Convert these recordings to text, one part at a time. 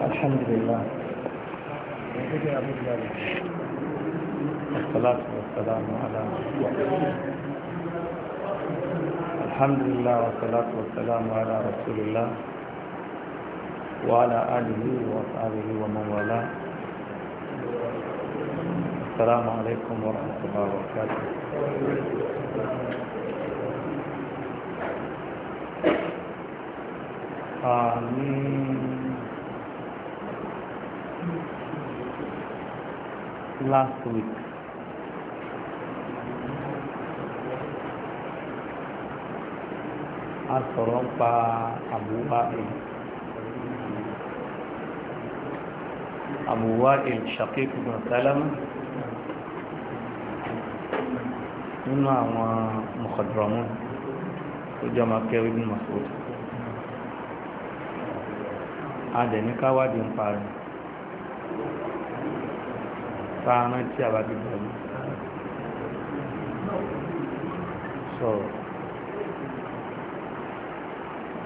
الحمد لله والصلاة والسلام على الحمد لله والصلاة والسلام على رسول الله وعلى آله وصحبه ومن والاه السلام عليكم ورحمة الله وبركاته آمين last week. a sọ̀rọ̀ ń pa àbúwá ìlú àbúwá ìlú ṣàkékù mọ̀sálẹ́mù nínú àwọn mọ̀kàdùrọ̀mù tó jọ máa kẹ́ ibùn Mas'ud a dẹ̀ ní káwádìí ń parí ká rántí àwa ti gbàgbé sọ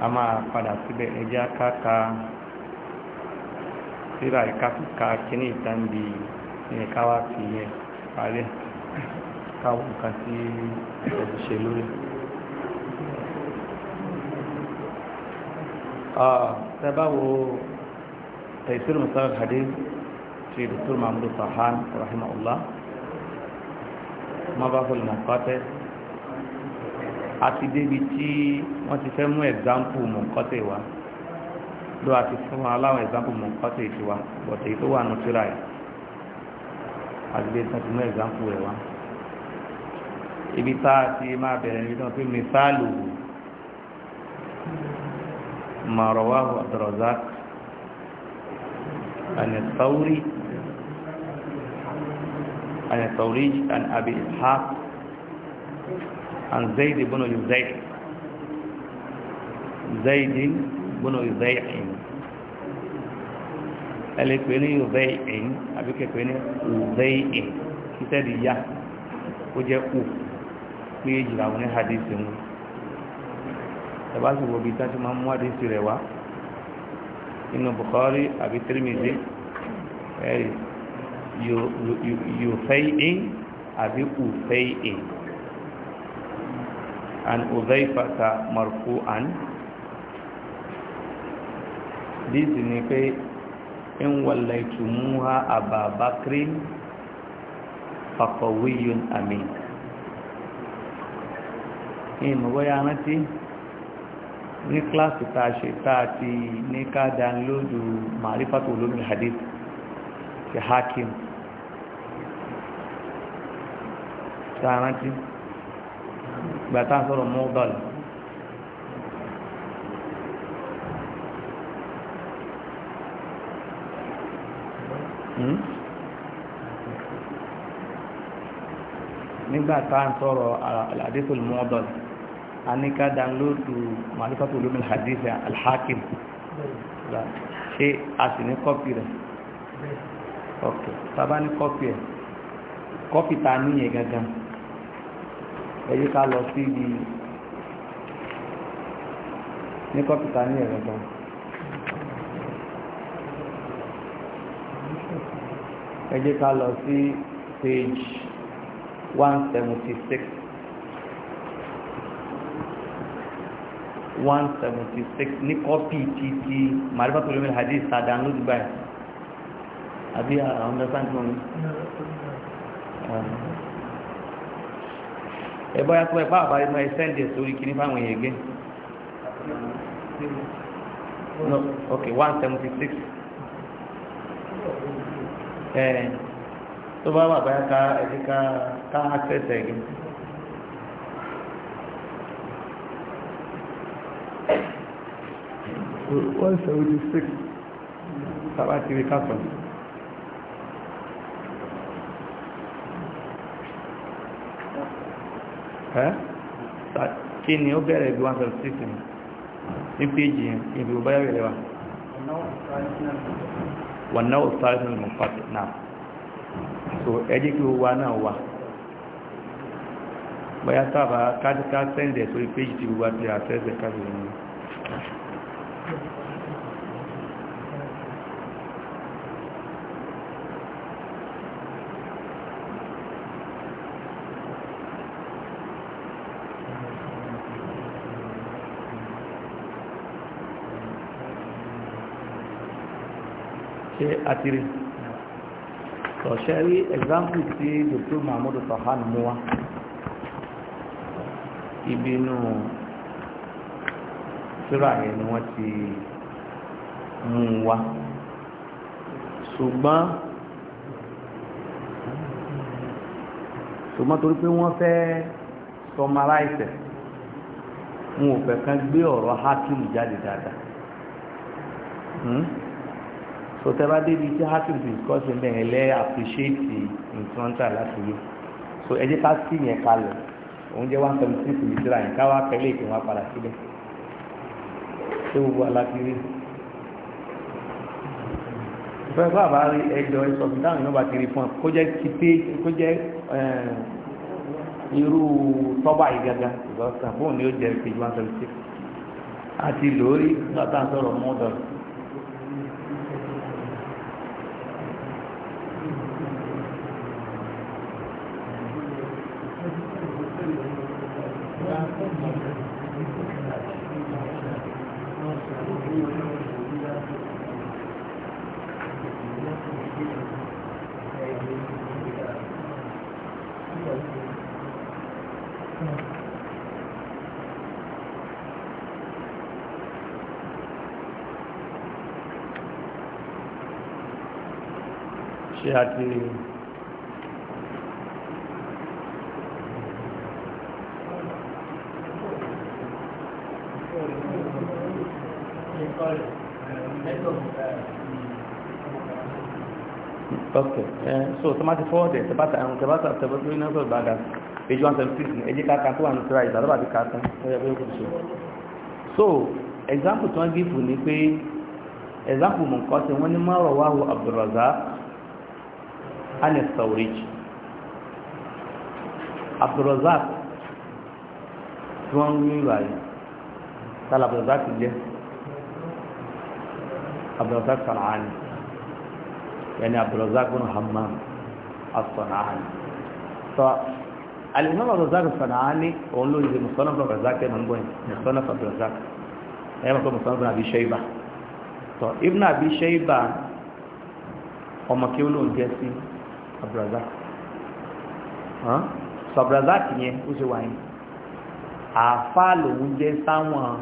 a máa padà síbẹ̀ ẹjẹ́ akáka síra ìkáfíkà kíní ìtàǹdì ìyẹn káwá fi yẹn parí káwọn nǹkan tí ẹ̀sùn ṣe lórí. Ah, tẹ́bá wo tẹ̀sílùmùsáà hadith ti Dr. Mahmoud Farhan rahimahullah mabahul mọ̀kọ́tẹ́ àti débi tí wọ́n ti fẹ́ mú ẹ̀gbáǹpù mọ̀kọ́tẹ́ wa ló a ti fún aláwọn ẹ̀gbáǹpù mọ̀kọ́tẹ́ ti wa bọ̀tẹ̀ tó wà nù tíra ẹ̀ àti débi tí wọ́n ti mú ẹ̀gbáǹpù rẹ̀ wa ibi tá a ti máa bẹ̀rẹ̀ níbi tí wọ́n fi mìsáàlù màrọ̀wá Abdurrazak an-Thawri عن الثوري عن أبي إسحاق عن زيد بن يزيع زيد بن يزيع ẹlẹ́ pé ní yóòbẹ́ ẹ̀yìn àbíkẹ́ pé ní òbẹ́ ẹ̀yìn títẹ́dì yá ó jẹ́ kù pé èjìlá wọn ní hadith wọn ẹ̀bá sì wọ́n bí tán ti máa mú hadith rẹ̀ wá inú Bukhari àbí Tirmidhi ẹ̀rì yufai'in àbí ufai'in an uzaifata marfu'an díìsì ni pé in wallaitumuha ababakrin faqawiyyun amin ìmọ̀ bóyá rántí ni kíláàsì tàà ṣe tàà ti ní ká dánlódù ma'rifatu ulumul hadith ke hakim sàrántí gbàtà sọ̀rọ̀ mọ́bàlù hmm? nígbà tá à ń sọ̀rọ̀ àdéhùn uh, mọ́bàlù a ní ká dánlóòtù màlúfàtò olómi hadith alhakim ṣe a sì ní kọ́pì rẹ̀ ọ̀kẹ́ tábà ní kọ́pì ẹ̀ kọ́pì ta níyẹn gangan ẹ̀yí ká lọ sí ibi ní kọ́pítà ní ẹ̀rọ gan. ẹ̀yí ká lọ sí page one seventy six one seventy six ní kọ́pì ti ti màrífà tó lómi hadith ta download by àbí àwọn ọ̀dọ́sáńtì wọn ni ẹ bá yàtọ̀ ẹ bá àbáyé máa sẹ́ndì ẹ̀ sórí kí ní fáwọn èèyàn gẹ́ no ok one seventy six ẹ tó bá wà báyà ká ẹ̀dí ká ká access ẹ̀ gẹ́. one seventy six sábà kiri ká sọ̀rọ̀. kí ni ó bẹ̀rẹ̀ bí 176 ní péjì yẹn ibi ò báyẹ̀ rẹ̀ wà wọ̀n náà sáàrẹ̀ ní mọ̀fàtì náà so ẹjí kí ó wá náà wà báyá sáàbà kájíká sẹ́ndẹ̀ sórí péjì tí gbogbo àti àtẹ́sẹ̀ kájíká àtìrí ọ̀ṣẹ́rí example tí Dr. Mahmoud Farhan mú wá ibi inú síra yẹn ni wọ́n ti mú wá ṣùgbọ́n ṣùgbọ́n torí pé wọ́n fẹ́ summarize wọn ò fẹ́ kàn gbé ọ̀rọ̀ hakim jáde dáadáa hmm? so tẹ́lá débi tí happy discussion bẹ́ẹ̀ lẹ́ appreciate nǹkan tà láti yé so ẹ jẹ́ ká sí yẹn kalẹ̀ òun jẹ́ one seventy six litre yẹn káwá kẹ́lẹ́ ìpè wọn padà síbẹ̀ ṣé gbogbo alákiri fẹ́ fún àbá rí ẹjọ́ ẹ̀sọ́ fún táwọn èèyàn bá ti rí fún ọ kó jẹ́ kíté kó jẹ́ eh, irú tọ́ba yìí gángan ìgbà ọ̀sán fóun ni ó jẹ́ page one seventy six àti lórí nígbà tá à ń sọ̀rọ̀ mọ́dọ̀rọ̀. àti ok eh, so tomati fọwọdẹ tẹbata ẹrun tẹbata tẹbata ní ọgbọ ìbàdà page one seventy six ẹjẹ káka tó wà ní tíra ìgbà lọ́bàá ti ká tán ẹyẹ bẹ́ẹ̀ so example tí wọ́n gbé fún ni pé example mọ̀kọ́ sí wọ́n ní márọ̀ wáhù Abdulrazak عن الثوري عبد الرزاق توان مين باي قال عبد الرزاق جه عبد الرزاق صنعاني يعني عبد الرزاق بن حمام الصنعاني فالإمام عبد الرزاق الصنعاني قول له إذا مصنف عبد الرزاق من بوين مصنف عبد الرزاق أيما كان مصنف بن أبي شيبة طيب ابن أبي شيبة ọmọ kí ó lóun jẹ́ sí Abdulrazak Abdulrazak yẹn ó ṣe wà yẹn àáfàá lòun jẹ́ sáwọn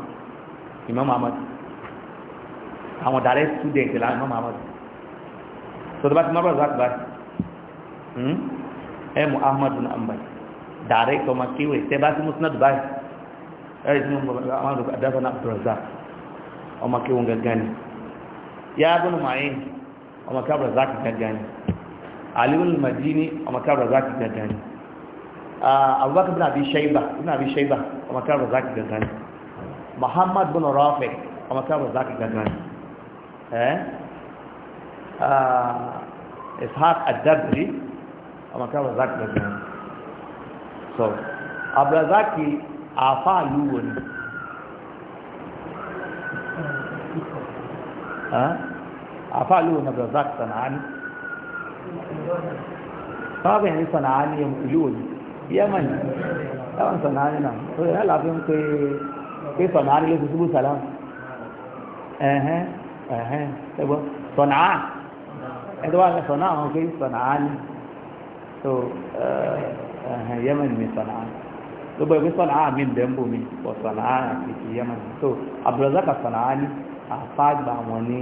Imam Ahmad àwọn direct student la Imam Ahmad sọdọ bá ti mọ́rọ̀ zak bá hmm? ẹ mú Ahmad na Ambal direct ọmọ kéwèé tẹ bá ti mú sinadu báyìí ẹ ti mú Ahmad na Abdulrazak ọmọ kéwèé gangan ni yáa bọ́nu mọ̀ ayé ọmọ kéwèé Abdulrazak gangan ni. alimul madini a makarar zaki gaggani abubakar bin abi shayba bin abi shayba a makarar zaki gaggani muhammad bin rafi a makarar zaki gaggani eh ishaq ad-dabri a makarar zaki gaggani so abrazaki a fa luwo ne a fa luwo na abrazaki sábà yẹn sànàá ní ìlú òyìn yemen yawan sànàá ní náà tó yẹ láti ń pè pé sànàá ní lóṣù ṣubú sàlám ẹ̀hẹ́n ẹ̀hẹ́n ẹgbọ́ sànàá ẹ̀dọ́ wà ní sànàá wọn pé sànàá ní tó ẹ̀hẹ́n yemen ní sànàá tó bọ̀ ìwé sànàá mi bẹ̀ ń bò mí bọ̀ sànàá àti ti yemen tó abdulrazak sànàá ní àfáàgbà wọn ní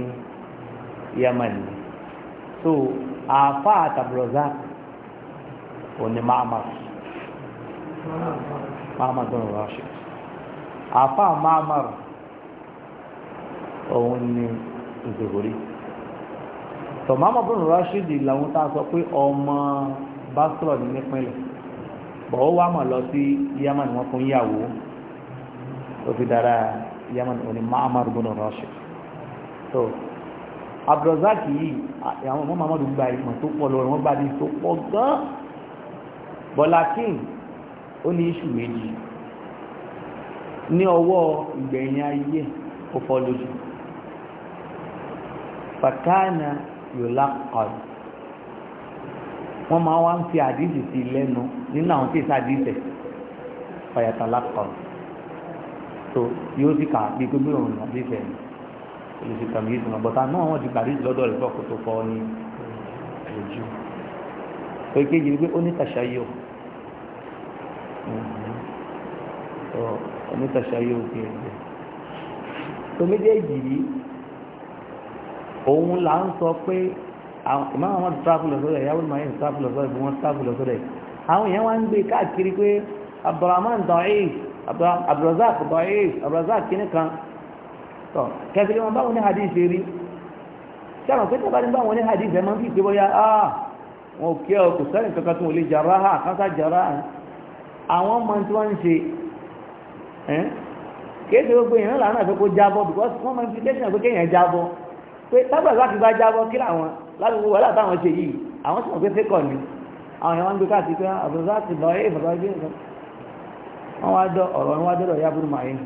yemen tó àfá àtàbùrọ̀zá òní Ma'mar Ma'mar bin Rashid àfá Ma'mar òun ni ìdògórí tó Ma'mar bin Rashid làwọn tá a sọ pé ọmọ básírọ̀ ní nípínlẹ̀ bọ̀wọ́ wà mọ̀ lọ sí Yaman wọn fún yàwó tó fi dára Yaman òní Ma'mar bin Rashid tó so, abdulrasaq yìí àwọn ọmọ mamadu gba ìmọ̀ tó pọ̀ lọ́rọ̀ wọn gba ní tó pọ̀ gan bọ́lá king ó ní iṣu méjì ní ọwọ́ ìgbẹ̀yìn ayé ó fọ́ lójú fàkánà yòlá kọ̀ọ̀dù wọ́n máa wá ń fi àdìsí sí lẹ́nu nínú àwọn tí ìsá àdìsẹ̀ fàyàtà lákọ̀ọ̀dù tó yóò sì kà bí gbogbo òun àdìsẹ̀ yìí olùsí tàbí ìsìn ọ̀bọ̀tá náà wọ́n ti parí lọ́dọ̀ rẹ̀ fọ́kù tó fọ́ ní ojú èkejì wípé ó ní tàṣàyò ó ní tàṣàyò òkè ẹ̀jẹ̀ tó méjèèjì yìí òun là ń sọ pé ìmáà wọn travel ọ̀sọ́dẹ̀ ìyáwó ìmáà yẹn travel ọ̀sọ́dẹ̀ bí wọ́n travel ọ̀sọ́dẹ̀ àwọn èèyàn wá ń gbé káàkiri pé Abdulrahman da'if Abdulrazak da'if Abdulrazak kìnnìkan tọ́ kẹfìrí wọn báwọn ní hadith rí sáwọn pé tọ́ba ní báwọn ní hadith ẹ̀ máa ń fi ìpé ah wọn ò kí ọ kò sẹ́ni kankan tó lè jàrá ha kásá jàrá àwọn ọmọ tí wọ́n ń ṣe kéèké gbogbo èèyàn lànà pé kó jábọ́ because wọ́n máa ń fi tẹ́sán pé kéèyàn jábọ́ pé tábà láti bá jábọ́ kí làwọn láti wọ́n wọ́n láti àwọn ṣe yìí àwọn sọ̀rọ̀ pé ni àwọn èèyàn wọ́n ń gbé káàkiri ah, wá dọ́ ọ̀rọ̀ wọn wá dọ́dọ̀ yá burú màá yìí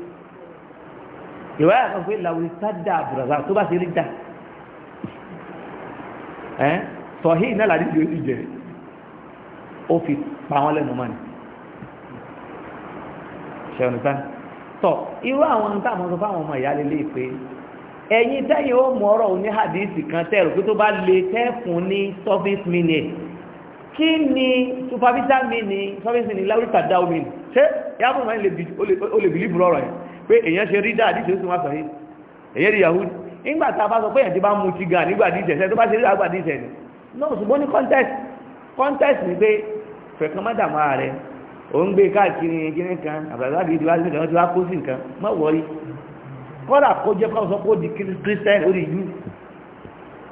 ìwà yà kan pé làwọn sádà àbùràsà tó bá ṣe rí dà ẹ sọhí iná làdí ju ojú jẹ ó fi pa wọn lẹ́nu mọ́ni ṣẹ̀wọ̀n nìkan tọ irú àwọn ohun táwọn sọ fáwọn ọmọ ìyá lélẹ́yìí pé ẹ̀yin tẹ́yìn ó mọ ọ̀rọ̀ òní hadithi kan tẹ́rù pé tó bá lè tẹ́fún ní service minute kí ni superficial minute service minute láwùjọ tàdá omi ṣé yàgò máa ń lè bìlí bùrọ̀ ọ̀rọ̀ pé èyàn ṣe rí dáadí tí ó sì wá sọ̀rí èyàn rí yahudi nígbà tá a bá sọ pé èyàn ti bá mu ti gan nígbà díjẹ sẹ tó bá ṣe rí àgbà díjẹ ni náà ṣùgbọ́n ní contest contest ni pé fẹ̀kan má dàmú ara rẹ ò ń gbé káàkiri kíní kan àbàlábì ìdíwá sí ìdíwá tí wá kó sí nǹkan má wọrí kọ́dà kó jẹ́ kọ́ sọ di kírísítẹ́nì ó di yú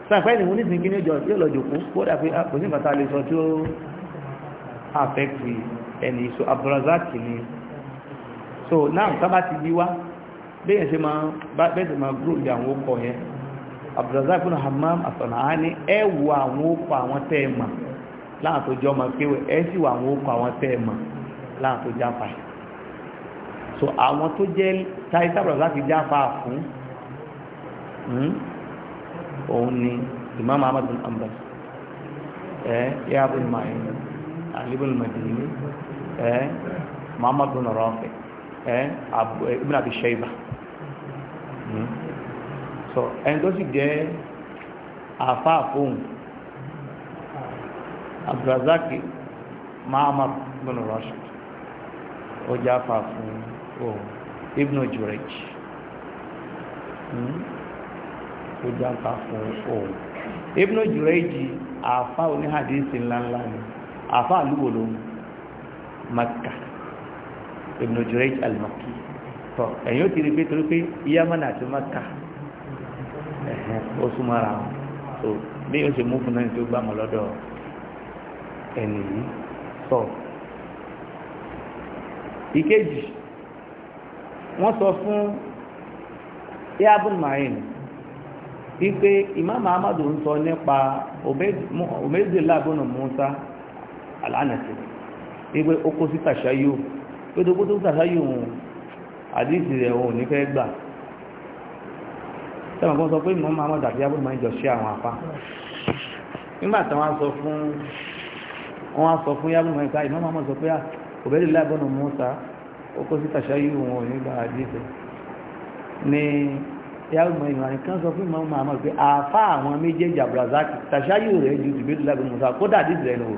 sàǹfẹ́ ni mo ní ìsìn kíní jọ yóò lọ jòkó kódà pé ah, kò sí nǹkan tá a lè sọ tí ó affect ẹni so abdulrazak ni so now tábà ti yí wá bẹ́ẹ̀ ṣe máa bẹ́ẹ̀ ṣe máa gúrò lé àwọn okọ̀ yẹn abdulrazak bin hammam asanaani ẹ wo àwọn okọ̀ àwọn tẹ́ ẹ mà láwọn tó jọ ọmọ kéwẹ ẹ wo àwọn okọ̀ àwọn tẹ́ ẹ mà láwọn tó jáfa so àwọn tó jẹ́ táyé tábàlazak jáfa fún hmm, òun ni imam ahmad bin ambal ẹ yahya bin ma'in ali bin madini ẹ muhammad bin rafi. Eh, eh, ibn Abi Shayba hmm. so ẹni tó sì jẹ́ àfáà fóun Abdulrazak Ma'mar ibn Rashid ó jẹ́ àfáà fún òun Ibn Jurayj hmm. ó jẹ́ àfáà fún òun Ibn Jurayj àfáà oníhàdíìsì ńláńlá ni àfáà lúwo lòun Makkah ibn Jurayj al-Makki tọ ẹ̀yìn ó ti rí pé torí pé yamani àti maka ó súnmọ́ ara wọn so bí ó ṣe mú fún náà tó gbàmọ́ lọ́dọ̀ ẹni yìí tọ ìkejì wọ́n sọ fún yabun mahin wípé imam ahmadu ń sọ nípa omezela musa alánàtì wípé ó kó sí tàṣáyò pédopó tó sàṣáyé òun àdíìsì rẹ̀ òun ní fẹ́ gbà sẹ́wọ̀n kan sọ pé ìmọ̀ máa mọ̀ dàbí abúlé máa ń jọ ṣe àwọn apá nígbà tí wọ́n sọ fún wọ́n sọ fún yàgùn mọ̀ ìka ìmọ̀ máa mọ̀ sọ pé òbẹ́lì lágbọ́nà mọ́sá ó kó sí sàṣáyé òun òun nígbà àdíìsì ní yàrá ìmọ̀ ìmọ̀ nìkan sọ fún ìmọ̀ máa mọ̀ pé àáfà àwọn méjèèjì àbúrázàkì tàṣáyé rẹ̀ ju tìbí lágbọ́nà mọ́sá kódà àdíìsì rẹ̀ lòun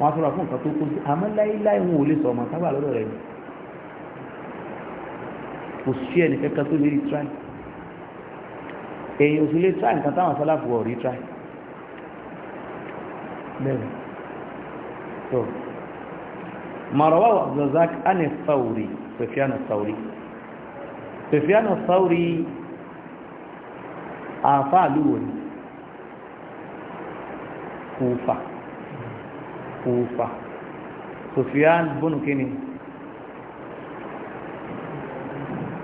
wọn á sọ̀rọ̀ fún nǹkan tó kó sí àmọ́ láéláé wọn ò lè sọ ọmọ sábà lọ́dọ̀ rẹ̀ kò sí ẹnì kankan tó lè rí tíráì èyí ò sì lè tíráì nǹkan táwọn sálàfù ọ̀ rí tíráì bẹ́ẹ̀ tó màrọ̀wá abdulrazak ani sauri sofiano sauri sofiano sauri àáfàá lúwo ni kò fà kúfà Sufyan bónú kíni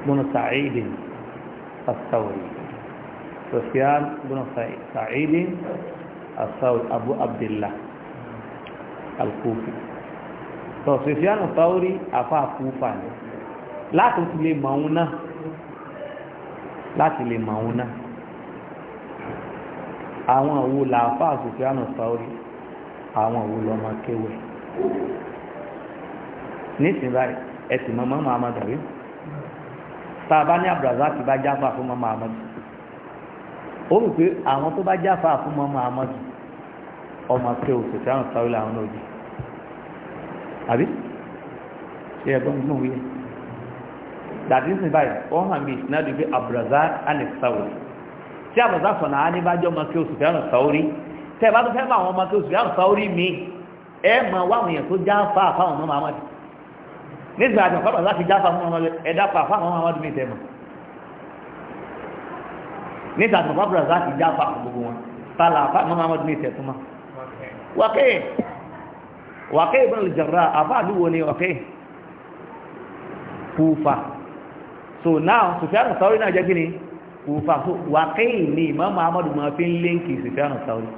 bónú sàáìdì as-Sawri Sufyan bónú sàáìdì as-Sawri Abu Abdillah al-Kufi so Sufyan as-Sawri afá kúfà ni láti lè màún náà láti lè màún àwọn òwò làáfà Sufyan as àwọn òwò lọ́mọ kéwẹ̀ nísìnyí báyìí ẹ̀sìn mọ́mọ́ Muhammad àrí tá a bá ní abdulrazak bá jáfa fún mọ́mọ́ Muhammad ó rò pé àwọn tó bá jáfa fún mọ́mọ́ Muhammad ọmọ kéwù sòtí àwọn sáré làwọn náà jù àbí ṣe ẹ̀gbọ́n gbọ́n wí dàbí nísìnyí báyìí wọ́n hàn mí náà dùn bí abdulrazak alex sauri tí abdulrazak sọ̀nà á ní bá jọ́ mọ́ kéwù sòtí àwọn sáré tẹ́ bá tó fẹ́ bá àwọn ọmọ tó sùgbọ́n sáórí mi ẹ mọ̀ wáwọn èèyàn tó jáfà fáwọn ọmọ mamadu nígbà àjọ fábà láti jáfà fún ọmọ ẹ̀dá pa fáwọn ọmọ mamadu mi tẹ́mọ̀ nígbà àjọ fábà láti jáfà fún gbogbo wọn tààlà fáwọn mamadu mi tẹ́ túnmọ́ wàkẹ́ wàkẹ́ ibn al-Jarrah àfáàdúwò ni wàkẹ́ kúfà so now Sufyan sáórí náà jẹ́ gíní kúfà so wàkẹ́ ni Imam Muhammadu máa fi ń léǹkì Sufyan sáórí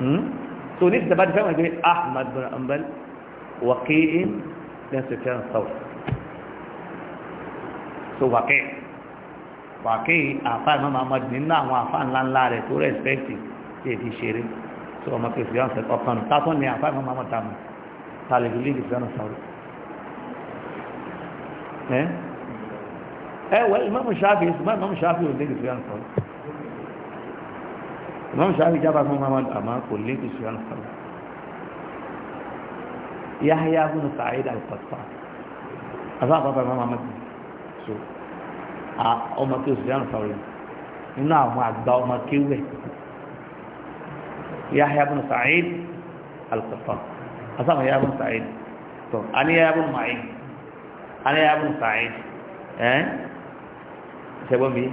Hmm? so ní ìsìnkú àti fẹ́ràn ìgbé ahmad bin ambal wàkíín lẹ́sẹ̀ fẹ́ràn south so wàkíín wàkíín àfáà ìmọ̀ muhammad nínú àwọn àfáà ńláńlá rẹ̀ tó rẹ̀spẹ̀tì tí èdè ṣeré so ọmọ kẹfì yàn sẹ ọkàn nù tásán ní àfáà ìmọ̀ muhammad tààmù tààlẹ̀ ìlú ìlú fẹ́ràn south ẹ ẹ wọ ìmọ̀ mùsàfì ìmọ̀ mùsàfì ò imam shafi jábà fún muhammad àmá kò lé kí ṣe ọ̀nà sọ́lá yahya bin sa'id al-qatta àbá àbábá imam ahmed so ọmọ kí ṣe ọ̀nà sọ́lá nínú àwọn àgbà ọmọ kéwẹ̀ yahya bin sa'id al-qatta àsáwọn yahya bin sa'id tó àní yahya bin ma'in àní yahya bin sa'id ẹ́ ṣẹ́gbọ́n bíi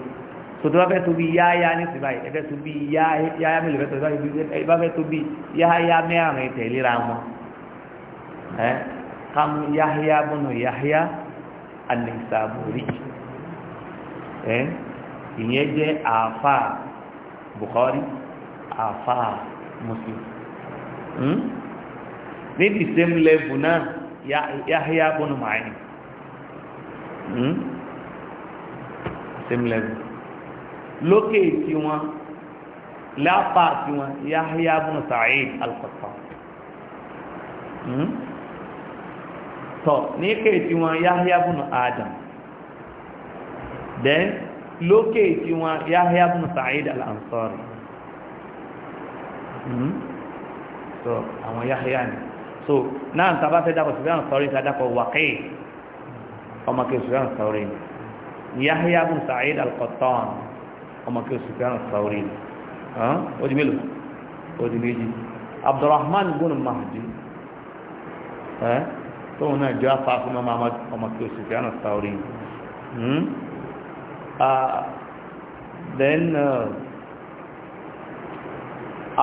tòtò bá fẹ́ tó bí yáyá ní sí báyìí ẹ̀fẹ́ tó bí yáyá mélòó fẹ́ tó báyìí bá fẹ́ tó bí yáyá mẹ́rin tẹ̀léra wọn ẹ́ kámú yáyá bọ́nà yáyá an-Nisaburi ẹ́ ìyẹn jẹ́ àáfà Bukhari àáfà Muslim hmm? níbi same level náà yáyá bọ́nà Ma'in hmm? same level lókè tí wọn lápá tí wọn Yahya ibn Sa'id al-Qattan hmm? tọ ní kéètì wọn Yahya ibn Adam then lókè tí wọn Yahya ibn Sa'id al hmm? so àwọn Yahya ni so náà sábà fẹ́ dàpọ̀ Sufyan al-Thawri ta dàpọ̀ Waqi' ọmọ kejì Sufyan al Yahya ibn Sa'id al-Qattan ọmọ kí o sì fẹ́ràn sáórí ni ó di mélòó ó méjì abdulrahman ibn mahdi tóun náà jọ afáfún ọmọ ahmad ọmọ kí o sì then uh,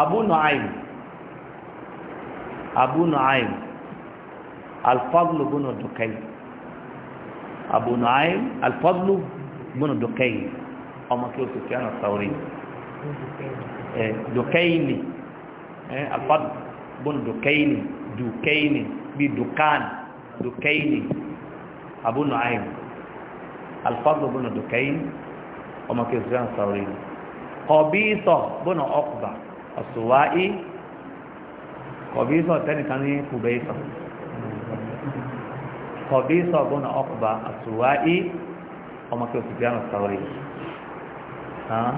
abu nu'aym abu nu'aym al-fadl ibn dukay abu nu'aym al-fadl ibn dukay ọmọ kí o sì fẹ́ràn sáwọ́rì ẹ dùkẹ́yìnì ẹ àpá bọ́n dùkẹ́yìnì dùkẹ́yìnì bíi dùkán dùkẹ́yìnì Abu Nu'aym alifásitì bọ́n dùkẹ́yìnì ọmọ kí o sì fẹ́ràn sáwọ́rì kọ̀bíìsọ̀ bọ́n ọ̀kùbà ọ̀sùwáì kọ̀bíìsọ̀ tẹ́nìkan ní kùbẹ́ìsọ̀ kọ̀bíìsọ̀ bọ́n ọ̀kùbà ọ̀sùwáì ọmọ kí o sì fẹ́ràn sáwọ́rì yìí huh?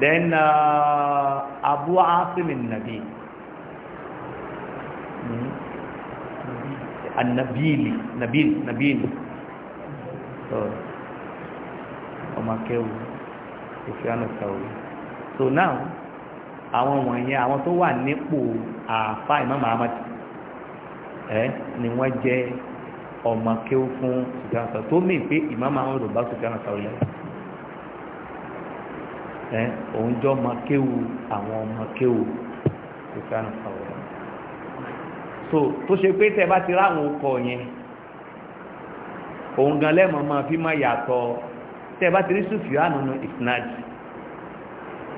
then uh, Abu Asim al-Nabi hmm? nabili Nabil Nabil so Omakewu Sufyan al-Thawri so now àwọn wọ̀nyẹn àwọn tó wà nípò àáfà Imam Ahmad eh, ni wọ́n jẹ́ ọmọ kéwú fún Sufyan al-Thawri tó Imam Ahmad ò bá Sufyan al-Thawri lẹ́yìn ẹ òun jọ ọmọ kéwu àwọn ọmọ kéwu kò sọ̀rọ̀ so tó ṣe pé tẹ bá ti ráwọn ọkọ yẹn òun gan lẹ́mọ̀ máa fi máa yàtọ̀ tẹ bá ti rí sùfìánù nù ìsìnájì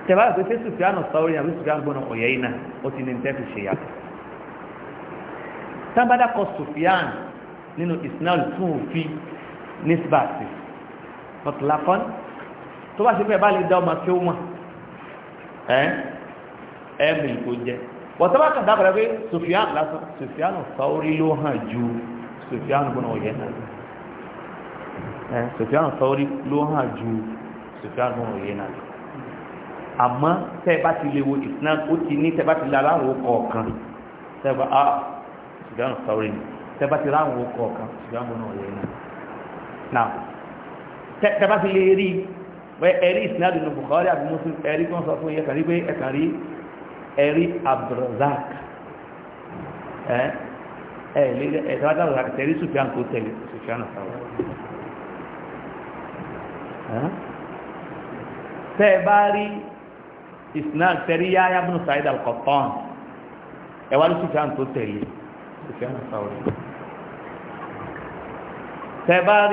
tẹ bá ti rí sùfìánù sọ̀rọ̀ yẹn àbí sùfìánù gbọ́nà ọ̀yẹ́ yìí náà ó ti ní tẹ́fì ṣe yàtọ̀ tábàdà kọ sùfìánù nínú ìsìnájì tún òfin nísbàtì mọ̀tòlákọ́ni tó bá ṣe fẹ́ bá lè dá ọmọ kí ó mọ̀ ẹ́ ẹ̀mù tó jẹ́ wọ́n bá kàn dábàá pé Sufyan lásán Sufyan Sauri ló hàn ju Sufyan gbọ́nà ọ̀yẹ́ náà ẹ́ Sufyan Sauri ló hàn ju Sufyan gbọ́nà ọ̀yẹ́ náà àmọ́ tẹ́ bá ti lè wo ìsiná ó ti ní tẹ́ bá ti lè aláwọ̀ kọ̀ọ̀kan tẹ́ bá a ah, Sufyan Sauri ni tẹ́ bá ti láwọ̀ kọ̀ọ̀kan Sufyan gbọ́nà ọ̀yẹ́ náà tẹ́ bá ti lè rí ẹ̀rí ìsinádì ní Bukhari àti Muslim ẹ̀rí kan sọ fún iye kàrí pé ẹ̀kàn rí ẹ̀rí Abdulrazak ẹ̀ẹ́dẹ́gbẹ̀rẹ̀ tẹ̀rí Sufyan tó tẹ̀lé Sufyan àtàwọn tẹ́ bá rí ìsinádì tẹ̀rí Yahya bin Sa'id al-Qattan ẹwà ní Sufyan tó tẹ̀lé Sufyan àtàwọn tẹ́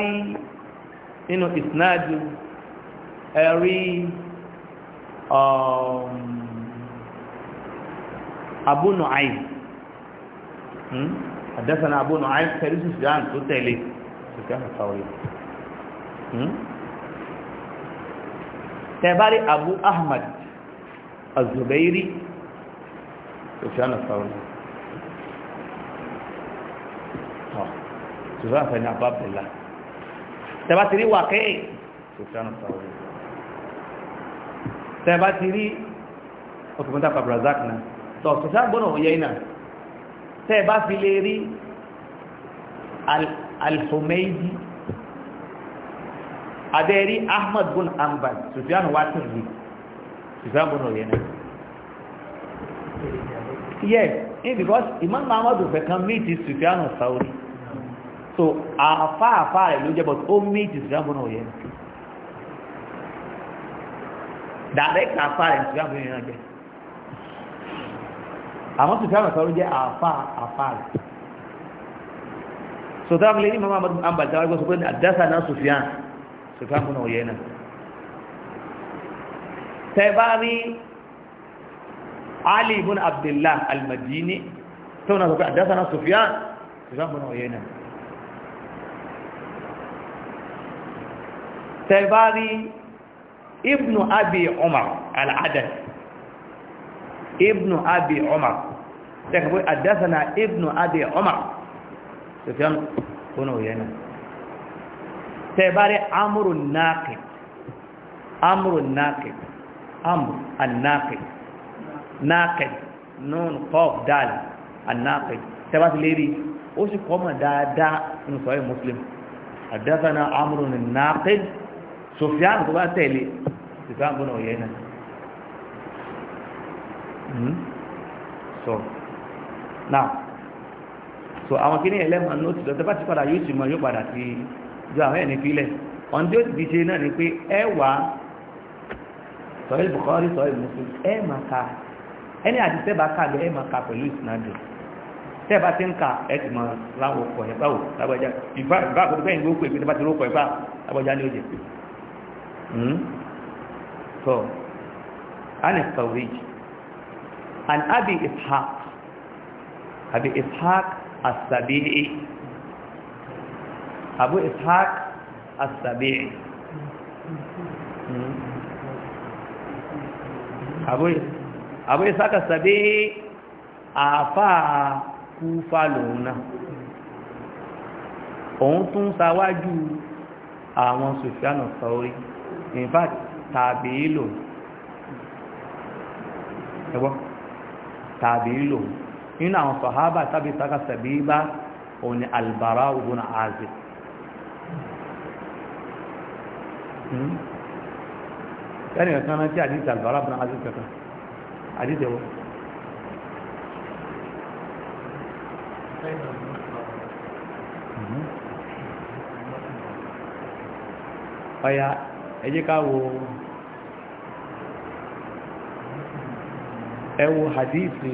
inú ìsinádì ẹ̀rí um, Abu Nu'aym àdẹ́sànà hmm? Abu Nu'aym pẹ̀lú Sufyan tó tẹ̀lé Sufyan Thawri hmm? tẹ̀bárí Abu Ahmad Az-Zubayri Sufyan Thawri Sufyan fẹ́ ní abábẹ̀lá tẹ̀bá ti rí tẹ́ bá ti rí ọkùnrin tàbí brazak náà tọ́ sọ́sá gbọ́nà òye iná tẹ́ bá fi lè rí alhumeidi abẹ́rí ahmad bin ambal sùfíàn wà tún yìí sùfíàn gbọ́nà òye iná yes in because imam muhammadu fẹ́ kan méjì sùfíàn sáwọ́rí so àfáàfáà rẹ̀ ló jẹ́ but ó méjì sùfíàn gbọ́nà òye iná direct àfa rẹ̀ sùfìyàn bùnú náà jẹ́ àmọ́ sùfìyàn bùnú sọ̀rọ̀ jẹ́ àfa àfa rẹ̀ sọ̀tàn mi lè ní mọ́mọ́ àbàtà wọ́n gbọ́sọ̀ pé àdásà náà sùfìyàn sùfìyàn bùnú òye náà tẹ́bá rí Ali ibn Abdullah al-Madini tó náà sọ pé àdásà náà sùfìyàn sùfìyàn bùnú òye náà tẹ́bá rí ibnu abi umar al'adad ibnu abi umar tẹ́kọ̀ pé àdásánà ibnu abi umar sufyan kúnnà òyẹ́nà tẹ́bárí amúrù náàkì amúrù náàkì amúrù annáàkì náàkì nún kọf dáàlì annáàkì tẹ́bárí lérí ó sì kọ́mọ̀ dáadáa nùsọ̀rọ̀ muslim àdásánà amúrù náàkì sofiyan tó bá tẹ̀lé sofiyan yẹ náà hmm? so now so àwọn kìíní ẹlẹ́mọ̀ ti padà yóò sì mọ yóò padà ju àwọn ẹ̀ní fílẹ̀ ọ̀n tí ó ti ṣe náà ni pé ẹ wà ẹ ẹni àti tẹ́bà ká ẹ pẹ̀lú tẹ́bà ti ń ka ẹ ti mọ láwọn ọkọ̀ ẹ̀ báwo ìbá àkókò ti rókọ̀ ẹ̀ bá ní ó jẹ́ pé to an al-thawrij an abi ishaq abi ishaq as-sabi'i abu ishaq as-sabi'i abu abu ishaq as-sabi'i afa kufa luna òun tún ṣáwájú àwọn sùfíànù sọ́rí in fact tàbí lò ẹgbọ́ tàbí lò nínú àwọn sọ̀hábà tàbí takasàbí bá òní albara ogun azib hmm? ẹni ẹ̀kan rántí àdíjì albara ogun azib kankan àdíjì ẹwọ́ hmm? ọya ẹ jẹ́ ká wo ẹ wo hadithi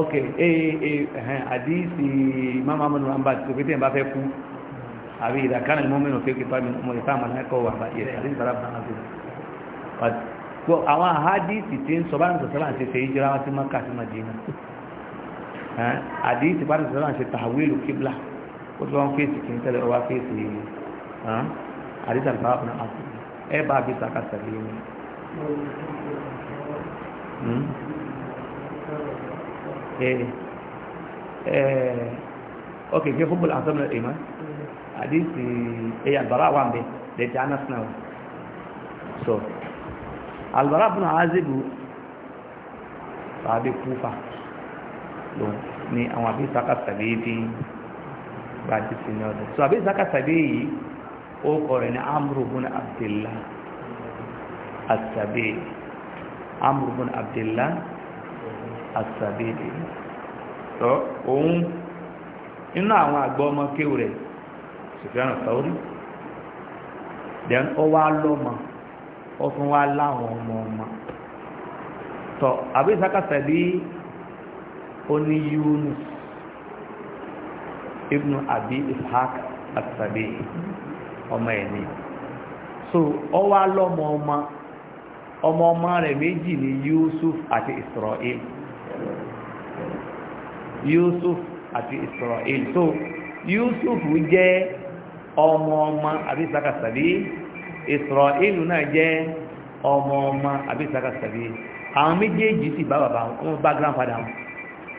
ok ee hadithi mama amadu mamba ti sopete ba fẹ́ kú àbí ìdàkánà ìmọ́mìnà fẹ́ kí pàmì ọmọ ìfà àmàlà ẹ̀kọ́ wà bá yẹ àdìsí bára bá náà tó àwọn hadithi tí ń sọ bá ń sọ sọ́lá ṣe ṣe ìjọra ó ti wọ́n fèsì kí n tẹ́lẹ̀ ọwá fèsì àdìsàlùfáà fún àpò ẹ bá a bí sàkàtà lé ní. ok fi fúnbọ̀lù àtọ́mọ̀ ìmọ̀ àdìsì ẹ̀yà àgbàrá wà mbẹ lẹ́tì anas náà so àgbàrá fún àázìbù tàbí kúfà lòun ni àwọn àbí sàkàtà lé ní. bati si nodo so abi zaka tabii o kore ni amru bun abdillah as-sabi amru bun abdillah as-sabi so un inu awon agbo mo keure sufyan al-thawri den o wa lo mo o tun wa la won mo mo so abi ibnu abi ishaq asabi ọmọ ẹ̀ ni so ọ wá lọ́mọ ọmọ ọmọ ọmọ rẹ̀ méjì ni yusuf àti israel yusuf àti israel so yusuf jẹ́ ọmọ ọmọ àbí ishaq asabi israel náà jẹ́ ọmọ ọmọ àbí ishaq asabi àwọn méjèèjì sì bá bàbá wọn bá grandfather wọn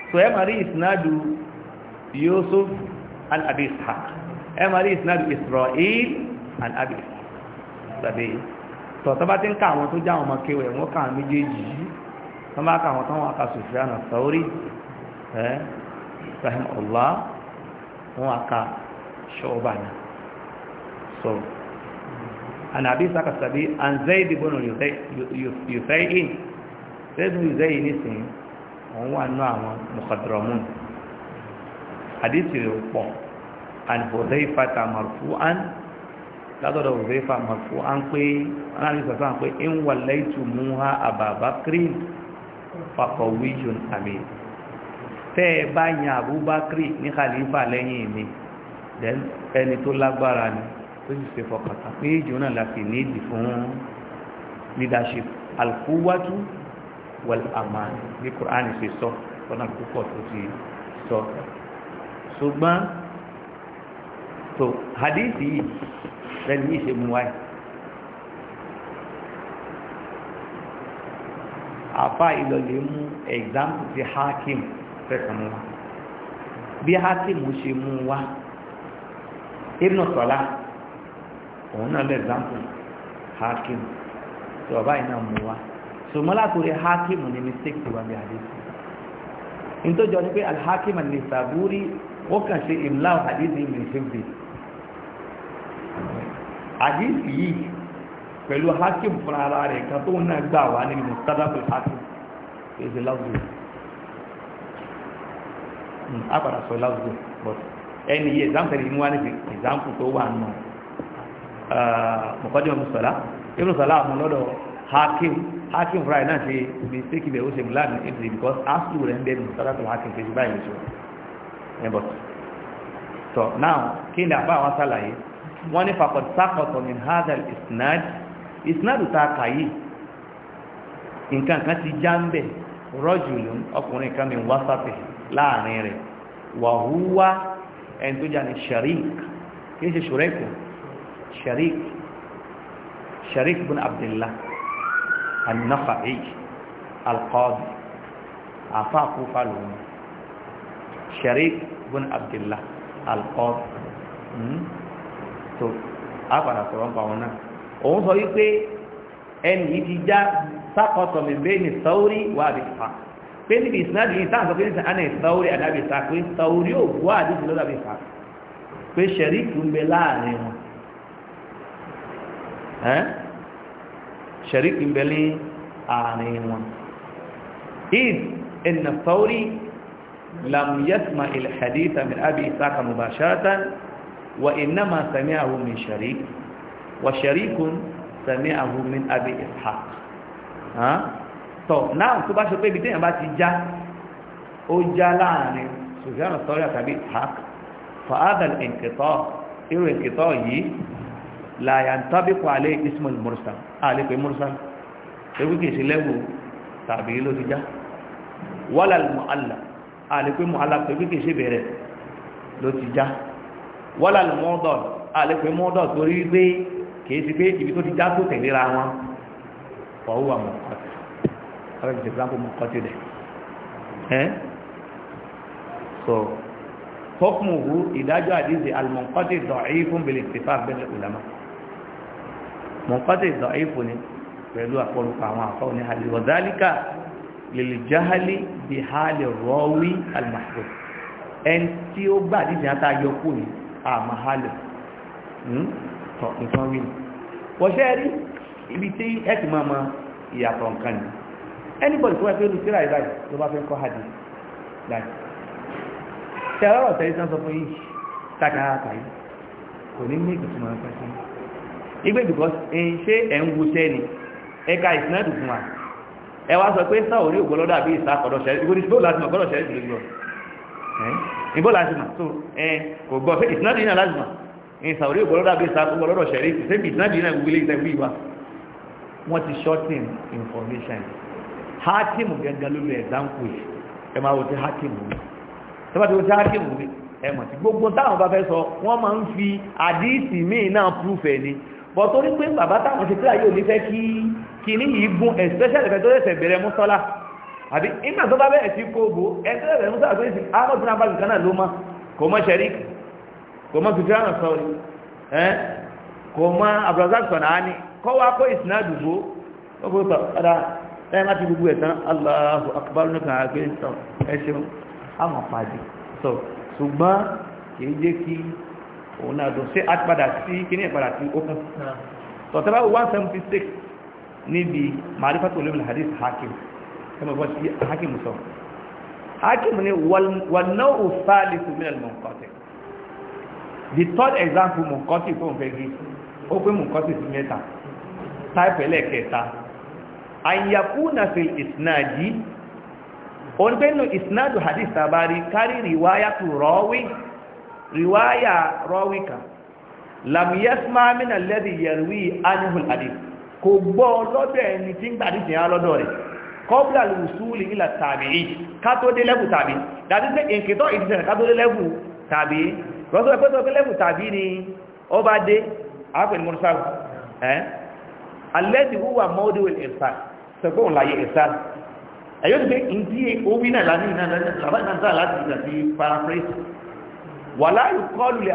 so ẹ máa rí ìsinádù yusuf an abi ishaq ẹmọ̀rí isnad israel an abi ishaq tàbí tọ̀tọ́ bá ti ń ká àwọn tó jáwọn ọmọ kéwẹ̀ wọ́n ká àwọn méjèèjì yìí wọ́n bá ká àwọn tó wọ́n ká sufyan as-sauri ẹ́ rahim allah wọ́n wá ká ṣọ́ọ̀bàna so an abi ishaq tàbí an zayd ibn yusayin zayd ibn yusayin nísìnyí wọ́n wà nù àwọn mukhadramun àdísì rẹ̀ pọ̀ àdìfọ̀dẹ́fàtà marfu'an látọ̀dọ̀ òfẹ́fà marfu'an pé aláàrísọ̀sán pé in wallaytu muha Aba Bakrin faqawiyyun amin tẹ́ ẹ bá yan Abubakri ní khalifa lẹ́yìn mi ẹni tó lágbára ni tó sì ṣe fọkàtà pé ìjọ náà láti nídìí fún leadership al-quwwatu wal-aman ní Kùránì ṣe sọ ọ̀nà púpọ̀ tó ti sọ ṣùgbọ́n tó hadithi yìí lẹ́nu yìí ṣe mú wáyé àfa ìlọlẹ̀ mú example ti hakim fẹ́kàn mú wa bí hakim ṣe mú wa ibn sọlá òun náà lọ example hakim tó ọba yìí náà mú wa ṣùgbọ́n látòrí hakim ní mistake ti wà ní hadithi nítorí jọ ni pé alhakim al ó kàn ṣe ìmláwò àdíṣì ìrìnṣẹ́bì àdíṣì yìí pẹ̀lú hakim fún ara rẹ̀ kan tó náà gbà wá nínú mustadabu hakim èsì lásìkò àpàdà hmm, sọ lásìkò but ẹni yìí ìzáǹtẹ̀lẹ̀ inú wá ní ìzáǹkù tó wà nù mọ̀kọ́dé mùsọ̀lá ibùn sọ̀lá àmú lọ́dọ̀ hakim hakim fúnra ẹ̀ náà ṣe mistake bẹ̀ ó ṣe mùláàmì because asùn rẹ̀ ń bẹ́ẹ̀ hakim fèsì ẹ̀bọ̀t so now kí ni àbá àwọn sálàyé wọ́n ní faqad saqata min hadha isnad isnad ta kàyé nǹkan kan ti já ń bẹ̀ rajulun ọkùnrin kan min wasati láàrin rẹ̀ wa ẹni tó já ní sharik kí ni ṣe ṣùrẹ́kù sharik sharik bin abdullah an-nafa'i al-qadi àfáà kúfà lòun sharif bin abdullah alqaf tó hmm? a padà sọ̀rọ̀ nípa wọn náà òun sọ wípé ẹni yìí ti já sákọ̀tọ̀ mi bẹ́ẹ̀ ni sáórì wà bí fa pé níbi ìsinádìí yìí sáà sọ pé nísìnyí àná ìsáórì àdábì fa pé sáórì ò bú àdìsí lọ́dà bí fa pé sharif ń bẹ láàrin wọn sharif ń bẹ ní àárín wọn. إذ إن الثوري لم يسمع الحديث من أبي إسحاق مباشرة وإنما سمعه من شريك وشريك سمعه من أبي إسحاق ها so now tó bá ṣe pé ibi téèyàn bá ti já ó já láàrin sùfíànù sọ́rí àtàbí ìtàk fàádà ìǹkìtọ́ irú ìǹkìtọ́ yìí láyà ń tábìkù alẹ́ ismail mursal alẹ́ pé mursal ewu kìí ṣe lẹ́wù tàbí ló ti já wàlàlmù allah àlepé mu'allaq pé kéèké ṣe bẹ̀rẹ̀ ló ti já wala al-mudar àlepé mudar torí pé kìí ti pé ibi tó ti já tó tẹ̀léra wọn fọwọ́ àmọ́ kọ́tì ọ̀rẹ́ ìjọba example mọ́ kọ́tì rẹ̀ ẹ́ so hukmuhu ìdájọ́ àdíze al-munqati da'ifun bil-ittifaq bayna al-ulama munqati da'ifun ni pẹ̀lú àpọ̀lọpọ̀ àwọn lèlèjáhálì bí ha lè rọ́wí alìmọ̀sílò ẹn tí ó gbà dídì náà tàà yọkú ní àmàhálẹ̀ tọ̀ nǹkan wí ní wọ́ṣẹ́ rí ibi tí ẹ ti máa ma ìyàtọ̀ nǹkan ni anybody tó wá pé lùtírà ìbáyìí ló bá fẹ́ kọ́ hàdì láì tẹ̀rọ̀rọ̀ tẹ̀rí sán sọ fún yìí tákàáta yìí kò ní ní ìkùtùmọ̀ ẹ̀kọ́ sí igbé bìkọ́ ṣe ẹ̀ ń wuṣẹ́ ni ẹ̀ka ìsinádùn wa ẹ wá sọ pé sáwòrí ògbọ́lọ́ dàbí ìsákọ̀dọ̀ ṣẹlẹ̀ ìgbò níbo láti mọ̀ gbọ́dọ̀ ṣẹlẹ̀ ìlú lọ ìbò láti mọ̀ tó ẹ kò gbọ́ pé ìsinádì náà láti mọ̀ ìsáwòrí ògbọ́lọ́ dàbí ìsákọ̀dọ̀ ṣẹlẹ̀ ìsẹ́bì ìsinádì náà gbogbo ilé ìtẹ́gbé ìwà wọ́n ti shorten information hatim gẹ́gẹ́ ló lo example ẹ máa wo ti hatim mi ẹ máa ti wo ti hatim mi ẹ mọ̀ tí gbogbo táwọn bá fẹ́ sọ wọ́n máa ń fi àdíìsì míì náà proof ni bọ̀ torí pé bàbá táwọn ti kíláyò ní fẹ́ kí kìíní yìí gún especially ẹ̀fẹ́ tó ṣẹ̀ṣẹ̀ bẹ̀rẹ̀ mùsọ́lá àbí ìgbà tó bá bẹ̀rẹ̀ sí kóòbó ẹ̀ṣẹ̀ bẹ̀rẹ̀ mùsọ́lá tó ṣe ahmed bin abdul kanna ló mọ kò mọ sherik kò mọ sufyan sọrí ẹ kò mọ abdulrasaq sọnaani kọ wa kó ìsìnà dùgbò ó kó tọ ọ̀dà lẹ́yìn láti gbogbo ẹ̀ tán Allahu akbar nìkan àgbẹ̀ sọ ẹ ṣeun àmọ̀ pàdé sọ ṣùgbọ́n kì í jẹ́ kí òun náà dùn sí àpadà sí kíní ìpadà sí ó kún tọ̀tẹ́bá 176 níbi marifatu olóòmìn hadith hakim kama bọ́ sí hakim sọ hakim ni wọnà òfààlì fúnmí al-munqati the third example munqati fún òfẹ́ gí ó pé munqati sí mẹ́ta táìpẹ̀ lẹ́ẹ̀kẹta àyàkúnà fi ìsìnàjí òun pé nù ìsìnàjò hadith tabari kárí riwaya tu rọwí riwaya rọwí kan lam yasma min alladhi yarwi hadith kò gbọ́ lọ́dọ̀ ẹni tí ń gbàdí jẹ́ lọ́dọ̀ rẹ̀ kọ́bílà lùsúlì ìlà tàbí kátó dé lẹ́bù tàbí dàbí pé ìkìtọ́ ìdíṣẹ́ kátó dé lẹ́bù tàbí rọ́sọ́ ẹ̀pẹ́tọ́ pé lẹ́bù tàbí ni ó bá dé àápẹ̀lú mọ́sáwù ẹ́ alẹ́dì wúwà mọ́díwìl ìsàn sẹ́gbọ́n láyé ìsàn ẹ̀yọ́ ti pé ìdí omi náà láti paraphrase wà láyé kọlù lè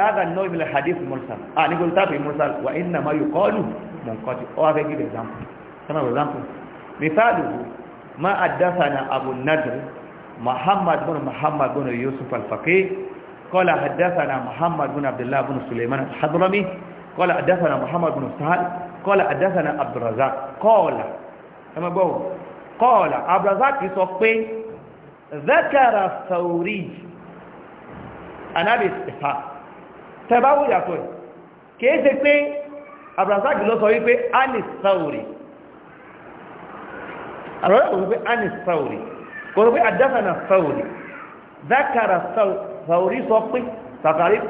munkọ́tì ó wá fẹ́ give example sọ́nà example mìsáàlù ma àdáfàna abu nadr muhammad bin muhammad bin yusuf al-faqih قال حدثنا محمد بن عبد الله بن سليمان الحضرمي قال حدثنا محمد بن سهل قال حدثنا عبد الرزاق قال كما بقول قال عبد الرزاق sọ pé ذكر الثوري عن ابي اسحاق تباوي يا توي كيف pé abrazak ló sọ wípé anisauri àrọ́lá kò wípé anisauri kò wípé adásánà sauri zakara sauri sọ pé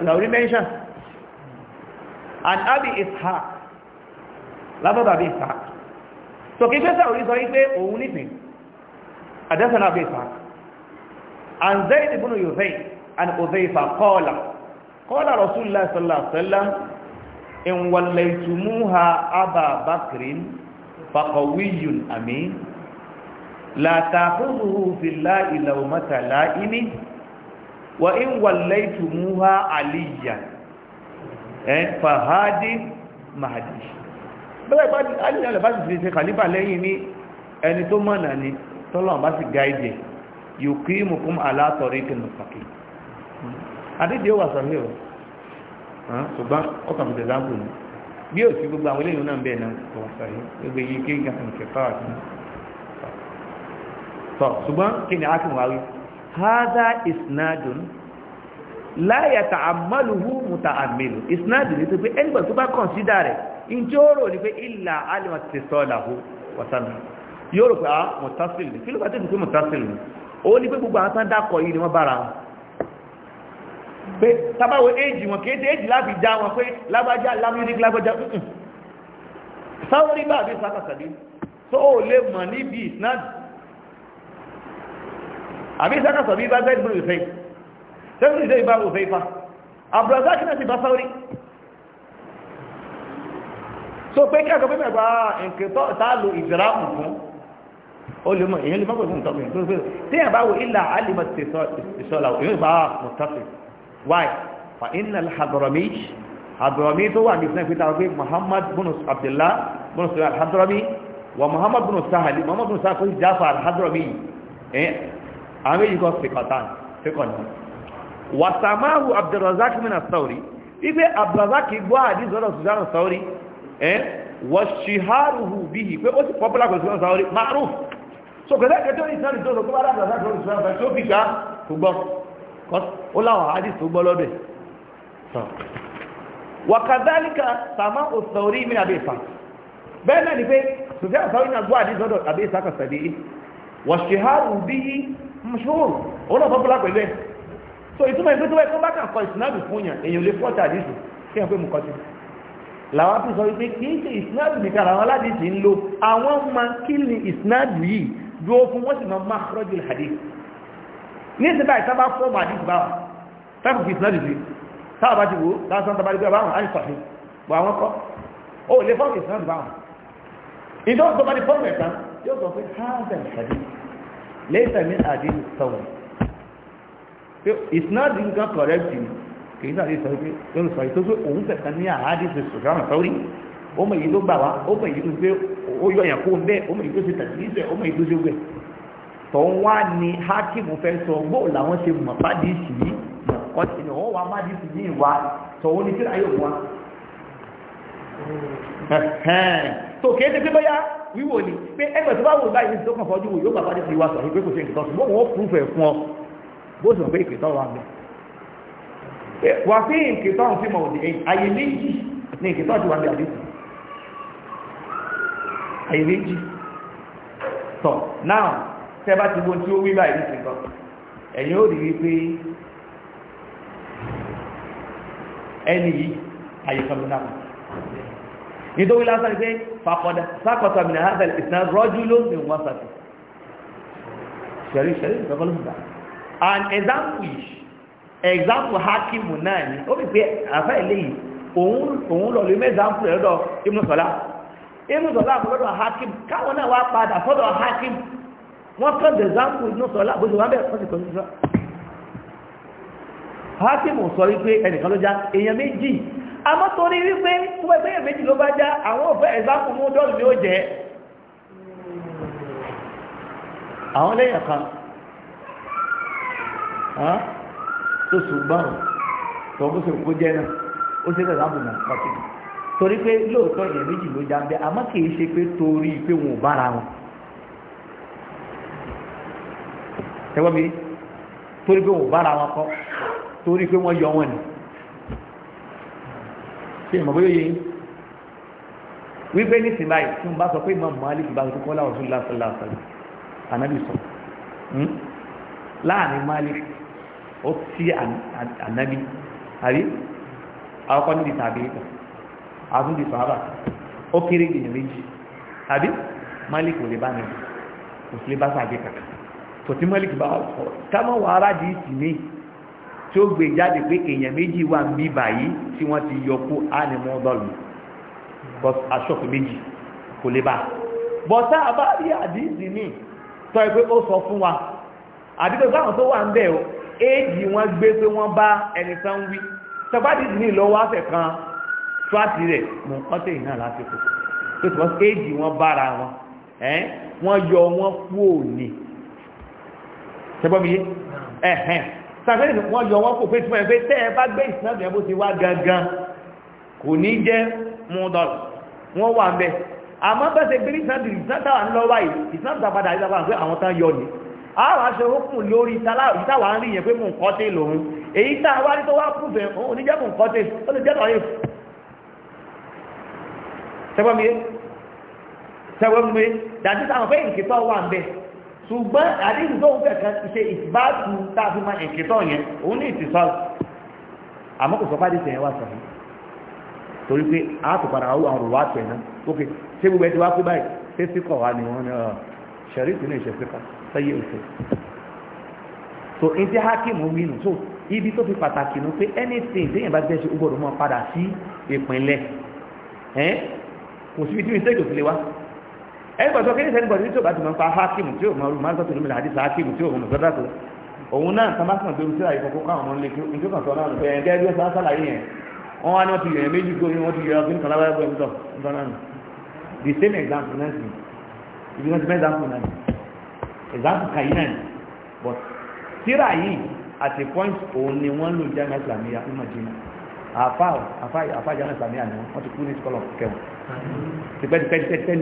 sauri mention and abi ishaq lábọ́bà bí ishaq so kí fẹ́ sauri sọ wípé òun nífin adásánà abi ishaq and zaid ibn yuzayd and uzayfa qala qala rasulullah sallallahu alaihi wasallam in wallaitumuha aba bakrin faqawiyyun amin la ta'khudhuhu billahi lawmata la'imi wa in wallaitumuha aliyan eh fahadi mahdi bẹ́ẹ̀ bá ní alìyànlẹ̀ bá sì fi ṣe kàlífà lẹ́yìn ní ẹni tó mọ̀nà ni tọ́lọ̀n bá sì gáìdì yóò kí mùkún aláàtọ̀rí kìnnà pàkì àdídìí ó ṣùgbọ́n ọkàn mi tẹ̀lá kù ní bí ò sí gbogbo àwọn eléyìí náà bẹ́ẹ̀ náà kò sàyé gbogbo iye kí nǹkan kan kẹfà àti tọ ṣùgbọ́n kí ni akin wá wí hádá isnadun láyà tààmàlùhù mùtààmìlù isnadun ní tó pé ẹnìgbà tó bá kọ̀nsídà rẹ̀ in tí ó rò ah, ní pé ìlà alìmọ̀ ti sọ pé tàbáwọ̀ éjì wọn kéèdè éjì láti já wọn pé lágbájá lámúrík lágbájá sáwọ́rí bá àbí sákàtàbí tó ó lè mọ̀ níbi ìsinájì àbí sákàtàbí bá bẹ́ẹ̀ gbọ́rọ̀ ìfẹ́ tẹ́lú ìdẹ́ ìbá òfẹ́ ifá àbúrọ̀sá kí náà ti bá sáwọ́rí so pé kí àkọ́bí mẹ́gbà ǹkẹtọ́ ìtàlù ìdìrámù fún ó lè mọ̀ èyàn lè mọ́ pẹ̀lú ìtọ́gbìn tó fẹ́ tí àbáwò ìlà alìmọ̀ ìṣọ́lá èyàn ìbá mọ̀tọ́fẹ́ why fa inna al-hadrami hadrami tó wà ní sinai peter wípé muhammad bin abdullah bin sulaim al-hadrami wa muhammad bin sahali muhammad bin sahali jafa al-hadrami eh àwọn méjì kọ́ fìkọ̀tán fìkọ̀nà wa samahu abdulrazak min as-sawri wípé abdulrazak gbọ́ àdízọ́dọ̀ suzanne as-sawri eh wàṣíháàrùhù bí i pé ó sì pọ́pọ́lá pẹ̀lú ìsúná sáwọ́rí márùn-ún so kẹ́lẹ́kẹ́ tó ní ìsúná ìjọ́ tó bá dáadáa sáwọ́rí ìsúná tó fi gbá gbogbo ó láwọn hadith tó gbọ́ lọ́dọ̀ ẹ̀ wàkàdálíkà sàmá mi àbí bẹ́ẹ̀ náà ni pé sùfẹ́ àsáwí náà gbọ́ hadith lọ́dọ̀ àbí ìsákàsàdé wàṣíhárù bí mṣúrù òun náà fọ́pọ́lá so ìtumọ̀ ìpé tó wẹ́ tó bá kà kọ ìsìnàbì fún yàn èyàn lè fọ́ta àdìsù kí ẹn pé mú kọ́ sí làwọn tó sọ wípé kì í ṣe ìsìnàbì nìkan àwọn aládìsì ń lo àwọn máa kí ni ìsìnàbì yìí dúó fún wọ́n sì máa máa rọ́jù hadith ní ìsinmi àìsàn bá fọ́ màdí ìgbà wọn táàkù fi ìsinmi àdìsí táà bá ti wò lásán tàbá rí bá wọn á ní sọ̀hí bọ̀ àwọn kọ́ ó lè fọ́ ìsinmi àdìsí bá wọn ìjọ tó bá ní fọ́ mẹ́ta yóò sọ pé háàbẹ̀ ìsàdí lẹ́sẹ̀ ní àdí sọ̀wọ̀n ìsinmi nǹkan kọ̀rẹ́tì kìí sàdí sọ pé lórí sọ ìtọ́jú òun fẹ̀kan ní àhádì sí sùkúrán sọ́rí ó mọ̀ èyí tó gbà wá ó mọ̀ èyí tó gbé ó tọ́ ń wá ní hákìmù fẹ́ sọ gbóò làwọn ṣe mọ̀ fádìsì yìí wọ́n wa ní wọ́n wá mádìsì yìí wá tọ́ ó ní tíra yóò wá tó kéé tẹ́ pé wíwò ni pé ẹgbẹ̀ tó bá wò báyìí tó kàn fọ́jú wò yóò bàbá dé fi wá sọ kò wọ́n fún fún ọ bó sì mọ̀ pé ìkìtọ́ wà sí ìkìtọ́ ń fi mọ̀ òdì tẹ́ bá ti gbóhun tí ó wí báyìí ní ṣìkan ẹ̀yin ó rí wípé ẹni yìí àyíkan lónà mọ̀ nítorí lásán pé fàkọ̀dà sákọ̀tà mìíràn hásẹ̀lì ìtàn rọ́jú ló ní wọ́n sàtì ṣẹ̀rí ṣẹ̀rí ìtọ́kọ́lùmùdà an example yìí example hakimu náà ni ó fi pé àfẹ́ eléyìí òun lọ lè Example. rẹ̀ lọ́dọ̀ ibùsọ̀lá ibùsọ̀lá àbúrọ̀dọ̀ hakim káwọn náà wá padà fọ́dọ̀ hakim wọ́n kàn dẹ̀záàpù inú sọ́lá bó ṣe wá bẹ̀rẹ̀ wọ́n ti kọ́ nípa hákìmù sọ wípé ẹnìkan ló já èèyàn méjì àmọ́ torí wípé tó bá ẹgbẹ́ méjì ló bá já àwọn òfẹ́ ẹ̀záàpù mú dọ́ọ̀lù ni ó jẹ́ àwọn lẹ́yìn kan tó ṣùgbọ́n tọ́gbọ́n sọ kó jẹ́ náà ó ṣe bẹ̀rẹ̀ àbùnà pàtó torí pé lóòótọ́ èèyàn méjì ló já ń bẹ àmọ́ kì í ṣe pé torí pé wọn ò bára wọn tẹ́wọ́ mi torí pé wọ́n bára wọn kọ́ torí pé wọ́n yọ wọn ni ṣe ìmọ̀ bóyá yẹn wípé ní sinmi báyìí tí mo bá sọ pé ìmọ̀ mọ́lì bá tó kọ́ láwọn ọ̀ṣun lásán lásán ànábì sọ hmm? láàrin mọ́lì ó ti ànábì àrí àwọn kan níbi tàbí ìtàn àwọn níbi sọ̀rọ̀ ó kéré gbìyànjú àbí mọ́lì kò lè bá mi kò sì lè bá sàgbé kàkà tòtí mọ́lìkì bá sọ̀rọ̀ kámọ́ wà ara dì í sì ní tí ó gbé jáde pé èèyàn méjì wà ń bí báyìí tí wọ́n ti yọ kó ánimọ́ dọ́lù bọ́s aṣọ́kù méjì kò lè bá bọ́tá àbárí àdìsí ní tọ́ ẹ pé ó sọ fún wa àdìsí báwọn tó wà ń bẹ̀ o éèjì wọn gbé pé wọ́n bá ẹni tán ń wí tọ́gbà àdìsí ní lọ́wọ́ àfẹ́ kan tíwáàtì rẹ̀ mọ̀ nǹkan tẹ̀yìn náà lásìkò pé tí wọ́n éèjì wọn bára wọn ẹ́ wọ́n yọ wọn kú òní ṣẹgbọ́mí ẹ̀hẹ́n sàfẹ́lẹ̀ wọ́n yọ wọ́n kò pé tí wọ́n ẹgbẹ́ tẹ́ ẹ bá gbé ìsìnàbì ẹbó ti wá gangan kò ní jẹ́ mọ́dọ̀lù wọ́n wà mẹ́ àmọ́ bẹ́sẹ̀ gbé ìsìnàbì ìsìnàtàwà ń lọ́wọ́ yìí ìsìnàbì tàbádà ìsìnàbà pé àwọn tán yọ ni àwọn aṣọ òkun lórí ìtawà ń rí yẹn pé mò ń kọ́tẹ́ lòun èyí tá a wá rí tó wá pùfẹ́ òun ní jẹ́ mò ń kọ́tẹ́ ó lè jẹ́ tọ́ yìí sẹ́gbọ́n mi dájú táwọn pé ìkìtọ́ wà ń bẹ́ẹ̀ ṣùgbọ́n àdéhùn tó ń kẹ̀kẹ́ ṣe ìbáàtù tààfin ma ìkẹtọ̀ yẹn òun ní ìtìsọ́lù àmọ́ kò sọ bá dìtẹ̀ yẹn wá sọ yìí torí pé a tó padà àwọn ọ̀rọ̀ wá tẹ̀ ókè ṣé gbogbo ẹtì wá pé báyìí ṣé síkọ̀ wá ni wọ́n ní ọ̀ ṣẹ̀rí ìtìlẹ̀ ìṣẹ̀ so n ti hákìmù so ibi tó fi pàtàkì nu anything téèyàn bá gbẹ́sẹ̀ ó gbọ́dọ̀ mọ́ padà sí ìpínlẹ̀ kò síbi tí mi sẹ́yìn ẹni pàtó kí ní sẹ́ni bọ̀dé tí ó bá ti mọ̀ nípa hákìmù tí ó mọ̀ ọdún mọ́tò tìlúmìlà àdìsá hákìmù tí ó mọ̀ sọ́dọ̀ tó òun náà kan bá sàn pé oṣù àyè kọ̀ọ̀kan àwọn ọmọ ilé kí ní tó kàn sọ náà bẹ́ẹ̀ gẹ́gẹ́ bí ó sọ àṣàlàyé yẹn wọ́n wá ní wọ́n ti yẹ̀yẹ́ méjì gbóyè wọ́n ti yẹ̀yẹ́ ọdún kan lábẹ́ ẹgbẹ́ ńlọ ńlọ náà the náà but tíra at a point òun ni wọ́n lò jẹ́ mẹ́sàlá mi àfi mọ̀ jìnnà àfa àfa àfa jẹ́ mẹ́sàlá mi àná wọ́n ti kú ní sikọ́lọ̀ kẹwọn tipẹ́tipẹ́tipẹ́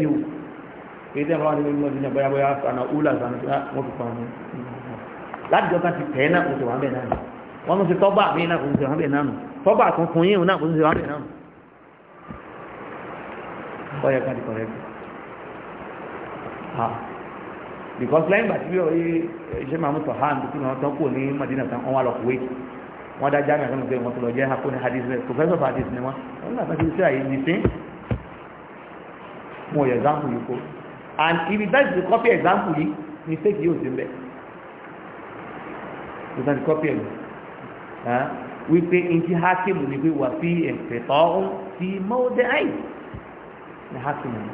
èyí tẹ́ wọn wá ní mímọ́ ìdíjà bóyá bóyá àná úlà àná tí wọ́n fi pamọ́ láti jọ kan ti tẹ̀ náà kò sì wọ́n bẹ̀ náà nù wọ́n tún ṣe tọ́bà mí náà kò sì wọ́n bẹ̀ náà nù tọ́bà tuntun yìí náà kò sì bẹ̀ náà nù. ọyọ kan ti kọ̀rẹ́ bí ah. because lẹ́yìn ìgbà tí bí iṣẹ́ mahmud tohan tó náà tán kù ní madina tán wọ́n wá lọ kuwait wọ́n dá jáde àti nǹkan tó lọ jẹ́ hako ní hadith rẹ̀ professor for hadith ni wọ́n wọ́n náà fẹ́ fi ṣe àyè nìsín mo yẹ example yìí kó and if it that is the copy example yìí mistake yóò ṣe ń bẹ kò sáà ti copy ẹ̀ wípé ntí hakimu ni pé wà fi ẹ̀pẹ̀tọ́ ti mọ́ọ́dẹ́ àì ní hakimu ni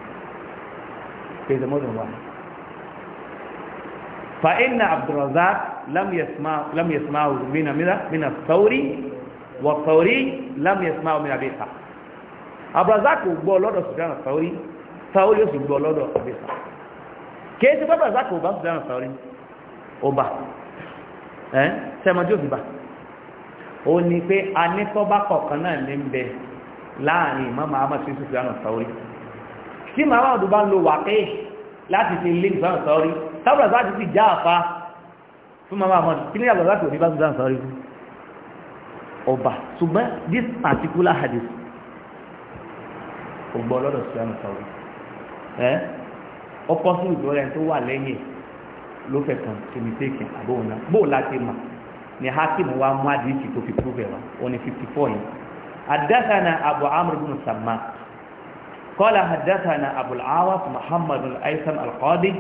pèsè mọ́ọ́dẹ́ wà. فإن عبد الرزاق لم يسمع لم يسمع من من من الثوري والثوري لم يسمع من أبي إسحاق عبد الرزاق gbọ́ lọ́dọ̀ الثوري sáwọ́ yóò sì gbọ́ lọ́dọ̀ àbẹ́sà kìí ṣe bábà zákò bá sùdánù sáwọ́rí ọba ẹ́ sẹ́mọ́ tí ó fi bà ó ní pé a ní tọ́bá kọ̀ọ̀kan náà ní ń bẹ láàrin ìmọ̀mọ̀ àmọ́ sí sùdánù sáwọ́rí tí màmá ọdún bá ń lo wàké láti fi lé sùdánù sáwọ́rí tábà zákò sì já àfa fún màmá àmọ́ kí ní àbà zákò ní bá sùdánù sáwọ́rí fún ọba ṣùgbọ́n this particular hadith kò gbọ́ lọ́dọ̀ sùdánù sáwọ́rí ẹ́ ọpọ́sí ìdúrẹ́ tó wà lẹ́yìn ló fẹ́ kàn tó mi tẹ́kẹ̀ àbóhùn náà bóò láti mà ní hakimu wa mú àdìsí tó fi púrúfẹ̀ wa ó ní fifty four yìí حدثنا أبو عمرو بن سماك قال حدثنا أبو العاوف محمد بن أيثم القاضي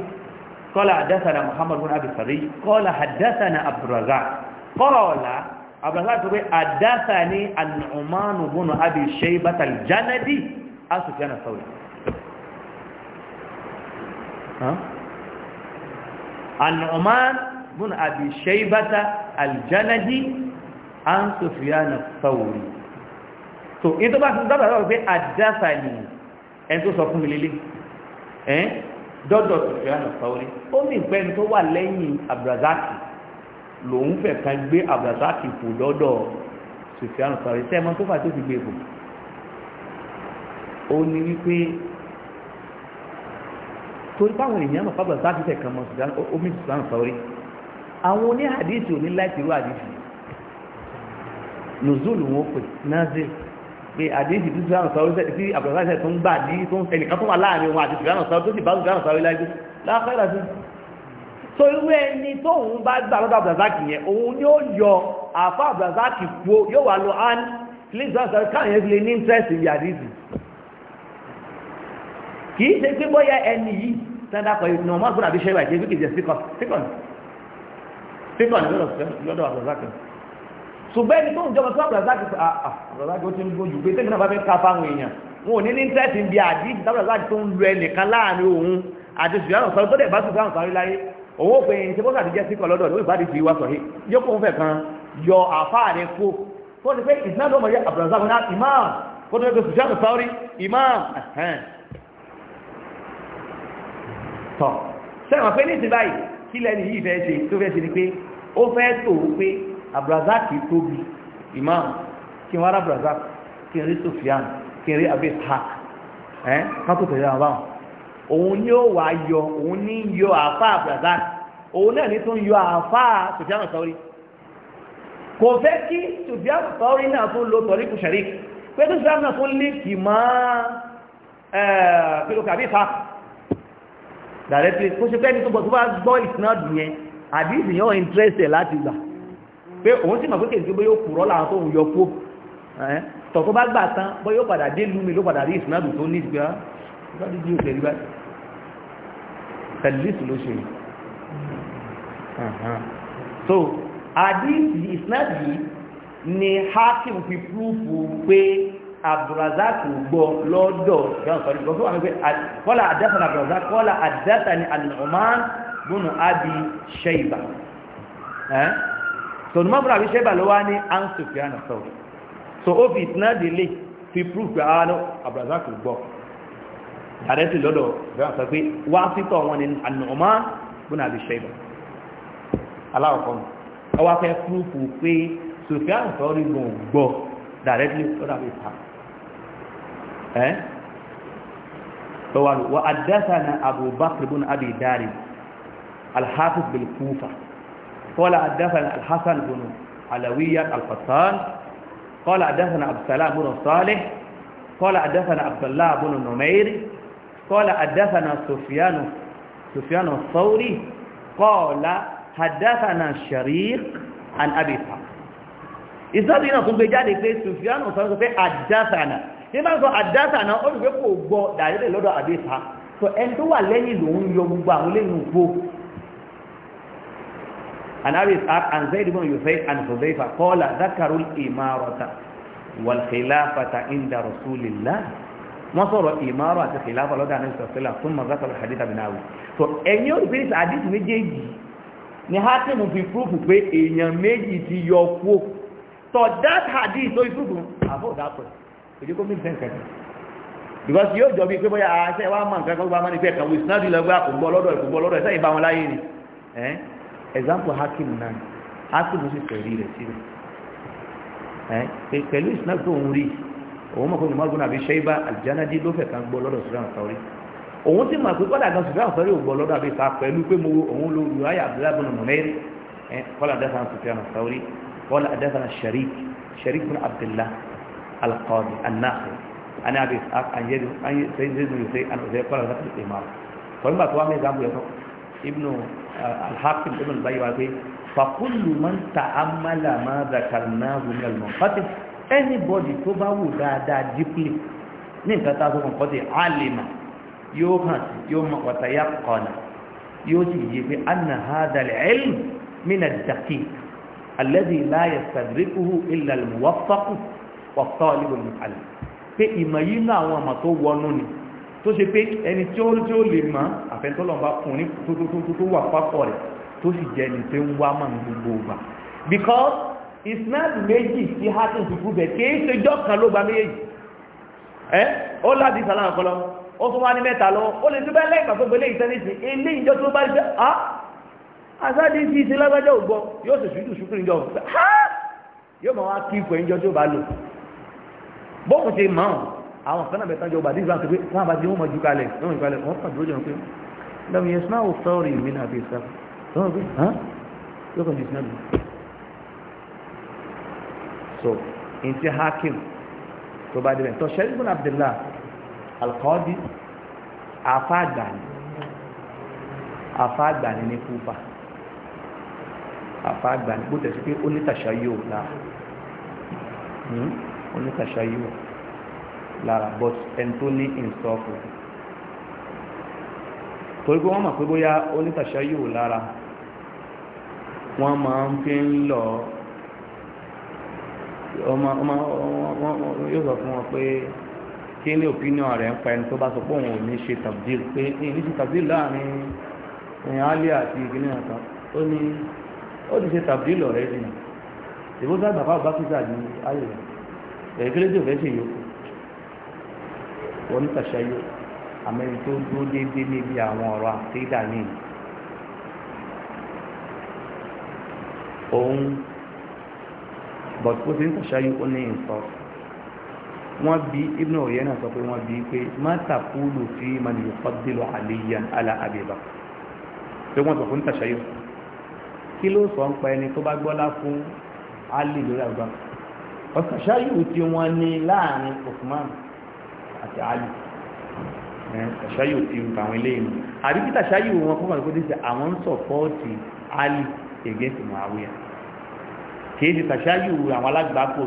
قال حدثنا محمد بن أبي سري قال حدثنا عبد الرزاق قال عبد الرزاق حدثني النعمان بن أبي شيبة الجندي أسفيان الثوري an-Nu'man bin Abi Shaybata al-Janadi an Sufyan ath-Thawri so in tó bá fún dábàá lọ́wọ́ pé àdásà ni ẹn tó sọ fún mi lélẹ̀ ẹ́n dọ́dọ̀ Sufyan ath-Thawri ó ní ìpẹ́ni tó wà lẹ́yìn abrazaki lòun fẹ́ kan gbé abrazaki fò dọ́dọ̀ Sufyan ath-Thawri sẹ́mọ́ tó fà tó fi gbé fò ó ní wípé torí báwọn èèyàn náà fábà sáà fífẹ̀ kan mọ́ omi sùdánù sọ́rí àwọn oní àdíṣì ò ní láti irú àdíṣì nùzúlù wọn pè nazir pé àdíṣì tí sùdánù sọ́rí tí àbúrọ̀sáṣẹ́ tó ń gbà ní tó ń ẹnìkan tó wà láàrin wọn àti sùdánù sọ́rí tó sì bá sùdánù sọ́rí lájú láfẹ́rẹ́ sí so irú ẹni tóun bá gbà lọ́dọ̀ àbúrọ̀sáṣì yẹn òun ni ó yọ àfa àbúrọ̀sáṣì kú yóò wà lọ án ilé ìsúná sọ́rí káàyàn fi lè ní interest ìyàdíṣì kì í ṣe pé bóyá ẹni yìí tẹ́ndà pẹ̀lú ní ọmọ ọgbọ́n àbí ṣe ìwà ìjẹ́bí kìí ṣe síkọ̀n síkọ̀n lọ́dọ̀ àbúrọ̀sákì ṣùgbọ́n ẹni tó ń jọmọ tó àbúrọ̀sákì àbúrọ̀sákì ah, ah, ó ti ń gbójú pé tẹ́gbẹ́ náà bá fẹ́ ká fáwọn èèyàn wọn ò ní ní tẹ́ẹ̀tì ń bi àdíjì tábùrọ̀sákì tó ń lu ẹnìkan láàrin òun àti ṣùgbọ́n sọ tó dẹ̀ bá tún sáwọn sáré láyé òun ò pè é ṣe bó ṣàtijẹ́ síkọ̀ lọ́dọ̀ ló ìbá dìtì wa sọ̀hí yóò kó fẹ́ kan yọ àfáà rẹ̀ kó tó ti pé ìsinádọ́mọ̀ yẹ àbúrọ̀sákì náà imam kó tó fẹ́ kó ṣùgbọ́n sáré imam tọ̀ sẹ́wọ̀n pé ní ti báyìí kí lẹ́nu yìí fẹ́ ṣe tó fẹ́ ṣe ni pé ó fẹ́ tó pé abrazaki tóbi imam kí wọ́n abrazak kí n rí sofian kí n rí abis hak ẹ́ kátó tẹ̀lé àwọn báwọn òun ni ó wà yọ òun ní yọ àfa abrazak òun náà ní tó ń yọ àfa sofian sọ́rí kò fẹ́ kí sofian sọ́rí náà tó lo tọ́lí kùsàrí pé tó sofian náà tó lè kì máa pẹ̀lú kàbí directly kó ṣe pẹ́ni tó gbọ́ tó bá gbọ́ ìsinádù yẹn àbí ìsìnyàn interest ẹ̀ láti gbà pé òun sì mọ̀ pé kèké bóyá ó kúrọ́ làwọn tó ń yọ kó tọ̀ tó bá gbà tán bóyá ó padà dé lumi ló padà rí ìsinádù tó ní ìgbà bá dídí òkè rí báyìí tẹ̀lifísì ló ṣe so àdìsí ìsinádù yìí ni hakim fi púrúfù pé abdulrazak gbọ́ lọ́dọ̀ ìyáǹsọ́rí gbọ́ fún wa pé kọ́lá àdásánà abdulrazak kọ́lá àdásánà al-Nu'man bùnú abi shayba tònúmọ́ bùnú abi shayba ló wá ní ansu fi hàn sọ̀rọ̀ so ó fi ìtìnádìí lè fi proof pé àwọn ah, abdulrazak gbọ́ dàrẹ́tì lọ́dọ̀ ìyáǹsọ́ pé wá sítọ̀ wọn ni al-Nu'man bùnú abi shayba aláwọ̀kọ́ ọwọ́ afẹ́ proof pé sofia ń sọ orí gbọ̀ngbọ̀ directly lọ́dọ̀ àbí eh wa haddathana abu bakr ibn abi darim al-hafiz bil kufa qala haddathana al-hasan ibn alawiyya al-qattan qala haddathana abd salam ibn salih قال حدثنا عبد الله بن نمير قال حدثنا سفيان سفيان الثوري قال حدثنا شريق عن ابي اسحاق اذا دينا تنبجا دي سفيان الثوري حدثنا tí bá ń sọ àdásà náà ó dùgbé kò gbọ́ dàrídẹ̀ lọ́dọ̀ àbíta sọ ẹni tó wà lẹ́yìn lòun yọ gbogbo àwọn lẹ́yìn òpó عن أبي إسحاق عن زيد بن يسيد عن حذيفة قال ذكروا الإمارة والخلافة عند رسول الله wọ́n sọ̀rọ̀ ìmọ̀rọ̀ àti ìlàfà lọ́dá ní ìsọ̀sílà fún mazakar hadita binawi so ẹ̀yìn òpínlẹ̀ àdìsí méjèèjì ni hatimu fi prúfù pé èèyàn méjì ti yọ kú tọ̀ that hadith tó ìfúrufú àfọ́ ìdápẹ̀ òjò kó mìíràn kẹ̀kẹ́ because yóò jọ bí pé bóyá àṣẹ ah, wa mọ̀ nǹkan kan gba mọ́ni pé ẹ̀kan wí sinadu lọ́gbà ah, kò gbọ́ lọ́dọ̀ kò gbọ́ lọ́dọ̀ ẹ̀sẹ̀ ìbá wọn láyé ni example hakim náà hakim sì sẹ̀rí rẹ̀ sílẹ̀ pẹ̀lú ìsinadu tó ń rí òun mọ̀ pé ní mọ́gbọ́n àbí ṣẹ́yìnbá àlìjánadí ló fẹ̀ kan gbọ́ lọ́dọ̀ sùfẹ́ àǹsọ̀rí òun ti mọ̀ pé kọ́dà gan sùfẹ́ àǹsọ̀rí ò gbọ́ lọ́dọ̀ àbí ta pẹ̀lú pé mo òun lo ruwaya abdullahi bin muhammad kọ́lá adásán القاضي الناخر انا ابي اسحاق ان يد ان سيد بن يسري ان اسري قال ذكر الامام فلما قام يزعم يتوقع ابن آه، الحاكم ابن البي واتي فكل من تامل ما ذكرناه من المنقطف اني بودي تو باو دا دا ديبلي ني كتا تو كونتي عالم يوهات يوم وتيقن يوجي في ان هذا العلم من الدقيق الذي لا يستدركه الا الموفق ọ̀tọ́ níbòlì alẹ̀ pé ìmọ̀ yìí náà àwọn ọmọ tó wọnú ni tó ṣe pé ẹni tí ó tí ó lè mọ̀ àfẹ́ntọ́lọ́mbà fún ní tó wà pápọ̀ rẹ̀ tó sì jẹ́ ní pé ń wá mọ̀ ní gbogbo ọgbà because it's not tí hatin ti fún bẹ̀ kéé ṣe jọ́ kan ló gba méjì ẹ́ ó láti sàlá àkọlọ ó tún wá ní mẹ́ta lọ ó lè tún bẹ́ẹ̀ lẹ́ẹ̀kan tó gbélé ìtẹ́nìsì ilé ìjọ tó bá jẹ́ á asáde ti ṣe lágbájá ògbọ́ yóò sì ṣùjú ṣùkúrú ìjọ yóò mọ̀ wá kí ipò ìjọ tó bá lò bókù ṣe mọ́ àwọn kan náà bẹ̀ tánjọ bàdí ìgbà pé wọ́n bá ti wọ́n mọ̀ jù kalẹ̀ wọ́n ìgbàlẹ̀ wọ́n kàn dúró jọ pé lọ́mọ yẹn sinmi àwọn sọ́ọ̀rì mi náà bí so n hakim tó bá dé bẹ́ẹ̀ tó abdullah alqadi afáàgbàni afáàgbàni ní kúfà afáàgbàni bó tẹ̀sí pé ó ní tàṣà yóò gbà oníkàṣà yìí lára but ẹni tó ní ìsọ́fù torí pé wọ́n mọ̀ pé bóyá oníkàṣà yìí lára wọ́n máa ń fi ń lọ ọmọ ọmọ yóò sọ fún wọn pé kí ní opinion rẹ̀ ń pa ẹni tó bá sọ pé òun ò ní ṣe tàbdíl pé ní ṣe tàbdíl láàrin èèyàn alẹ́ àti ìgbìnà kan ó ní ó ti ṣe tàbdíl ọ̀rẹ́ jìnnà ìbúdá bàbá bá kí ní ayé rẹ̀ ẹ̀ẹ́dẹ́gbẹ́lẹ́ tó fẹ́ ṣe yòókù wọ́n tàṣà yó àmẹ́rin tó dúró déédéé níbi àwọn ọ̀rọ̀ àtẹ́dà ní òun bọ̀tí ó ti ń tàṣà yó ó ní ìsọ wọ́n bí Ibn Uyayna sọ pé wọ́n bí pé má taqulu fi man yufaddilu Aliyyan ala Abi pé wọ́n sọ fún tàṣà yó kí ló sọ ń pa ẹni tó bá gbọ́lá fún Ali lórí àgbà ọkàn ṣáyù tí wọ́n ní láàrin Uthman àti Ali ṣáyù tí ń bá wọn ilé ìlú àríkítà ṣáyù wọn fún àwọn ìpínlẹ̀ àwọn ń sọ̀pọ́ọ̀tì Ali against Muawiya kìí ti tàṣáyù àwọn alágbàápò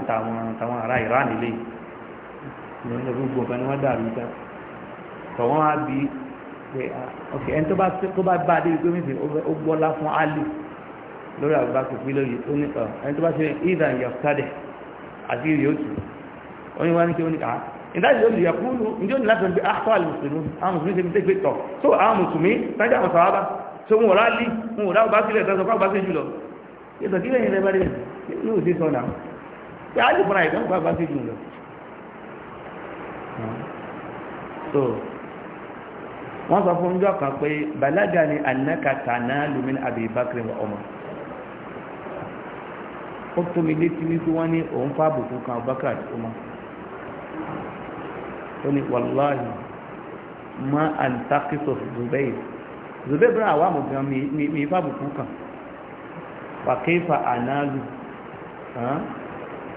tàwọn ará Iran ilé ìlú gbogbo nǹkan ni wọ́n dàrú ìta tọ̀wọ́n á bí ok ẹni tó bá tó bá bá adé wípé mísìn ó gbọ́lá fún Ali lórí àgbàkùn pílẹ̀ yìí ó ní ẹni tó bá ṣe ìdàn yàtọ̀ àti ìrì òkè oní wá ní kí oní kàá ìdájì ló lè yẹ kúrú ní ó ní láti bí àtọ́ àlùmùsùlùmí àwọn mùsùlùmí ṣe fi tẹ́gbẹ́ tọ̀ so àwọn mùsùlùmí sájà àwọn sàwábà so wọn ò rá lì wọn ò rá ọba sílẹ̀ sọ́sọ́ fún àgbáṣe jùlọ ìtọ̀ kí lẹ́yìn rẹ̀ bá rẹ̀ yóò ṣe sọ náà pé a lè fọ́nà ìtọ́ fún àgbáṣe jùlọ so wọ́n sọ fún ọjọ́ kan pé balaga ni anaka tana lumin abibakrin wa Umar ó tó mi létí wípé wọ́n ní òun fa àbùkù kan Abubakar àti Umar ó ní wàláhì má àǹtákìsọ Zubair Zubair bíra àwọn àmọ̀gán mi fa àbùkù kan wàkéfà ànálù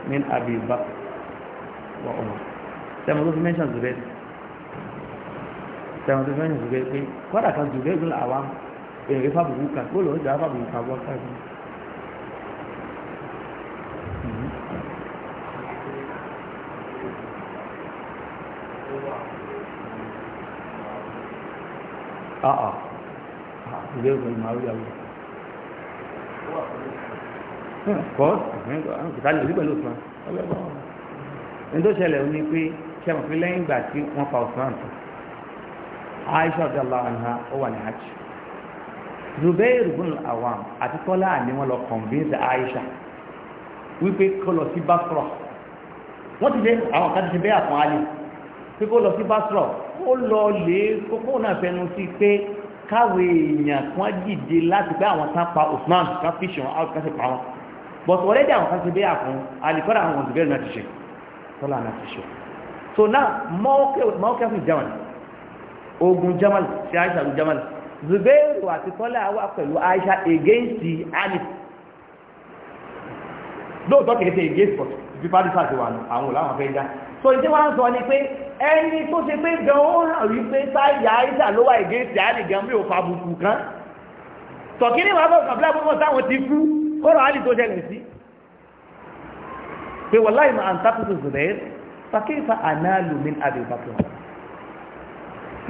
min Abi Bakr wa Umar tó fi mẹ́ṣàn Zubair sẹ́wọ̀n tó fi mẹ́ṣàn Zubair pé kọ́dà kan Zubair gbọ́n àwọn èrè fàbùkù kan kan Abubakar a'a ìgbé ìgbé ìmàrú yàwó kọ́ hmm, ah, ìtàlẹ̀ òbí pẹ̀lú Usman ní tó ṣẹlẹ̀ ní pé ṣẹ́mọ̀ pé lẹ́yìn ìgbà tí wọ́n fa Usman tán Aisha radiyallahu anha ó wà ní hajj Zubair ibn al-Awam àti Tọ́lá ni wọ́n lọ convince Aisha wípé kó lọ sí Basra wọ́n ti dé àwọn kan ti bẹ́ẹ̀ àpọ̀n alẹ́ pé kó lọ sí Basra ó lọ lè kókó náà fẹnu sí pé káwé èèyàn kan dìde láti pé àwọn tán pa Usman kan fíṣàn out kan sì pa wọn but already àwọn kan ti bẹ́ẹ̀ àfún alikọ́dà àwọn ọ̀sùn bẹ́ẹ̀ náà ti ṣe tọ́lá náà ti ṣe so now mọ́ọ́kẹ́ fún Jamal ogun Jamal sí Aisha ogun Jamal Zubairu àti Tọ́lá wà pẹ̀lú Aisha against the Alif lóòótọ́ kìí ṣe against but bí pàdísà ti wà nù àwọn làwọn fẹ́ dá so ìdí wá ń sọ ni pé ẹni tó ṣe pé gan ó hàn wí pé sáyà àìsà ló wà ìgé ìsì àlè gan bí ò fa bùkù kan tọ̀kí ní bàbá ọ̀kàbílà gbogbo sáwọn ti kú kọ́rọ̀ àlè tó ṣẹlẹ̀ sí pé wọ́n láì máa ń tákùtù zùbẹ́ pàkíyèsà ànáàlù ní àbẹ̀ ìbákan pé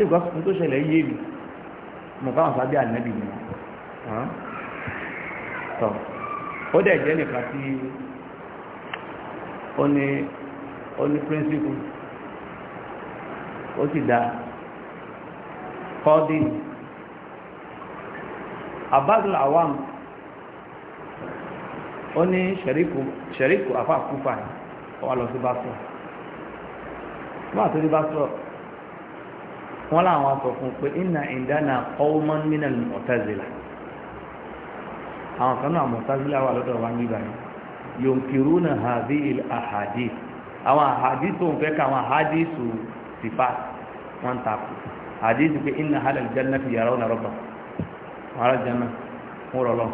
ìgbàsùn tó ṣẹlẹ̀ yé mi mo bá ó dẹ̀ jẹ́ nìkan tí ó ní ó ní píríncípù ó sì dáa kọ́dí abadul awam ó ní ṣẹ̀ríkù ṣẹ̀ríkù afáàkúfà wà lọ sí bàtọ̀ wọ́n àti rí bàtọ̀ wọ́n láwọn sọ fún pé iná ìdáná qawman minal àwọn kan náà mu'tazila wà lọ́dọ̀ wa níbàyìí yunkiruna hadhihi al-ahadith àwọn ahadith tó ń fẹ́ ká su ahadith sifat wọn takò hadith pé inna ahlal jannati yarawna roba. wọn ará jẹ́nà wọn rọ̀ lọ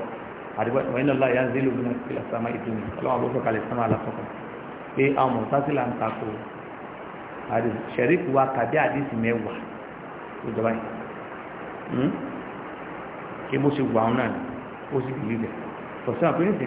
àdìgbà wọn iná lọ yanzilu ila sama'i dunya ọlọ́wọ́n bó sọ̀kalẹ̀ sánmà alákọ̀ọ́kọ́ pé àwọn mọ̀tásílà ń takò hadith sẹ̀ríkù wa kàbí hadith mẹ́wàá tó jọba yìí hmm? kí bó ṣe wà wọn náà ó sì bìlí bẹ̀ kò sí àpéyìntì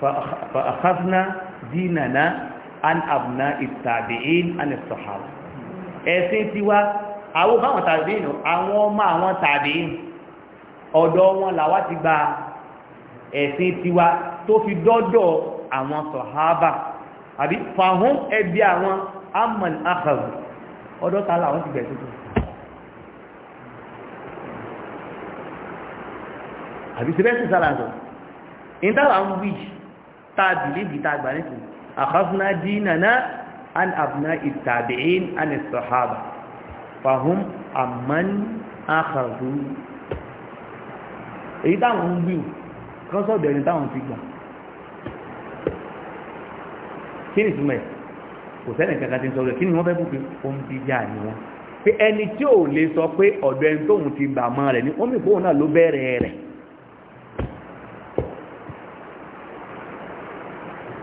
fa'akazna dínàná an abna ìtàbíin an ìsọ̀hàwà ẹ̀sìn tiwa àwọn báwọn tàbíin àwọn ọmọ àwọn tàbíin ọ̀dọ̀ wọn làwa ti gba ẹ̀sìn tiwa tó fi dọ́dọ̀ àwọn sọ̀hábà àbí fàhún ẹbí àwọn amman akhaz ọ̀dọ̀ ta làwọn ti gbẹ̀sìn tiwa àbí sẹ́bẹ̀sì sára sọ ìdáwà ń wíjì tábìlì bí tá àgbà nìkan àkọ́fúnná dínàná an abna ìtàbíin an ìsọ̀hábà fahum amman akhazu èyí táwọn ń gbìyàn kan sọ́dọ̀ ẹni táwọn ti gbà kí ni túmọ̀ ẹ̀ kò sẹ́ni kankan ti ń sọ̀rọ̀ kí ni wọ́n fẹ́ bùkún òun ti jà ní wọn pé ẹni tí ò lè sọ pé ọ̀dọ̀ ẹni tóun ti gbà mọ́ rẹ̀ ni ó mì pé náà ló bẹ̀rẹ̀ rẹ̀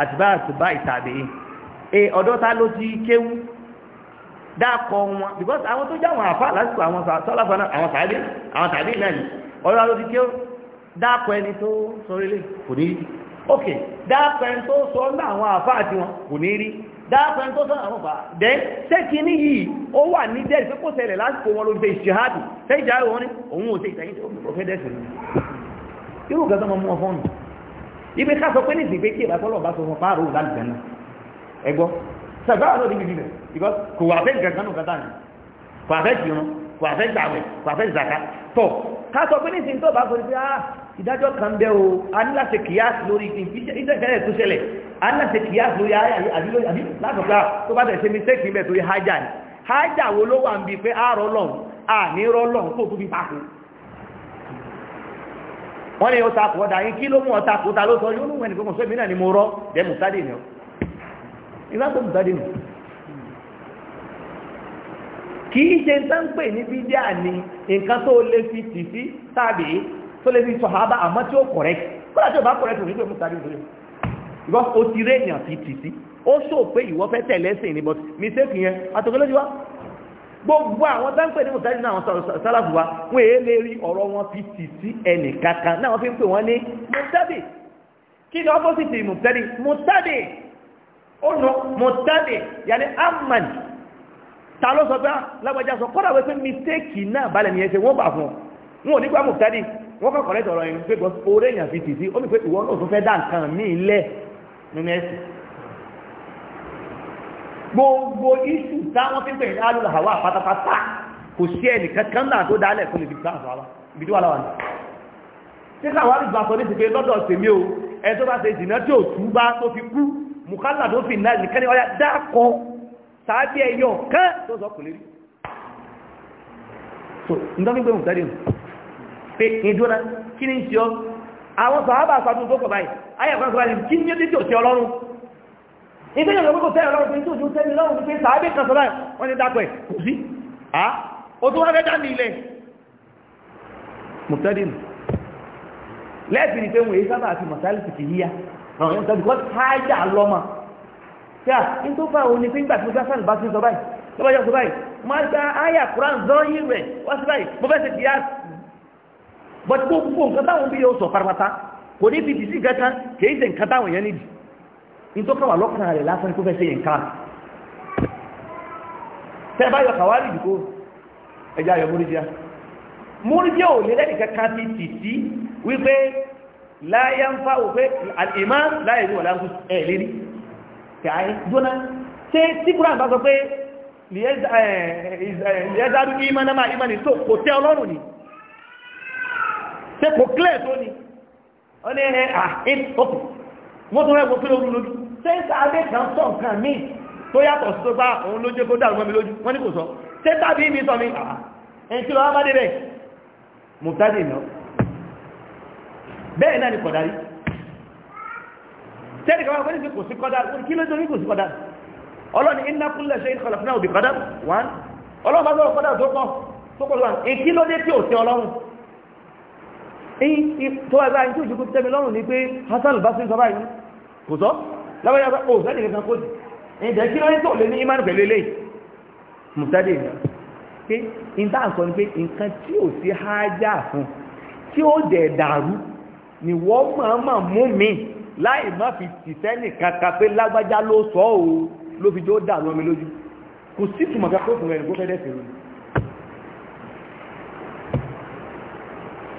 àtìbá àtìbá ìtàbí e ọ̀dọ́ta ló ti kéwú dákọ̀ wọn because àwọn tó jáwọn àfá lásìkò àwọn sọ́lọ́fà náà àwọn tàbí àwọn tàbí náà ni ọ̀dọ́ta ló ti kéwú dákọ̀ ẹni tó sọ rílé kò ní rí ok dákọ̀ ẹni tó sọ ní àwọn àfá àti wọn kò ní rí dákọ̀ ẹni tó sọ àwọn fà dẹ́ sẹ́kì ní yìí ó wà ní dẹ́rì pé kó ṣẹlẹ̀ lásìkò wọn ló fi ìṣèhádì sẹ́jà wọn ni òun ò ibi ká sọ pé ní ìsìnkú kí ìbá tọ́lọ̀ bá sọ fún fáàrù lálùjẹ́ náà ẹ gbọ́ sàgbáwà náà níbi bíbẹ̀ because kò wà fẹ́ gàgánù gàgánù kò àfẹ́ jìrún kò àfẹ́ gbàwẹ̀ kò àfẹ́ zàká tọ̀ ká sọ pé ní ìsìnkú tó bá sọ pé ah ìdájọ́ kan bẹ́ o a ní láti kìíyàsí lórí ìjẹ́kẹ́rẹ́ tó ṣẹlẹ̀ a ní láti kìíyàsí lórí àbí ah, tó bá bẹ̀ ni hajjá wo ló wà ń wọ́n ní ọta kò ọ̀dà yín kí ló mú ọta kò ta ló sọ yóò lóun ẹni pé kò sómi ni mo rọ jẹ́ mùsádì ni ọ ìgbà tó mùsádì ni kì í ṣe sáńpẹ̀ ní bídíà ni nǹkan tó lè fi tì sí tàbí tó lè fi sọ̀hábà àmọ́ tí ó correct kódà tí ó bá correct tó ní pé mùsádì ni ìwọ o ti rẹ̀ èèyàn fi tì sí ó ṣò pé ìwọ fẹ́ tẹ̀lẹ́sìn ni but mistake yẹn àtòkè gbogbo àwọn táǹpẹ̀ ní mùsáàdì náà sálàfù wa wọ́n èé lè rí ọ̀rọ̀ wọn fi tì sí ẹnì kankan náà wọ́n fi ń pè wọ́n ní mùsáàdì kí ni opposite mùsáàdì mùsáàdì ó nù mùsáàdì yàní amman ta ló sọ pé ah, lágbàjá sọ kọ́dà wípé mistake náà balẹ̀ nìyẹn ṣe wọ́n bà fún wọn ò ní gbà mùsáàdì wọ́n kọ́ kọ̀rẹ́tọ̀ ọ̀rọ̀ yẹn pé gbọ́ orí èèyàn fi tì sí ó mi pé ìwọ náà tó fẹ́ dá nǹkan míì lẹ̀ nínú ẹ̀sìn gbogbo iṣu táwọn tí ń pè ní alùlù àwà pátápátá kò sí ẹnì kankan náà tó dálẹ̀ fún ibi tí wà láwà ní tí káwà rí gbàsọ ní ti pé lọ́dọ̀ tèmi o ẹni tó bá ṣe ìdìnà tí ò tún bá so nítorí pé mùtẹ́rì nù pé ìdúrà kí ni ń ṣe ọ àwọn sàábà sọdún tó kọ̀ báyìí ayẹ̀kọ́ sọ báyìí kí ni ìdí ìrìn òwúkò tẹ́rẹ lọ́rùn pé tí òjú tẹ́mi lọ́rùn pé sàábé kan sọ́lá wọ́n ti dápẹ̀ kò sí à ó tó wá fẹ́ dá ní ilẹ̀ mùtẹ́dìmù lẹ́ẹ̀sì ni pé wọ́n èyí sábà àti mọ̀sálì ti fi yíya ọ̀rọ̀ ìtọ́jú kọ́ táyà lọ́mọ tí a ń tó fà òun Quran zọ́ yí rẹ̀ wá sí báyìí mo fẹ́ ṣe kìí yá bọ́t gbogbo nǹkan táwọn bí yóò sọ parapata kò ní fi nítọ́ka wà lọ́kàn rẹ̀ lásán tó fẹ́ ṣe nǹkan tẹ́ bá yọ kàwárí ìdìkó ẹjá yọ múrídíá múrídíá ò lè lẹ́nì kankan ti tì sí wípé láyá ń fa òfẹ́ àìmá láyé ní wà láńkú ẹ̀ lérí kàáyé jóná ṣe tí kúrán bá sọ pé lẹ́ẹ̀dárú ìmánámà ìmánì tó kò tẹ́ ọlọ́run ni ṣe kò kílẹ̀ tó ni ọ ní ah, ẹ̀ à ń ọkùn wọ́n tún rẹ̀ wọ́n pín lórí lójú sẹ́ńtà abẹ́ kan sọ nǹkan míì tó yàtọ̀ sí tó bá òun ló jẹ́ kó dàrú mọ́ mi lójú wọ́n ní kò sọ sẹ́ńtà bí mi sọ mi ah, ah, ẹni tí lọ́wọ́ bá dé bẹ́ẹ̀ mùtádì náà bẹ́ẹ̀ náà ni kọ̀dárí tẹ́lẹ̀ kọ́wàá wọ́n ní kò sí kọ́dárí kí ló ní kò sí kọ́dárí ọlọ́ni iná kúnlẹ̀ ṣe ìkọlọ̀fún náà òbí kọ́dárí wọ́n ọlọ́run bá sọ̀rọ̀ kọ́dárí tó kàn tó kọ́ lọ́wọ́n èkí ló dé tí ò tó wà báyìí sí sọ báyìí lábájá sọ ò sẹ́ni kankan kó jù ǹjẹ́ kí ló ń tó lé ní imanu pẹ̀lú eléyìí mùsádì ni pé ìta sọ ni pé nǹkan tí ò sí hájà fún tí ó dẹ̀ dàrú ni wọ́n máa máa mú mi láì má fi tìtẹ́ nìkan kan pé lágbájá ló sọ ọ́ ló fi jó dàrú ọmọ mi lójú kò sí tùmọ̀ kan pé òkùnrin ẹ̀rìn kó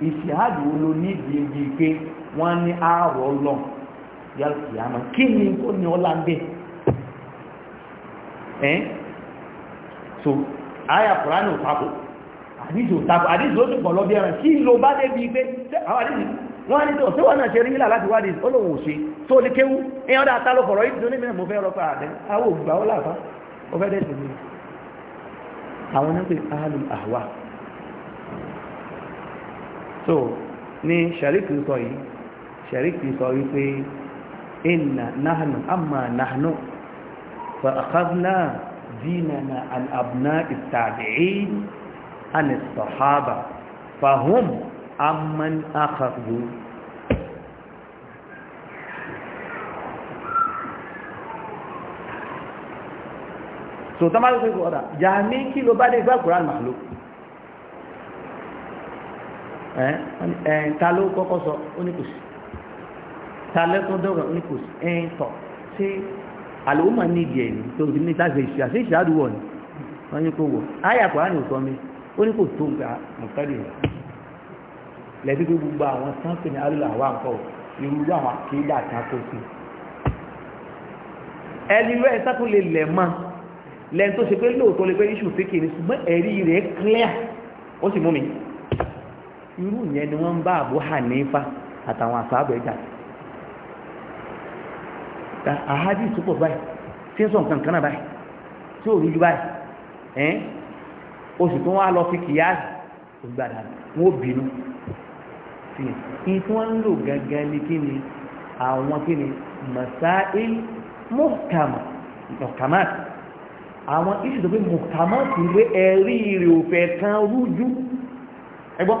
ìṣèhádì wo ló ní ìdíyegi pé wọ́n ní àárọ̀ lọ yàrá kìámà kí ni ó ní ọlá ń bẹ̀ ẹ́ so àyà kùránì ò tako àdíjò tako àdíjò ó ti pọ̀ lọ́bí ẹran kí ló bá débi pé àwọn àdíjò wọ́n á ní tó ṣéwọ́n náà ṣe rí nílà láti wádìí olóhùn òṣè tó lè kéwú ẹ̀yàn dáa tá ló fọ̀rọ̀ yìí tó ní mìíràn mo fẹ́ rọ́pà àdẹ́ àwọn ògbà ó láàfá ó fẹ́ dẹ̀ sí àwọn onípe àálù àwà so ní shariki sọ yìí shariki sọ wípé inna nahnu amma nahnu fa akhadna dinana an abna'i tabi'in an as amman akhadhu so tamale ko ora ya ni kí ló bá dé gba quran ta ló kọ́kọ́ sọ oníkùsì ta lẹ́kọ́ dọ́rọ̀ oníkùsì ẹ̀yìn tọ̀ sí àlòmọ̀ nídìí ẹ̀ tó ti ní láti ṣe àṣẹ ìṣàdúwọ̀ ni wọ́n ní kó wọ̀ ayàpọ̀ á ní òtọ́ mi ó ní kò tó nǹkan mọ̀tẹ́lì rẹ̀ lẹ́bí pé gbogbo àwọn sáńpì ní alúlà wà ń kọ́ irú àwọn akéèdà kan tó sí ẹni rẹ̀ sákò lè lẹ̀ mọ́ lẹ́ni tó ṣe pé lóòótọ́ lè pé iṣu fèkè ní ṣùgbọ́n ẹ̀rí rẹ̀ clear ó sì mú mi irú yẹn ni wọ́n ń bá Abu Hanifa àtàwọn àfàbẹ̀ jà àhádìí tó pọ̀ báyìí tí ń sọ nǹkan kan náà báyìí tí ò rújú báyìí ẹ̀ oṣù tó wá lọ fi kìyàsì ògbàdà wọn ò bínú sí i tí wọ́n ń lò gangan ní kí àwọn kí masail muhkama muhkamat àwọn iṣu tó fi muhkamat ìwé ẹ̀rí rè ò fẹ́ kan rújú ẹgbọ́n.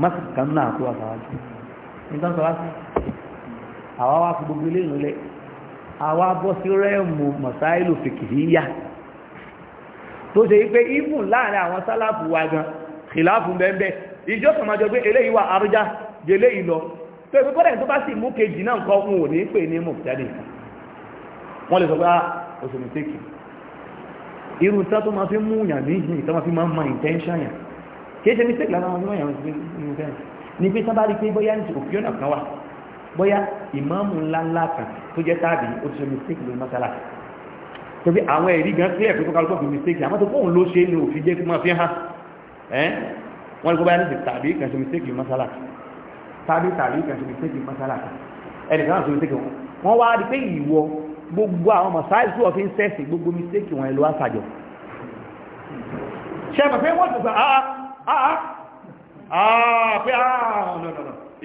mọ́sí kan náà kó àtàwájú nígbà tó wá sí àwa wá fi gbogbo ilé ìrìnlẹ̀ àwa bọ́ sí rẹ́ẹ̀mù mọ̀sáìlù fìkìríyà tó ṣe wípé ìmù láàrin àwọn sálàfù wa gan kìláàfù bẹ́ẹ̀ ìjọ kọ̀mọ́jọ pé eléyìí wà arújá jẹlé ìlọ tó ìpé kọ́dẹ̀ tó bá sì mú kejì náà nǹkan òun ò ní pè ní mọ̀tẹ́lì kìí ṣe mistake lára ọdún mọ́yàn ìfẹ́ ní pé sábà rí pé bóyá ní òfin ọ̀nà kan wà bóyá ìmáàmù ńláńlá kan tó jẹ́ tàbí ó ti ṣe mistake lórí mọ́sálásí torí àwọn ẹ̀rí gan sí ẹ̀fẹ́ tó kálù pọ̀ fi mistake àmọ́ tó fóun ló ṣe ní òfin jẹ́ kí wọ́n fi hàn ẹ́ wọ́n rí pé bóyá ní ṣe tàbí kan ṣe mistake lórí mọ́sálásí tàbí tàbí kan ṣe mistake lórí mọ́sálásí ẹnì kan ṣe mistake wọn wọ́n wá rí pé ìwọ gbogbo àwọn mọ̀sáìsì tó ọ̀fin sẹ́ẹ̀sì gbogbo mistake wọn ẹ̀ ló wá ṣe é mọ̀ pé wọ́n ti sọ ah, ah, Ah, ah. Ah, pé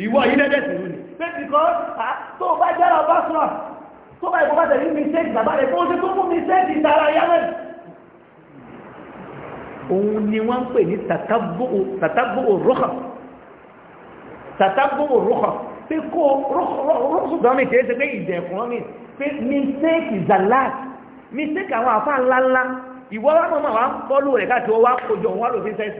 ìwọ yìí lẹ́jẹ̀ sí ní pé kìkọ́ tó bá jẹ́rọ bá sọ́nà tó bá ìbọn bá tẹ̀lé mistake bàbá rẹ̀ tó ṣe tó fún mistake ìtara yáwẹ̀ òun ni wọ́n ń pè ní tàtàbù òrùkọ̀ tàtàbù òrùkọ̀ pé kó rọ́sùdọ́mì kìí ṣe pé ìdẹ̀kùnrọ́mì pé mistake is the last mistake àwọn àfáà ńláńlá ìwọ́n wá mọ̀ wá ń kọ́lù rẹ̀ káàkiri wọ́n wá kójọ wọ́n wá lò fi sẹ́sì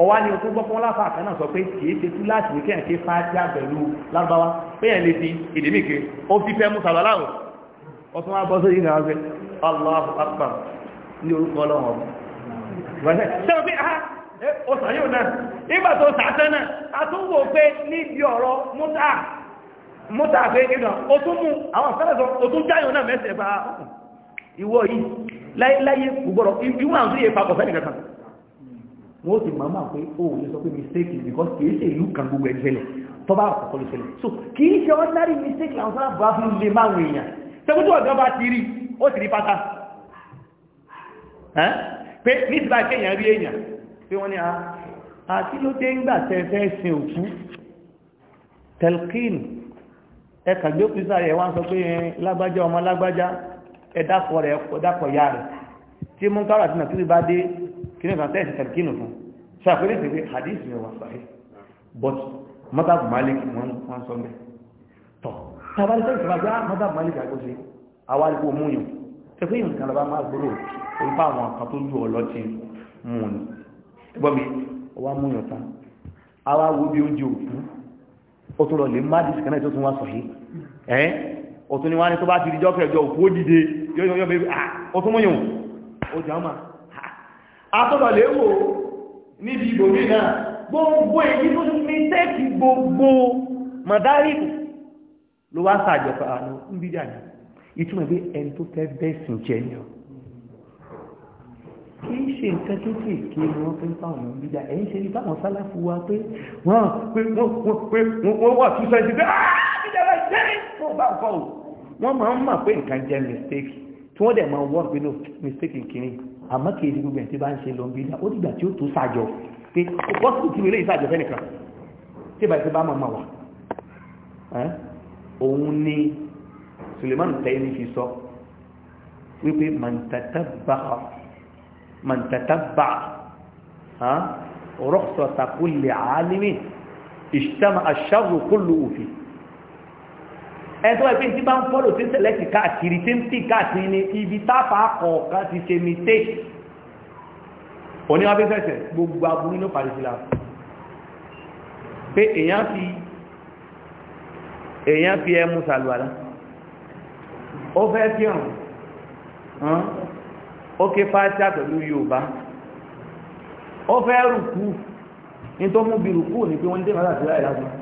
ọwá ni òkú gbọ́ fún láfà kan náà sọ pé kìí ṣe tú láti wíkẹ́ ẹ̀kẹ́ fàájá pẹ̀lú lágbáwá péyàn lè fi èdè mìíkẹ́ ó fi fẹ́ mú sàbàláwò ọtún wá bọ́ sí ìrìn àwọn Allahu Akbar ní orúkọ ọlọ́wọ́n sẹ́wọ́n pé ó sàyò náà nígbà tó sàtẹ́ náà a tún wò pé níbi ọ̀rọ̀ mútà mútà pé ìdà ó tún mú àwọn fẹ́lẹ̀sọ ó tún jáyò náà mẹ́sẹ̀ bá ìwọ yìí láyé gbogbo ìwọ̀n àti ìyẹ̀pàpọ̀ fẹ́ nìkan wọ́n ti máa máa pé ó lè sọ pé mistake because kìí ṣe ìlú kan gbogbo ẹgbẹ́lẹ̀ tó bá ọ̀pọ̀ lè ṣẹlẹ̀ so kìí ṣe ordinary mistake làwọn sára bá fún lè máa wọ èèyàn tẹ́kùtù ọ̀dọ́ bá ti rí ó ti rí pátá pé ní ìsìlá kéèyàn rí èèyàn pé wọ́n ní a ah, àti ah, ló dé ńgbà tẹ́ fẹ́ sin òkú telkin ẹ̀kà gbé písà rẹ̀ wá ń sọ pé eh, lágbájá ọmọ lágbájá ẹ̀dàpọ̀ rẹ̀ ẹ̀dàpọ̀ ya rẹ̀ tí mú kárà kí ní ìfàtẹ́ ìsìn tàbí kínú fún ṣàpẹ́lẹ́ ìsìn pé hadith rẹ̀ wà sahih but mọ́tàbù malik wọ́n wọ́n sọ mẹ́ tọ́ tàbálẹ́ tẹ́lẹ̀ tẹ́lẹ̀ bá mọ́tàbù malik àgbóṣe awárígbó múyàn tẹ́fẹ́ yìí nǹkan lọ́ba máa gbúrò orúkọ àwọn kan tó lù ọ lọ́tí mú ni ẹgbọ́n mi ọwá múyàn tán awá wo bí oúnjẹ òkú ó tún lọ lè má dìsì kanáà tó tún wá sahih ẹ́ ọ̀tún ni wọ́n á ní tó bá ti di jọ́kẹ̀ẹ́jọ́ òkú ó dìde yóò yọ àtọ́bàlẹ̀ wò níbi ìbòmí náà gbogbo èyí tó ní tẹ́ẹ̀kì gbogbo mọ̀dárìkù ló wá sàjọpọ̀ àánú ń bí dàní ìtumọ̀ pé ẹni tó fẹ́ bẹ́sìn jẹ́ ni ọ kì í ṣe nǹkan kéékèèké ni wọ́n fi ń fáwọn ọmọ bíjà ẹ̀yìn ṣe ní fáwọn sálàfù wa pé wọ́n pé wọ́n pé wọ́n wà túnṣẹ́ sí pé áá bíjà bá jẹ́ wọ́n bá ń fọ́ wọ́n máa ń mọ̀ pé nǹkan jẹ́ mistake tí wọ́n dẹ̀ máa wọ́n pé no mistake kìíní àmọ́ kìí gbogbo ẹ̀ tí bá ń ṣe lọ bí i ó dìgbà tí ó tó sàjọ pé ó bọ́ sí ìtìrò eléyìí sàjọ fẹ́nìkan tí bá ìfẹ́ bá máa wà òun ni Suleiman tẹ́yìn fi sọ wípé màǹtàtàbà rukhsata kulli alimi ìṣtàmà ash-sharru kullu fi ẹ̀tọ́ ẹ̀fẹ́ tí bá ń fọ́lò tí sẹ̀lẹ́tì káàkiri tí ń tí káàkiri ní ibi táfà kọ̀ọ̀kan ti ṣe mi tẹ́ oníwà fẹ́fẹ́sẹ̀ gbogbo aburú ló parí sílá pé èyàn fi èyàn fi ẹmu sàlùwàlá ó fẹ́ kí ọ̀rùn ó ké pàṣà pẹ̀lú Yorùbá ó fẹ́ rùkú ní tó mú bí rùkú ní pé wọ́n dé mọ́sàtìlá ìlàgbọ́n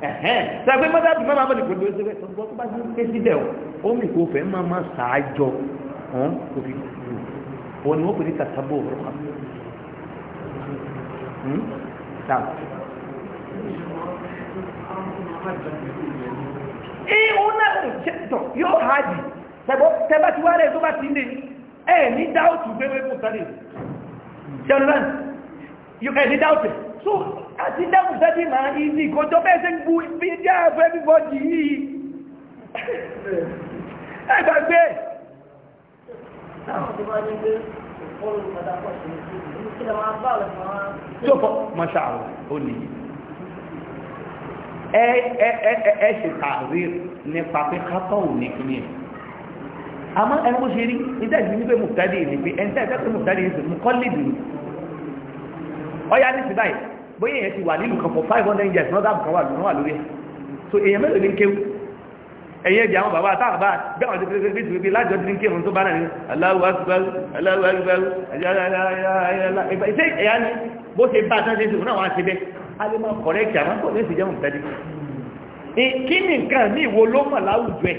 ṣàgbé mọ́tàbí mọ́mọ́ àmọ́ nìkan ló ṣe bẹ́ẹ̀ tó bá ṣe ń ké síbẹ̀ ó mì kó fẹ́ máa máa ṣàájọ ọ̀hún kò fi kú òun ni wọ́n pè ní tàtàbó ọ̀rọ̀ kan. Hmm? ee òun náà kò ṣe tọ̀ yóò hájì tẹ́bá tí wàá rẹ̀ tó bá ti ń lè ẹ̀ ní dáhùn tù gbé sáré ṣẹ́nu náà ẹni dáùtì so àti dáùtì sẹ́tì máa ń ní ìkọjọ́ bẹ́ẹ̀ sẹ́ ń gbú bí i díà fún everybody yìí ẹgbàgbé jọ́fọ́ mọ́ṣàlá ó ní ẹ ṣe tààrí nípa pé kátọ́ ò ní kíní ẹ̀ àmọ́ ẹni bó ṣe rí ìdájú ní pé mùtádì ní pé ẹni tẹ́ ìfẹ́ pé mùtádì ní pé mùkọ́lìdì ọ̀yá ní síbáyì bóyá èèyàn ti wà nílùú kan for five hundred years náà dáàbò kan wà lónà wà lórí ẹ̀ so èèyàn mélòó ní kéwù ẹ̀yìn ẹ̀jẹ̀ àwọn bàbá àtàwọn bá bẹ́ẹ̀ wọ́n ti fi fi fi fi lájọ ní kéwù tó bá náà ní Allahu Akbar Allahu Akbar ìṣe ẹ̀yà ni bó ṣe bá àtàwọn ṣe náà wọ́n á ṣe bẹ́ẹ̀ a lè máa kọ̀rẹ́ kí àwọn kò ní ìṣèjẹ́ òun tẹ́lẹ̀ kí ni nǹkan ní ìwo ló mọ̀ láwùjọ ẹ̀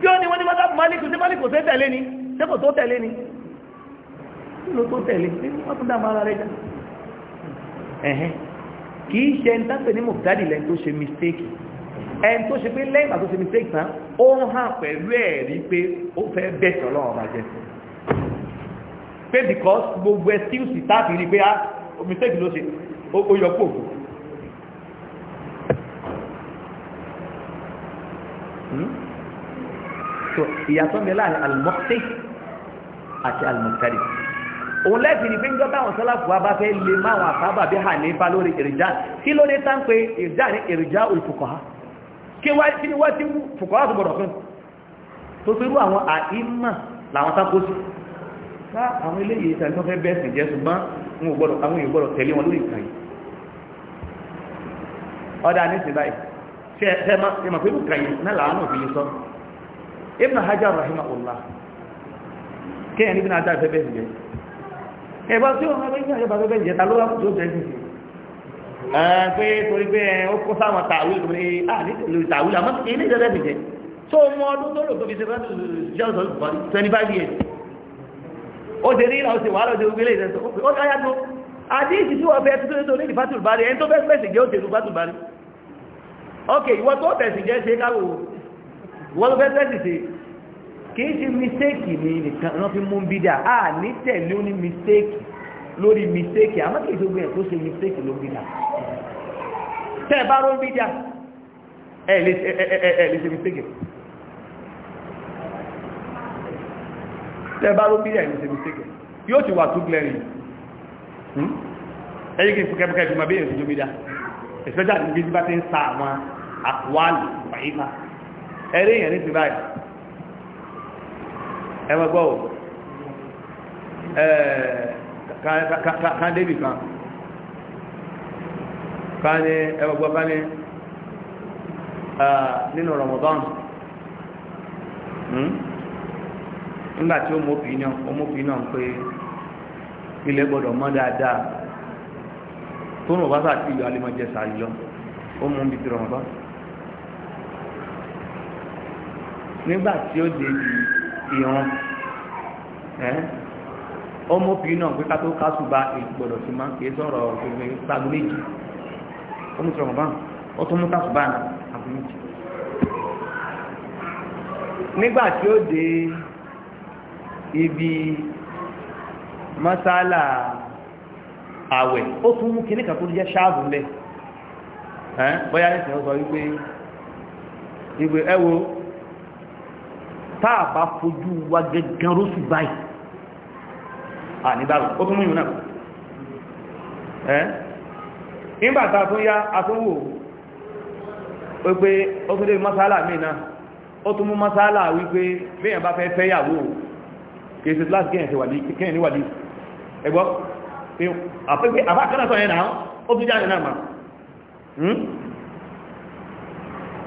bí ó ní wọ́n ní wọ́n sábà máa ní kò sí máa ní kò sí tẹ̀lé ni sẹ́kò tó tẹ̀lé ni kí ló tó tẹ̀lé wọ́n tún dá máa ara rẹ̀ jáde ẹ̀hẹ́n kì í ṣe ẹntàpẹ̀ ní mọ̀tàdì lẹ́n tó ṣe mistake ẹn tó ṣe pé lẹ́yìn àtúnṣe mistake tán ó ń hàn pẹ̀lú ẹ̀rí pé ó fẹ́ bẹ̀sẹ̀ ọlọ́run ọba jẹ́ pé because gbogbo excuse tàbí rí pé ah, mistake ló ṣe ó yọ pò hmm? ìyàtọ̀ mi láàrin al-muqtadi òun lẹ́sìn ní pé ń jọ báwọn sọ́láfù wa bá fẹ́ lè má àwọn àfábà bí hà nípa lórí ìrìjá kí ló dé tán pé ìrìjá ní ìrìjá olùfùkọ́há kí wá sí wá sí fùkọ́há tó gbọ́dọ̀ fún tó fi rú àwọn àìmà làwọn tákó sí ká àwọn eléyìí ìtàn tó fẹ́ bẹ́sìn jẹ́ ṣùgbọ́n àwọn èèyàn gbọ́dọ̀ tẹ̀lé wọn lórí ìkàyè ọ̀dà ní sí báyìí ṣe mọ̀ pé ìkàyè náà làwọn òfin sọ Ibn Hajar rahimahullah kí ẹni bí náà dá ìfẹ́ bẹ́sìn jẹ́ ẹ̀bá tí wọ́n bẹ́ẹ̀ jẹ́ bàbá bẹ́ẹ̀ jẹ́ta ló wà tó jẹ́ jù pé torí pé ó kó sáwọn tàwí ló ní àlítòlù tàwí àmọ́ ilé ìjọba ti jẹ́ tó mọ ọdún tó lò tó fi ṣe fẹ́ jẹ́ọ̀sọ̀ twenty five years ó ṣe ní ìlà ó ṣe wàhálà ó ṣe gbélé ìṣẹ́sọ ó ṣe ayájọ́ àdéhìí tí wọ́n fẹ́ tó tó ní ìfàtùlù bá rí ẹni tó fẹ́ pẹ̀sì jẹ́ ó ṣe ìfàtùlù bá rí ok kìí ṣe mistake mi nìkan wọ́n fi mú bídà á ní tẹ̀lé ó ní mistake lórí mistake àmọ́ kìí ṣe gbé ẹ̀ tó ṣe mistake ló bídà tẹ́ ẹ bá rọ́ bídà ẹ lè ṣe mistake tẹ́ ẹ bá rọ́ bídà ẹ lè ṣe mistake yóò ti wà tó glẹ́rì hmm? ẹ̀yìn kìí fúkẹ́fúkẹ́ ìfúnmọ́ bí èèyàn ṣe jó bídà especially níbi tí bá ti ń sa àwọn àkùwálì pàyíká ẹ̀rẹ́ èèyàn ní ti báyìí ẹwọ́n gbọ́ kan débì kan kan ní gbọ́ kan nínú Ramadan hmm? nígbàtí ó mú opinion ó ilẹ̀ gbọ́dọ̀ mọ́ dáadáa tó nù bá sàtì ìyọ alẹ́mọ̀jẹ́ sàyọ ó mú bí ti Ramadan nígbàtí ó ìrun ọmọ obìnrin náà pé kátó kásùbà ìgbọ̀dọ̀ sí máa ń kéé sọ̀rọ̀ gbogbo ìpàgó méjì ó mú sọ̀rọ̀ báwọn ó tún mú kásùbà náà àbúrò méjì nígbà tí ó dé ibi masala àwẹ̀ ó tún mú kíníkà tó jẹ́ ṣáàbù lẹ̀ bóyá ẹ̀sìn ó sọ wípé ẹ̀wọ̀ táà bá fojú wa gẹ́gẹ́ rósù báyìí à ní dáàbò ó tún mú ìrìnà ẹ́ nígbàtà tó yá àtúnwò wípé ó tún débi masala mìíràn ó tún mú masala wípé bíyàn bá fẹ́ fẹ́yàwó kèsì láti kẹ́yìn ní wàlí ẹgbọ́ àpẹ́gbẹ́ àbákanáà sọ yẹn náà ó tún jáde náà mà hmm?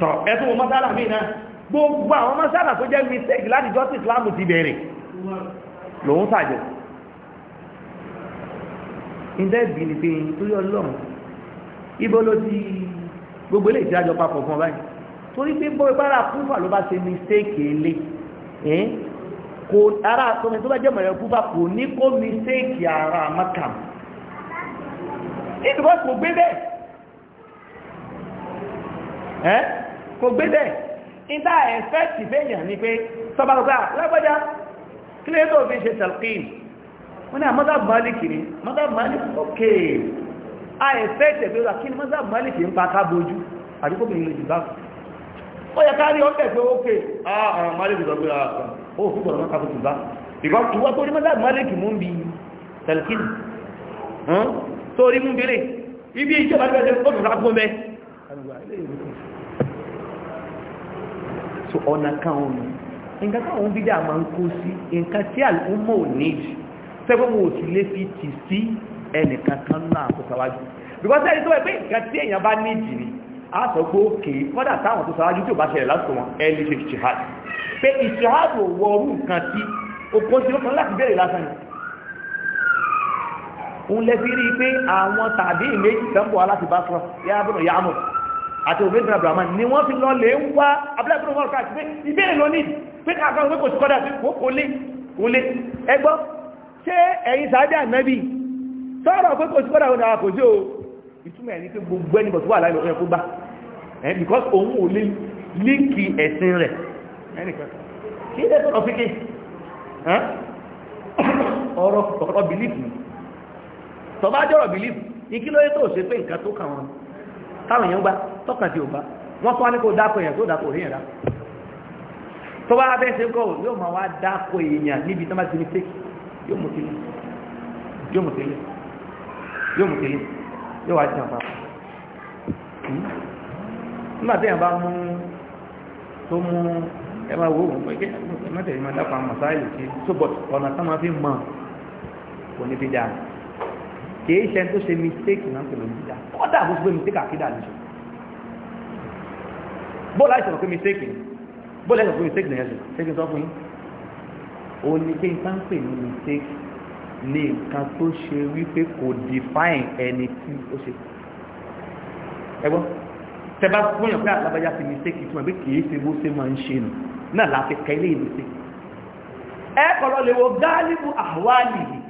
tọ̀ ẹ̀tún mú masala mìíràn gbogbo àwọn mọ́sálà tó jẹ́ mistake láti jọ́ sí islam ti bẹ̀rẹ̀ lòun sàjọ ìdẹ́bì ni pé torí ọlọ́run ibo ló ti gbogbo ilé ìtìlájọ papọ̀ fún ọ báyìí torí pé bọ́ ìpára kúfà ló bá ṣe mistake lé kò ara àtọ́mi tó bá jẹ́ mọ̀lẹ́ kúfà kò ní kó mistake ara makam ìdúgbò kò gbé bẹ́ẹ̀ kò gbé bẹ́ẹ̀ ìta ẹ̀fẹ́tì fẹ́yàn ní pé sọbalọ́gbà ah, lágbọ́já kílẹ́tò fi ṣe talqin wọ́n ah, ni àmọ́dá maliki ni mọ́dá maliki ok a ẹ̀fẹ́tì pé ah, kí ni mọ́dá maliki ń pa kábojú àdúgbòmìnir lè jùbá ó yẹ kárí ọ́pẹ̀ pé ok àwọn maliki sọ pé ó fún bọ̀rọ̀ mọ́ta fún jùbá ìgbọ́n tó wọ́n tó ní mọ́dá maliki mú bí talqin tó To ọ̀nà kan òun nǹkan táwọn bídà máa ń kó sí nǹkan tí àlùmọ́ ò ní jù fẹ́gbẹ́ wọn ò sì lè fi tì sí ẹnìkan kan náà tó sáwájú because ẹni tó wẹ́ pé nǹkan tí èèyàn bá ní jì ni a sọ pé òkè kọ́dà táwọn tó sáwájú tí ò bá ṣẹlẹ̀ lásìkò wọn ẹ lè ṣe ìṣèhàd pé ìṣèhàd ò wọ orú nǹkan tí òpó tí ó kan láti bẹ̀rẹ̀ lásán ni òun lẹ fi rí i pé àwọn tàbí ìméjì kan bọ̀ wá láti bá sọ yá bọ̀nà yá mọ̀ àti òmìnira abrahaman ni wọ́n fi lọ́lẹ̀ ń wá abúlẹ́bùn wọ́n káàkiri pé ìbéèrè lọ ní pé káàkiri pé kò sí kọ́dà sí kò lé kò lé ẹgbọ́ ṣé ẹ̀yin sàájá ànábì sọ̀rọ̀ pé kò sí kọ́dà òun àkò sí o ìtumọ̀ ẹ̀rí pé gbogbo ẹni bọ̀tí wà láì because òun ò lé líǹkì ẹ̀sìn rẹ̀ kí ẹ sọ̀rọ̀ fíkì ọ̀rọ̀ bìlífù tọ́bájọ́rọ̀ bìlífù ìkílóyè tó ṣe pé nǹkan tó kà wọn táwọn èèyàn gbá tọ́kàn tí ò bá wọ́n tó wá ní kó dákò èèyàn tó dákò èèyàn tó bá bẹ́ẹ̀ ṣe kọ́ yóò máa wá dákò èèyàn níbi tó bá ti ní fèkì yóò mú tẹ́lẹ̀ yóò wá jẹun hmm? nígbà tí èèyàn bá mú tó mú wò kìí ṣe tó ṣe mistake náà pẹ̀lú ìdíjà kọ́dà bó ṣe pé mistake àkídà ní ṣe bóòlá ìṣẹ̀lọ̀ pé mistake ni bóòlá ìṣẹ̀lọ̀ pé mistake ni ẹ̀ṣẹ̀ ṣékin sọ fún yín o ní pé nǹkan pè ní mistake ní nǹkan tó ṣe wípé kò define ẹni tí ó ṣe ẹgbọ́n tẹ́bá fúnyàn pé àlábájá ti mistake ìtumọ̀ pé kìí ṣe bó ṣe máa ń ṣe nù náà láti kẹ́lé mistake ẹ kọ̀rọ̀ lè wo gáálíbù àwálì yìí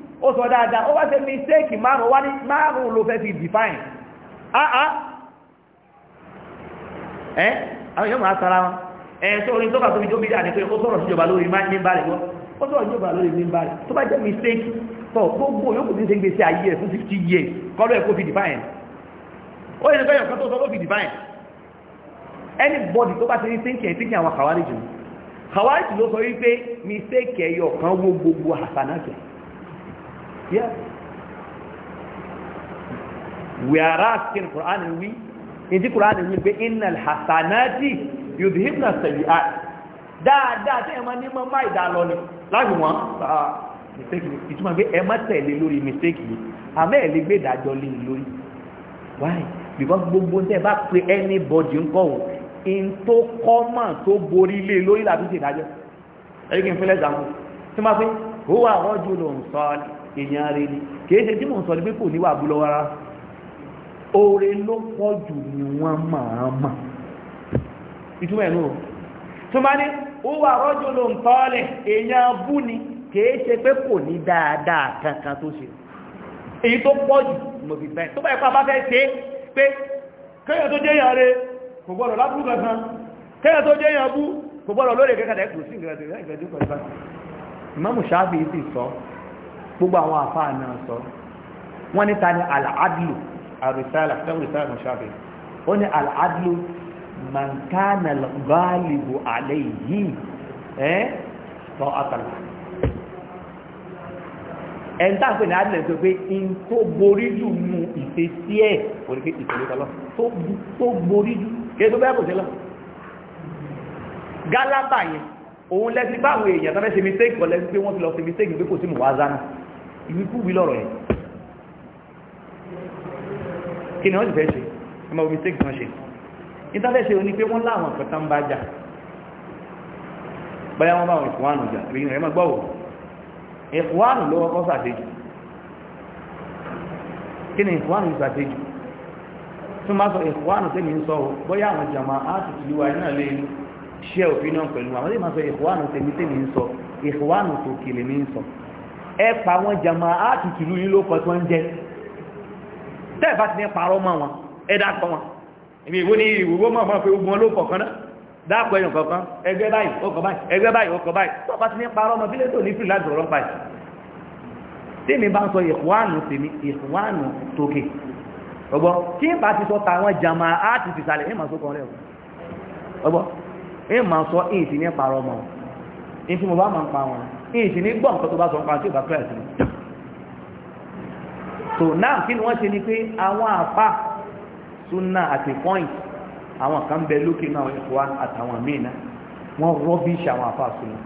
ó sọ dáadáa ó wá ṣe mistake márùn wá ní márùn ló fẹ́ fi define ah, ah ẹ́ àwọn èèyàn máa tara wọn ẹ̀ tó orin tó bá tóbi jóbi dáa ni pé ó sọ̀rọ̀ síjọba lórí mímbà rẹ̀ ó sọ̀rọ̀ síjọba lórí mímbà rẹ̀ tó bá jẹ́ mistake tọ̀ gbogbo yóò ti ṣe gbèsè ayé ẹ̀ fún 50 years kọ́lọ́ ẹ̀ kó fi define ó yẹ kẹ́yọ̀ kan tó sọ fi define anybody tó bá ti ní thinking ẹ̀ thinking àwọn kàwárí jù kàwárí jù ló mistake ẹ̀yọ̀ kan wo gbogbo àsànájẹ̀ Yeah, We are asking Quran and we in the Quran we be innal hasanati yudhibna sayiat. Dáadáa te ma ni ma mai da lo ni. Láti wọn ah mistake ni ituma be ẹ má tẹ̀lé lórí mistake ni. Ame ẹ lè gbé dájọ́ lé lórí. Why? Because gbogbo tẹ́ bá pe anybody ńkọ́ o in tó common tó borí lé lórí la bi ṣe dájọ́. Ẹ kí n fẹ́ l'example. Tí ma pe huwa rajulun salih èèyàn rẹ̀ ni kìí ṣe tí mọ̀ ń sọ ní pípò níwà bú lọ́wọ́ oore ló pọ̀ jù ní wọ́n máa mọ̀ ìtumẹ̀ ẹ̀nu tó bá ní ó wà rọ́jò ló ń tọ́lẹ̀ èèyàn bú ni kìí ṣe pé kò ní dáadáa kankan tó ṣe èyí tó pọ̀ jù bẹ́ẹ̀ tó bá ẹ̀kọ́ ṣe pé kéèyàn tó jẹ́ kò gbọ́dọ̀ lábúrú kankan kéèyàn tó jẹ́ bú kò gbọ́dọ̀ lórí gbogbo àwọn àfáà náà sọ wọ́n ní ta ni al-adlu àrùsálà fẹ́wọ̀n ìsára mọ̀ṣáfẹ́ ó ní al-adlu mankana gbáàlìbò àlẹ́ yìí ẹ́ tọ́ àtàlà ẹni tá à ń pè ní adlu ẹ̀ sọ pé in tó borí jù mú ìfẹ́ sí ẹ̀ kò ní pé ìtẹ̀lé tọ́lọ́ tó borí jù kí ló bẹ́ẹ̀ kò sí lọ gálábà yẹn òun lẹ́sìn báwọn èèyàn tó mistake kọ́ lẹ́sìn pé wọ́n ti lọ ṣe mistake pé kò sí mùwázánà ìwíkúwí lọ́rọ̀ yìí kí ni wọ́n ti fẹ́ ṣe ẹmọ omi stéèkì kan ṣe ìtàlẹ́ ṣe oní pé wọ́n láwọn kọta ń bá jà báyá wọ́n bá wọn ìkùwánù jà rí ẹmọ gbọ́wọ̀ ìkùwánù ló kọ́ sàtẹ́jù kí ni ìkùwánù yìí sàtẹ́jù tún bá sọ ìkùwánù tí mi ń sọ bóyá àwọn jàmà á ti ti wà náà lè ṣe òfin náà pẹ̀lú àwọn tí ma sọ ìkùwánù tèmi tèmi ń sọ ìkùwánù tòkèlè mi ń sọ ẹ pa wọn jama áàtùtù lórí ló kọ tí wọ́n ń jẹ tẹ́ẹ̀bá ti ní parọ́ mọ́ wọn ẹ dákọ̀ wọn ibi ìwó ní ìwúwó mọ̀ mọ́ pé ogun ló kọ̀ọ̀kan náà dákọ̀ ẹ̀yàn kọ̀ọ̀kan ẹgbẹ́ báyìí ó kọ̀ báyìí ẹgbẹ́ báyìí ó kọ̀ báyìí tọ́ọ̀bá ti ní parọ́ mọ́ bílẹ̀ tó ní fìlà dọ̀rọ̀ pa ẹ̀ tèmi bá ń sọ ìhùwánù tèmi ìhùwánù tókè ọgbọ́ tí n bá ti sọ tàwọn jama áàtì ti sàlẹ̀ ìmọ̀ sọ kan rẹ̀ ọgbọ́ ìmọ̀ sọ èyí ti ní parọ́ mọ́ ìfimọ̀ bá máa ìṣì ní gbọ́n kan tó bá sọ ń pa tí ò bá kíláàsì ni so now kí ni wọ́n ṣe ni pé àwọn àpá súnà àti point àwọn kan bẹ lókè náà wọ́n fọ́ àtàwọn míì náà wọ́n rọ́bíṣì àwọn àpá súnà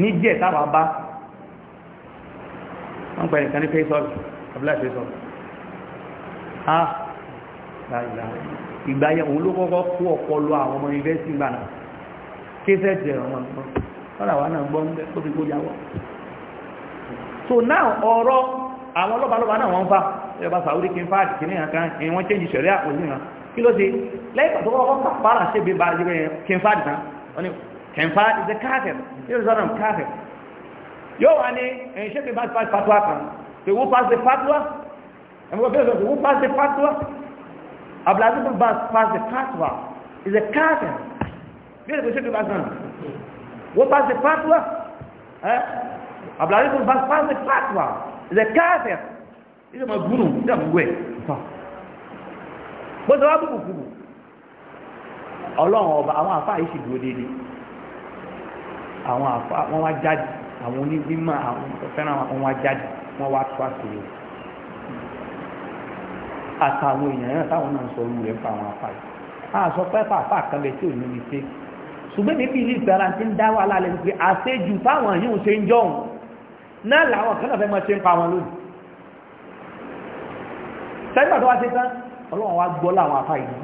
ní díẹ̀ táwa bá wọ́n pẹ̀lú nǹkan ní fẹ́sọ̀rọ̀ abúlé fẹ́sọ̀rọ̀ ah ìgbà yẹn òun ló kọ́kọ́ kó ọpọlọ àwọn ọmọ kéfẹ́ẹ̀tì ẹ̀rọ wọn gbọ́ kọ́lá wa náà gbọ́ ńbẹ́ ó fi gbó yàwọ́ so now ọ̀rọ̀ àwọn lọ́balọ́ba náà wọ́n ń fa ẹ̀rọba sàúrí kí n fáàdì kí ní àkà ẹ̀yìn wọ́n change ìṣẹ̀rí àpòsí wọn kí ló dé lẹ́yìn tó kọ́kọ́ pàpàrà ṣe bí báyìí rẹ̀ kí n fáàdì tán wọ́n ni kí n fáàdì ṣe káàfẹ̀ yóò sọ́nà káàfẹ̀ yóò wá ní ẹ̀yìn ṣe bí bá ti fatuwa kan ṣe wú pass the fatuwa ẹ̀mọ́ bí ó sọ wú pass the fatuwa abdulaziz pass the fatuwa is a káàfẹ̀ Dia boleh cakap bahasa. Wo passe fatwa? Eh? Hablar con vas passe fatwa. Dia kafir. Dia magunu, dia mwe. Bó ṣe wá bùkù kù. Ọlọ́run ọba àwọn àfáà yìí sì dúró déédéé. Àwọn àfáà wọ́n wá jáde, àwọn onígbímọ̀ àwọn fẹ́ràn wọn wá jáde, wọ́n wá tó àṣeyọ. Àtàwọn èèyàn náà táwọn náà sọ orú rẹ̀ fún àwọn àfáà yìí. A sọ pé fàáfàá kan bẹ tí ò ní ní ṣe ṣùgbọ́n mi fi ní ìfẹ́ ara ti ń dá wà lálẹ́ pé àṣejù táwọn yìí ń ṣe ń jọun náà làwọn kan náà fẹ́ mọ́ ṣe ń pa wọn lónìí sẹ́gbà tó wá ṣe tán ọlọ́run wá gbọ́ láwọn afá ìlú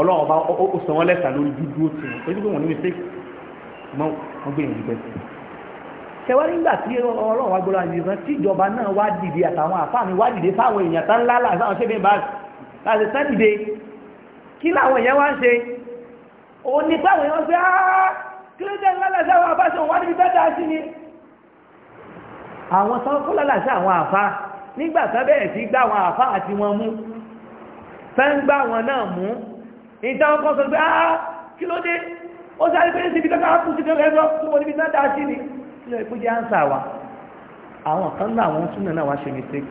ọlọ́run bá ó sọ wọ́n lẹ́sà lórí dúdú òtù wọn ojú pé wọ́n ní mistake mọ́ wọ́n gbé ìrìn pẹ̀lú kẹwàá nígbà tí ọlọ́run wá gbọ́ láwọn ìlú tíjọba náà wá dìde àtàwọn àfáà mi wá dìde fáwọn èèyàn tán lálà sáwọn ṣẹ́bí kí láwọn èèyàn wá ń ṣe òun ní pàwọn èèyàn pé kílódé lálàsáwà àbáṣọ wà níbi bẹ́ẹ̀ dá sí ni àwọn tán kó lálàsá àwọn àfá nígbà tán bẹ̀rẹ̀ sí gbá àwọn àfá àti wọn mú tán gbá wọn náà mú ìtàn kan sọ pé áá kílódé ó sáré pé síbi tó káà kú tó rẹ́gbọ́ tó mọ́ níbi tán dá sí ni kílódé kó jẹ́ áńsà wa àwọn kan náà àwọn súnà náà wá ṣe mistake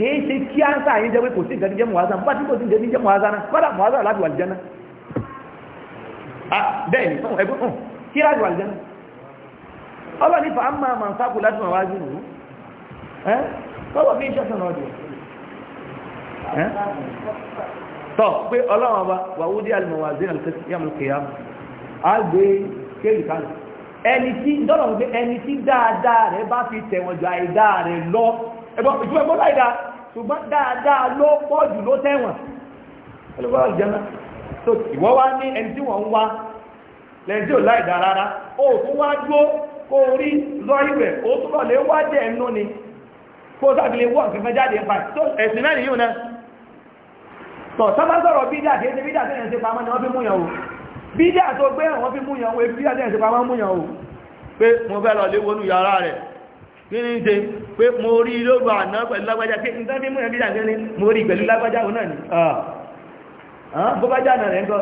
kìí ṣe kí ánsá yìí jẹ́ pé kò sí ìgbà jíjẹ́ mùwázà bá tí kò sí ìgbà jíjẹ́ mùwázà náà kọ́dà mùwázà láti wàlìjẹ́ náà ah, bẹ́ẹ̀ni ẹgbẹ́ hàn kí láti wàlìjẹ́ náà ọlọ́ ní fa ámà màá sáàkù láti wọ́n wájú nù ẹ́ kọ́wọ́ fi iṣẹ́ sọ̀rọ̀ ọdún ẹ́ tọ́ pé ọlọ́run ọba wàwúdí alìmọ̀wàzí alìkẹyà á gbé kéèlì kalẹ̀ ẹni tí dọ́lọ̀ ẹ̀bọ́ ìjúwẹ́ bọ́ láìdá ṣùgbọ́n dáadáa ló pọ̀ jù ló tẹ́wọ̀n ẹlẹ́gbọ́n àjẹ́mà so ìwọ wá ní ẹni tí wọ́n ń wá lẹ́yìn tí ò láìdá rárá ó tún wá dúó kó rí lọ ìwẹ̀ ó tún lọ lè wá jẹ́ ẹnu ni kó sábìlẹ̀ wọ́n kẹfẹ́ jáde pa so ẹ̀sìn náà nìyí náà tọ̀ sábà sọ̀rọ̀ bídà tí ẹni bídà tẹ́yẹ̀ ń ṣe pamọ́ ni wọ́n fi mú yàn o bídà tó gbé o ebi bídà tẹ́yẹ̀ ń o pé mo fẹ́ lọ lé yàrá rẹ̀ kíní ṣe pé mo rí lóògbà àná pẹ̀lú lágbájá pé nǹkan tí mú ẹ̀ bíjà kíní mo rí pẹ̀lú lágbájá òun náà ni bó bá jà náà rẹ̀ ń kọ́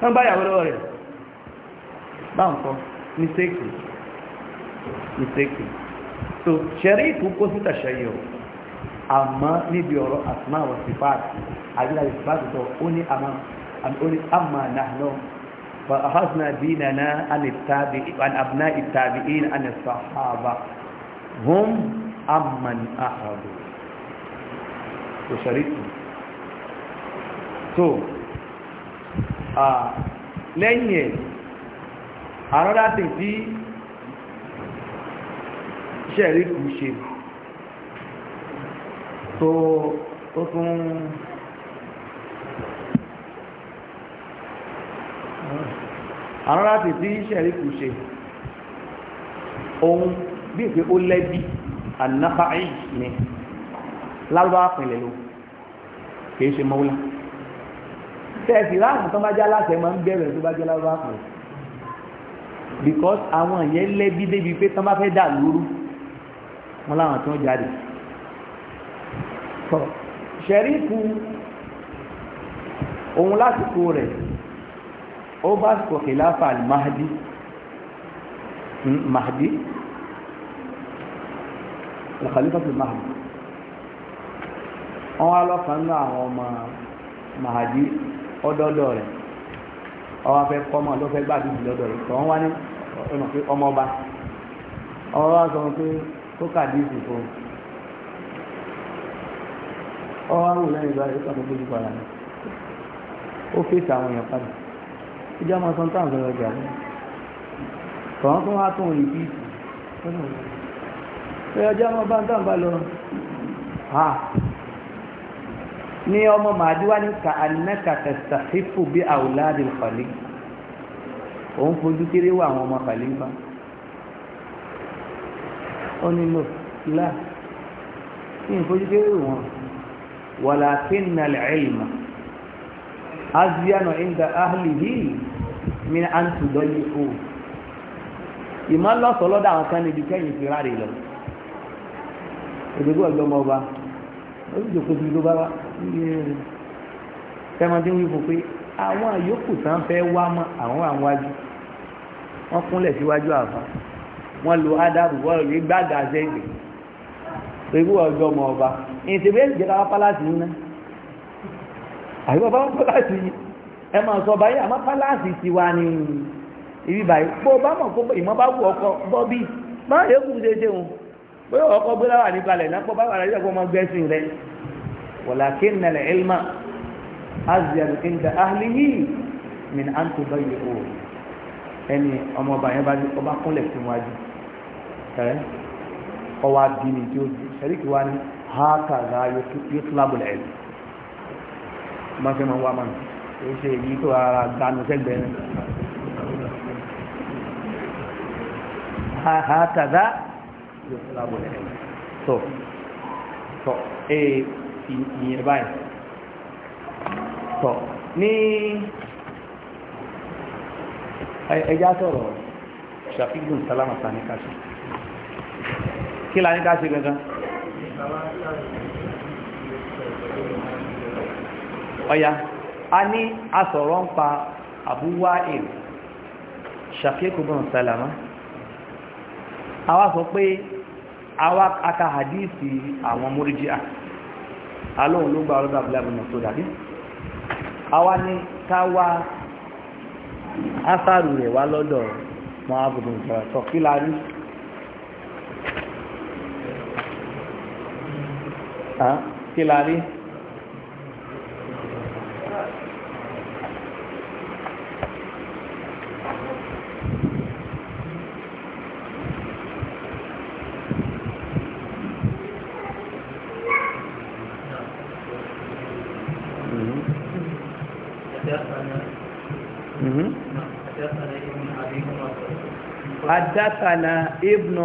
tán bá yàwó lọ́wọ́ rẹ̀ bá ń kọ́ mistake mistake so ṣẹ̀rí ìkókó sí tàṣẹyọ àmọ́ níbi ọ̀rọ̀ asma wa sifat àbílà ìsìfàtì tó ó ní àmà náà náà فأخذنا ديننا عن التابعين عن أبناء التابعين عن الصحابة هم أم من أخذوا وشريكهم تو. uh, lẹ́yìn ẹ̀ another thing tí ṣẹ̀ríkù تو. àwọn láti tí ṣẹ̀rí kù ṣe ohun bí ìpé ó lẹ́bí ànáfàáì ni lálọ́ àpìnlẹ̀ ló kìí ṣe mọ́wúlá tẹ́ẹ̀sì láàrín tó bá jẹ́ aláṣẹ máa ń bẹ̀rẹ̀ tó bá jẹ́ lálọ́ àpìnlẹ̀ because àwọn yẹn lẹ́bí débi pé tán bá fẹ́ dà lóru wọn láwọn tó ń jáde ṣẹ̀rí kù ohun lásìkò rẹ̀ ó bá sọ khilafa al-mahdi hmm, mahdi al-khalifa al-mahdi wọ́n wá lọ́kàn náà àwọn ọmọ mahdi ọdọ́dọ̀ rẹ̀ ọwọ́ afẹ́ kọ́mọ ló fẹ́ gbàdúrà lọ́dọ̀ rẹ̀ tọ́ wọ́n wá ní ọ̀nà pé ọmọ ọba ọmọ ọba sọ pé tó kàdí ìsìnkú ọwọ́ àwọn olóyìnbó ayé sọ̀rọ̀ gbójú padà ó fèsì àwọn èèyàn padà ìjọ ọmọ sọ́ntọ́ àwọn ọ̀rọ̀ ìjà tọ̀wọ́n tó wá tún rí píìtì pé ọjọ́ ọmọ bá ń tàn bá lọ ní ọmọ màdíwá ní ka anẹ́kàtẹ̀sà fífò bí àwòládì pàlí òun fojú kéré wà àwọn ọmọ pàlí bá ó nílò láà ní ìfojú kéré wọn wàlàkínà lẹ́ẹ̀lì máa azíyànà ìndà áhìlì yìí mi à ń tù lọ́yí o ìmọ̀ lọ́sọ̀ lọ́dọ̀ àwọn kan níbi kẹ́yìn fi ráre lọ ìdókòwò ọjọ́ ọmọ ọba ó sì jòkó sí ìdókòwò ọba tẹ́mọ̀tí ń wí fún pé àwọn àyókù tán fẹ́ wá mọ́ àwọn àwájú wọ́n kúnlẹ̀ síwájú àfa wọ́n lo ádàbù wọ́n rí gbága sẹ́gbẹ̀ẹ́ pẹ̀lú ọjọ́ ọmọ ọba ìṣèwé ìjẹta wá pálásì nínú àyíwá bá ń pàláàsì yìí ẹ máa sọ báyìí àmọ́ pàláàsì ti wà ní ibi báyìí pé bá mọ̀ kó ìmọ̀ bá wù ọkọ̀ bọ́bí má yóò kú ṣe ṣe wọn pé ọkọ̀ gbé láwà ní náà pọ̀ bá wà láyé ọkọ̀ ọmọ gbẹ́sìn rẹ̀ ilma ẹni ọmọọba yẹn bá ní ọba kúnlẹ̀ wájú ẹ ọwọ́ tí ó di ṣẹ́ríkì wá ní yóò tún lábùlẹ̀ máa fẹ́ máa wá máa èyí ṣe èyí tó ara dánú sẹ́gbẹ̀ẹ́ rẹ̀ ha tàdá yóò fi lábọ̀ ẹ̀ tó tó ee ìyẹn báyìí tó ní ẹjá sọ̀rọ̀ ṣàfihàn sálámà sáníkàṣì kí la ní ká ọya a ní asọ̀rọ̀ ń pa Abu Wa'il Shaqiq ibn Salama àwa sọ pé àwa aka hadisi àwọn Murji'ah alóhun ló gba ọlọ́dọ̀ abúlé abúlé tó dàbí àwa ní ká wá ásáàrù rẹ̀ wá lọ́dọ̀ wọn kí la حدثنا ابن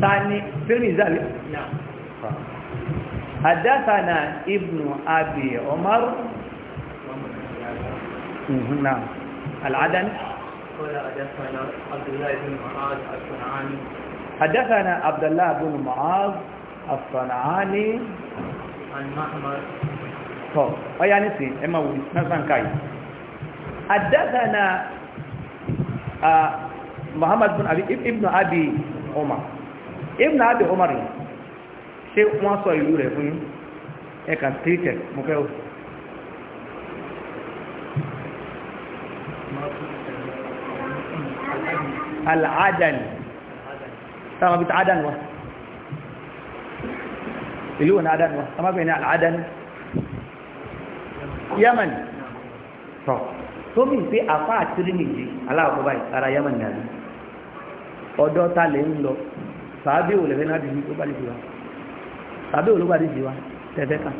ثاني فيلم المزال نعم حدثنا ابن أبي عمر نعم العدن حدثنا عبد الله بن معاذ الصنعاني حدثنا عبد الله بن معاذ الصنعاني عن محمد طب يعني سي اما وي كاي حدثنا muhammad bin abi ibn abi umar ibn abi umar ṣe wọ́n sọ ìlú rẹ̀ fún ẹ̀ka tírítẹ̀ mú fẹ́ o al'adani sama bi ta adan wa ìlú wọn adan wa sama bi ni al'adani yaman tó tó bí pé àfáà tírí nìjí aláwọ̀ báyìí ara yaman náà ọ̀dọ́ ta lè ń lọ fàábí ò lẹ́fẹ́ náà dìbí tó bá lè jìwá fàábí ò ló bá lè jìwá tẹ́fẹ́ kà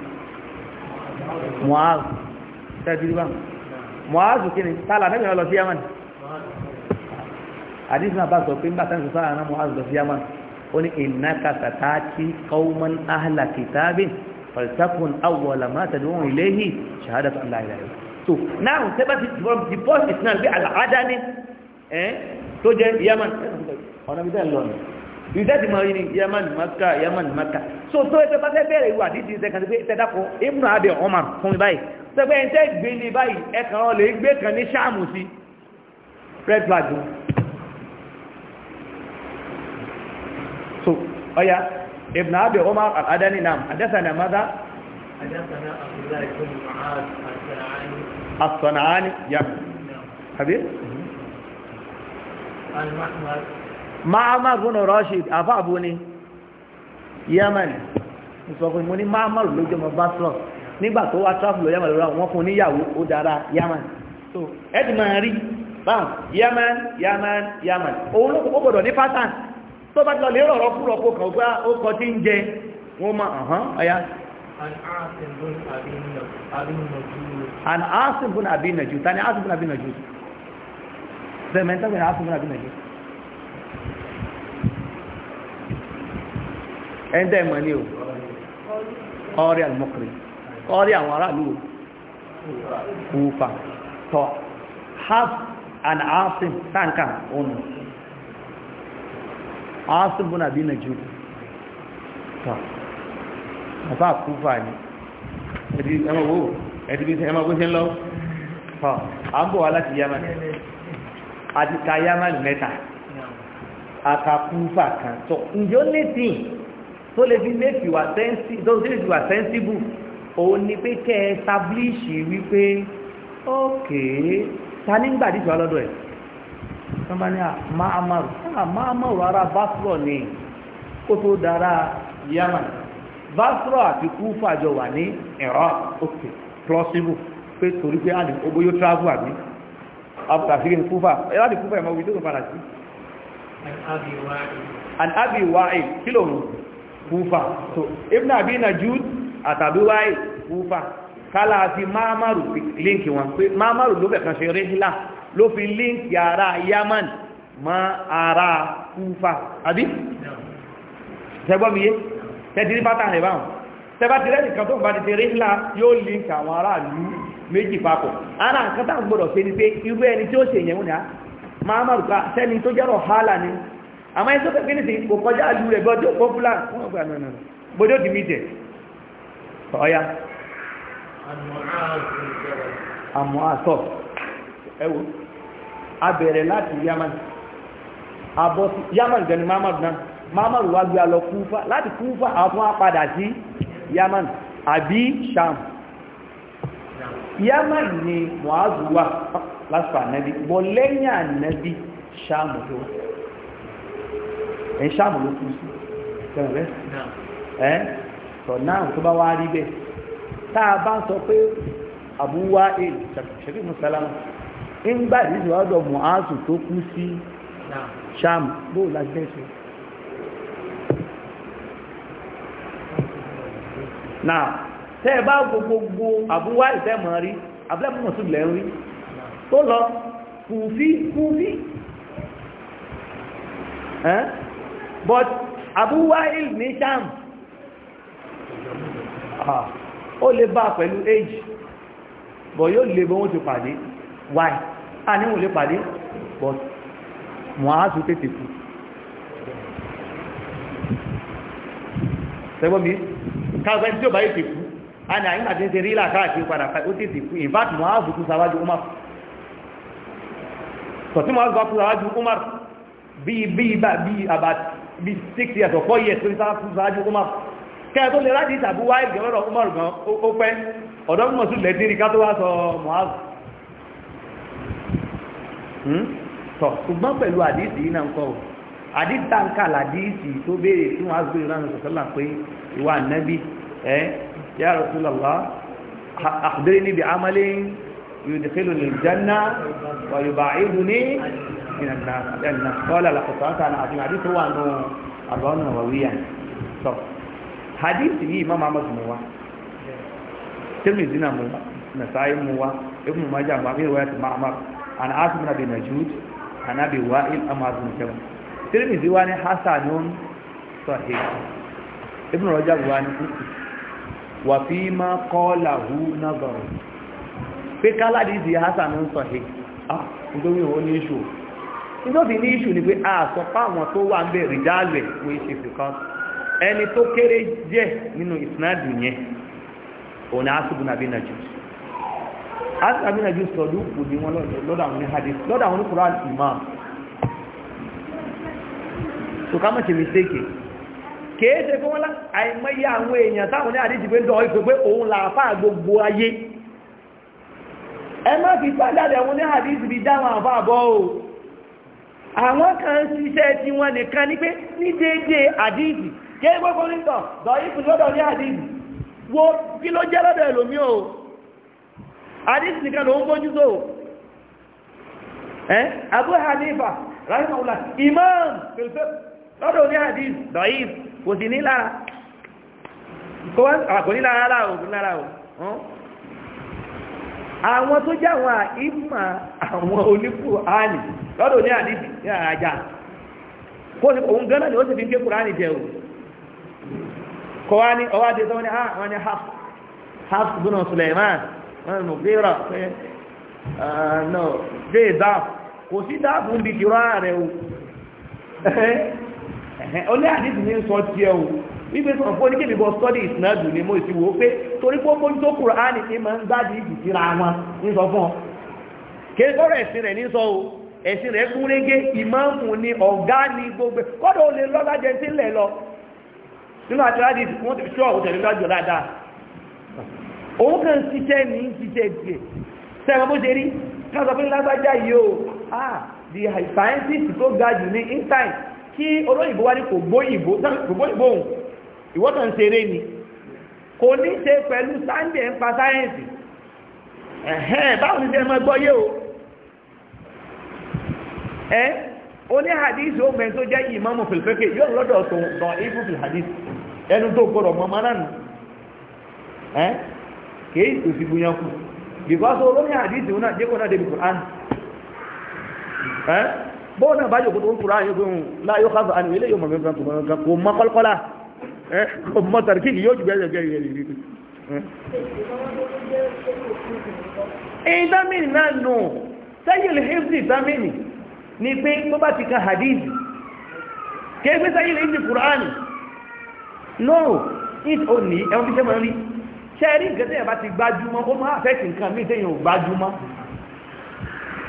mọ́àzù tẹ́fẹ́ bá mọ́àzù kí ni tààlà tẹ́fẹ́ lọ sí yaman àdísì náà bá sọ pé nígbà tẹ́fẹ́ sára náà mọ́àzù lọ sí yaman ó ní ìnáka sàtáàkì qauman ahla kitabin falsafun awwala ma tad'u ilayhi shahadatu la ilaha illallah so now tó jẹ́ yaman ọ̀nà bí tẹ́ lọ ní ìdẹ́tì máa yìí ni yaman maka yaman maka so tó ẹgbẹ́ bá fẹ́ bẹ̀rẹ̀ ìwà dídì ìṣẹ́kàtí pé tẹ́dàpọ̀ ibùn abẹ Umar fún mi báyìí tẹ́gbẹ́ ẹ̀ tẹ́ gbé ní báyìí ẹ̀kàn ọ̀lẹ́ gbé kan ní sáàmù sí red flag so ọya ibùn abẹ Umar al-adani nam adẹ́sànà mada adẹ́sànà abdullahi ibn mu'ad as-sanani as ya habib Ma'amar bin Rashid àfáàbò ni Yemen sọ pé mo ní Ma'amar ló jẹ́ ọmọ Basra nígbà tó wá travel Yemen lọ́ra wọ́n fún níyàwó ó dára Yemen so ẹ̀dì máa rí báwọn Yemen Yemen Yemen òun ló kọ́kọ́ gbọ́dọ̀ ní pátán tó bá lọ lérò ọ̀rọ̀ fúrọ̀ kó kàn gbá ó kọ tí ń jẹ wọ́n máa hàn ọ̀yá an Asim bin Abi Najud tani Asim bin Abi Najud tremenda graça maravilhosa ẹ̀ńdẹ́ ìmọ̀ ni o ọ̀rẹ́ àlùmọ́kiri ọ̀rẹ́ àwọn aráàlú òfà tọ́ half and half tankan ọ̀nà asìbò nàbí nàìjíríà tọ́ àbá kúfà ní ẹ̀dí ẹmọ̀ wó ẹ̀dí bí ẹmọ̀ wó ṣe ń lọ tọ́ àbọ̀ aláti yamani àti kayamani mẹ́ta àkàkúfà kan tó ǹjọ́ létí tó tó lè fi wà sẹ́ńsìbù o ni pé kẹ́ ẹ ta ní ẹ̀ ah, ah, ara basro ni kó tó dára yaman basro àti kúfà jọ wà ní Iraq ókè plausible pé torí pé àdìgbò travel àbí àfàfíì kúfà ẹ̀láti kúfà ẹ̀mọ́ wíjọ́ padà sí an abi wa'i kílò mú kúfà so ibn abi najud àtàbí wa'i kúfà kálá àti máàmàrù líǹkì wọn pé máàmàrù ló bẹ̀kan ṣe ríhìlá ló fi líǹkì ara yaman ma ara kúfà àbí tẹgbọ́mìyé tẹ́tìrí bátà rẹ̀ báwọn tẹ́bátìrẹ́ nìkan tó bá ti ṣe ríhìlá yóò líǹkì àwọn aráàlú méjì papọ̀ ara nǹkan tá à ń gbọ́dọ̀ ṣe ni pé irú ẹni tí ó ṣe yẹn wúnà máa má sẹ́ni tó jẹ́rọ̀ hálà ni àmọ́ ẹni tó fẹ́ kíni sí kò kọjá lu rẹ̀ bọ́dọ̀ pọ́pùlà bọ́dọ̀ ti mí jẹ ọ̀ya àmọ́ àtọ̀ ẹwọ abẹ̀rẹ̀ láti yaman abọ́sí yaman gẹni mamadu náà mamadu wá gbé alọ kúfà láti kúfà àwọn àbí sham Yaman ni Mu'azu wà lásìkò ànábì bọ́ lẹ́yìn ànábì ṣáàmù tó lo ṣáàmù ló kú sí tẹ̀rẹ̀ ẹ́ sọ náà tó bá wá rí bẹ́ẹ̀ tá a bá sọ pé àbúwá ẹ̀ ṣẹ̀fí mùsàlámù ńgbà Mu'azu to kú sí ṣáàmù bóò láti bẹ́ẹ̀ tẹ́ ẹ bá gbogbogbò àbúwá ìtẹ́mọ̀ rí abúlẹ́mù mọ̀sùn lẹ́ ń rí tó lọ kùfí kùfí but àbúwá ìl ní sham ó lè bá pẹ̀lú age but yóò lè bọ́ wọ́n ti pàdé why a níwò lè pàdé but mọ̀háàtù tètè kù sẹ́gbọ́n mi káàkiri tí ó bá yìí tètè a ní àyíká tí ń ṣe rí làkáàkiri padà ó sì sì kú in fact Mu'adh kú sáwájú Umar tọ̀tí Mu'adh kú sáwájú Umar bí bí bí about bí six years or four years tó ń sáwájú Umar kẹ́ẹ̀ tó lè láti ìtàbí wáyé gẹ̀rọ̀rọ̀ Umar gan ó pẹ́ ọ̀dọ́ mọ̀ sí lẹ́tírí ká tó wá sọ Mu'adh hmm? tọ̀ ṣùgbọ́n pẹ̀lú àdíìsì yìí náà ń kọ́ àdíìsì tá ń kà làdíìsì tó béèrè tí wọ́n á gbé ìrànlọ́sọ̀sọ́là pé ìwà nẹ́bí ẹ́ يا رسول الله أخبرني بعمل يدخلني الجنة ويبعدني من الناس لأن قال لقد سألت عن عظيم حديث هو أنه أربعون نوويا طب حديث هي إمام أحمد موا تلميذ هنا موا نسائي موا ابن ماجه مع في رواية معمر عن عاصم بن أبي نجود عن أبي وائل أم عاصم بن جبل تلميذ واني حسن صحيح ابن رجب واني wa fi ma qala hu nazar pe kala di di hasan n so he ah do mi n'ishu. ni issue ti do bi ni issue ni ah so pa won to wa nbe rijalwe we se fi ka. eni to kere je ninu isnad yen o na asu bu nabi najib as abi najib so du ku ni won lo lo da won ni hadith lo da won ni quran imam so kama ti mistake kèé fún wọ́n lá àìmọ́yé àwọn èèyàn táwọn ní àdíjì pé dọ̀ ìpè pé òun làáfà gbogbo ayé ẹ má fi gbájáde àwọn ní àdíjì bí dáwọn àfà bọ́ o àwọn kan ṣiṣẹ́ tí wọ́n nìkan ní pé ní déédé àdíjì kèé gbogbo nítọ̀ dọ̀ ní wo kí ló jẹ́ lọ́dọ̀ ẹlòmí o àdíjì nìkan ló ń bójú tó ẹ Hanifa rahimahullah imam lọ́dọ̀ ní kò sí ní lára kò ah, ní lára lára ò lára ò àwọn tó jẹ́ àwọn àìmọ̀ àwọn oníkù àánì lọ́dọ̀ ní àdìsí ní òun gánà ni ó sì fi ń kùránì jẹ o kọ wá ní ọwá jẹ́ sọ́wọ́n ní àwọn ah, ní Hafs bin ah, no ó ní àdìsí ní sọ tiẹ̀ o wípé sọ̀rọ̀ fún oníkèmí bọ́ sọ́dí ìsinádùn ni mo sì wò ó pé torí pé ó mójú tó kúrò á ní pé máa ń gbádìí ìjì síra wọn ní sọ fún ọ kí lọ́rọ̀ ẹ̀sìn rẹ̀ ní sọ o ẹ̀sìn rẹ̀ kún régé ìmáàmù ni ọ̀gá ni gbogbo kọ́dọ̀ ó lè lọ́lá jẹ sí ilẹ̀ lọ nínú àtìláàdì wọ́n ti ṣọ́ òtẹ̀lẹ́ lọ́jọ́ dáadáa òun kàn ṣiṣẹ́ ní ṣiṣẹ́ tiẹ̀ sẹ́wọ̀n bó ah the scientist tó ga jù ní in time tí olóyìnbó wá ní kò gbóyìnbó òun ìwọ́tàn ṣeré ni kò ní ṣe pẹ̀lú sunday ń pa sáyẹ̀nsì ẹ̀hẹ́n báwo ni ṣe mọ́ gbọ́yé o ẹ́ oní hadith ó mẹ́ tó jẹ́ ìmámù fìlfẹ́kẹ́ yóò lọ́dọ̀ tó dán ibú fìl hadith ẹnu tó gbọ́dọ̀ mọ́ mọ́ nánu ẹ́ kìí òsì gbìyàn kù olóyìn hadith náà náà débi bọ́ọ̀ náà bá yòókù tó ń kúrò àyè fún un láyé káfà àni ilé yóò mọ̀ fẹ́ fún un kò mọ kọ́lọ́kọ́lá kò mọ tàríkì yóò jù bẹ́ẹ̀ gẹ́gẹ́ rẹ̀ rí. ìdámìnì náà nù sẹ́yìn hifzi ìdámìnì ni pé tó bá ti ka hadith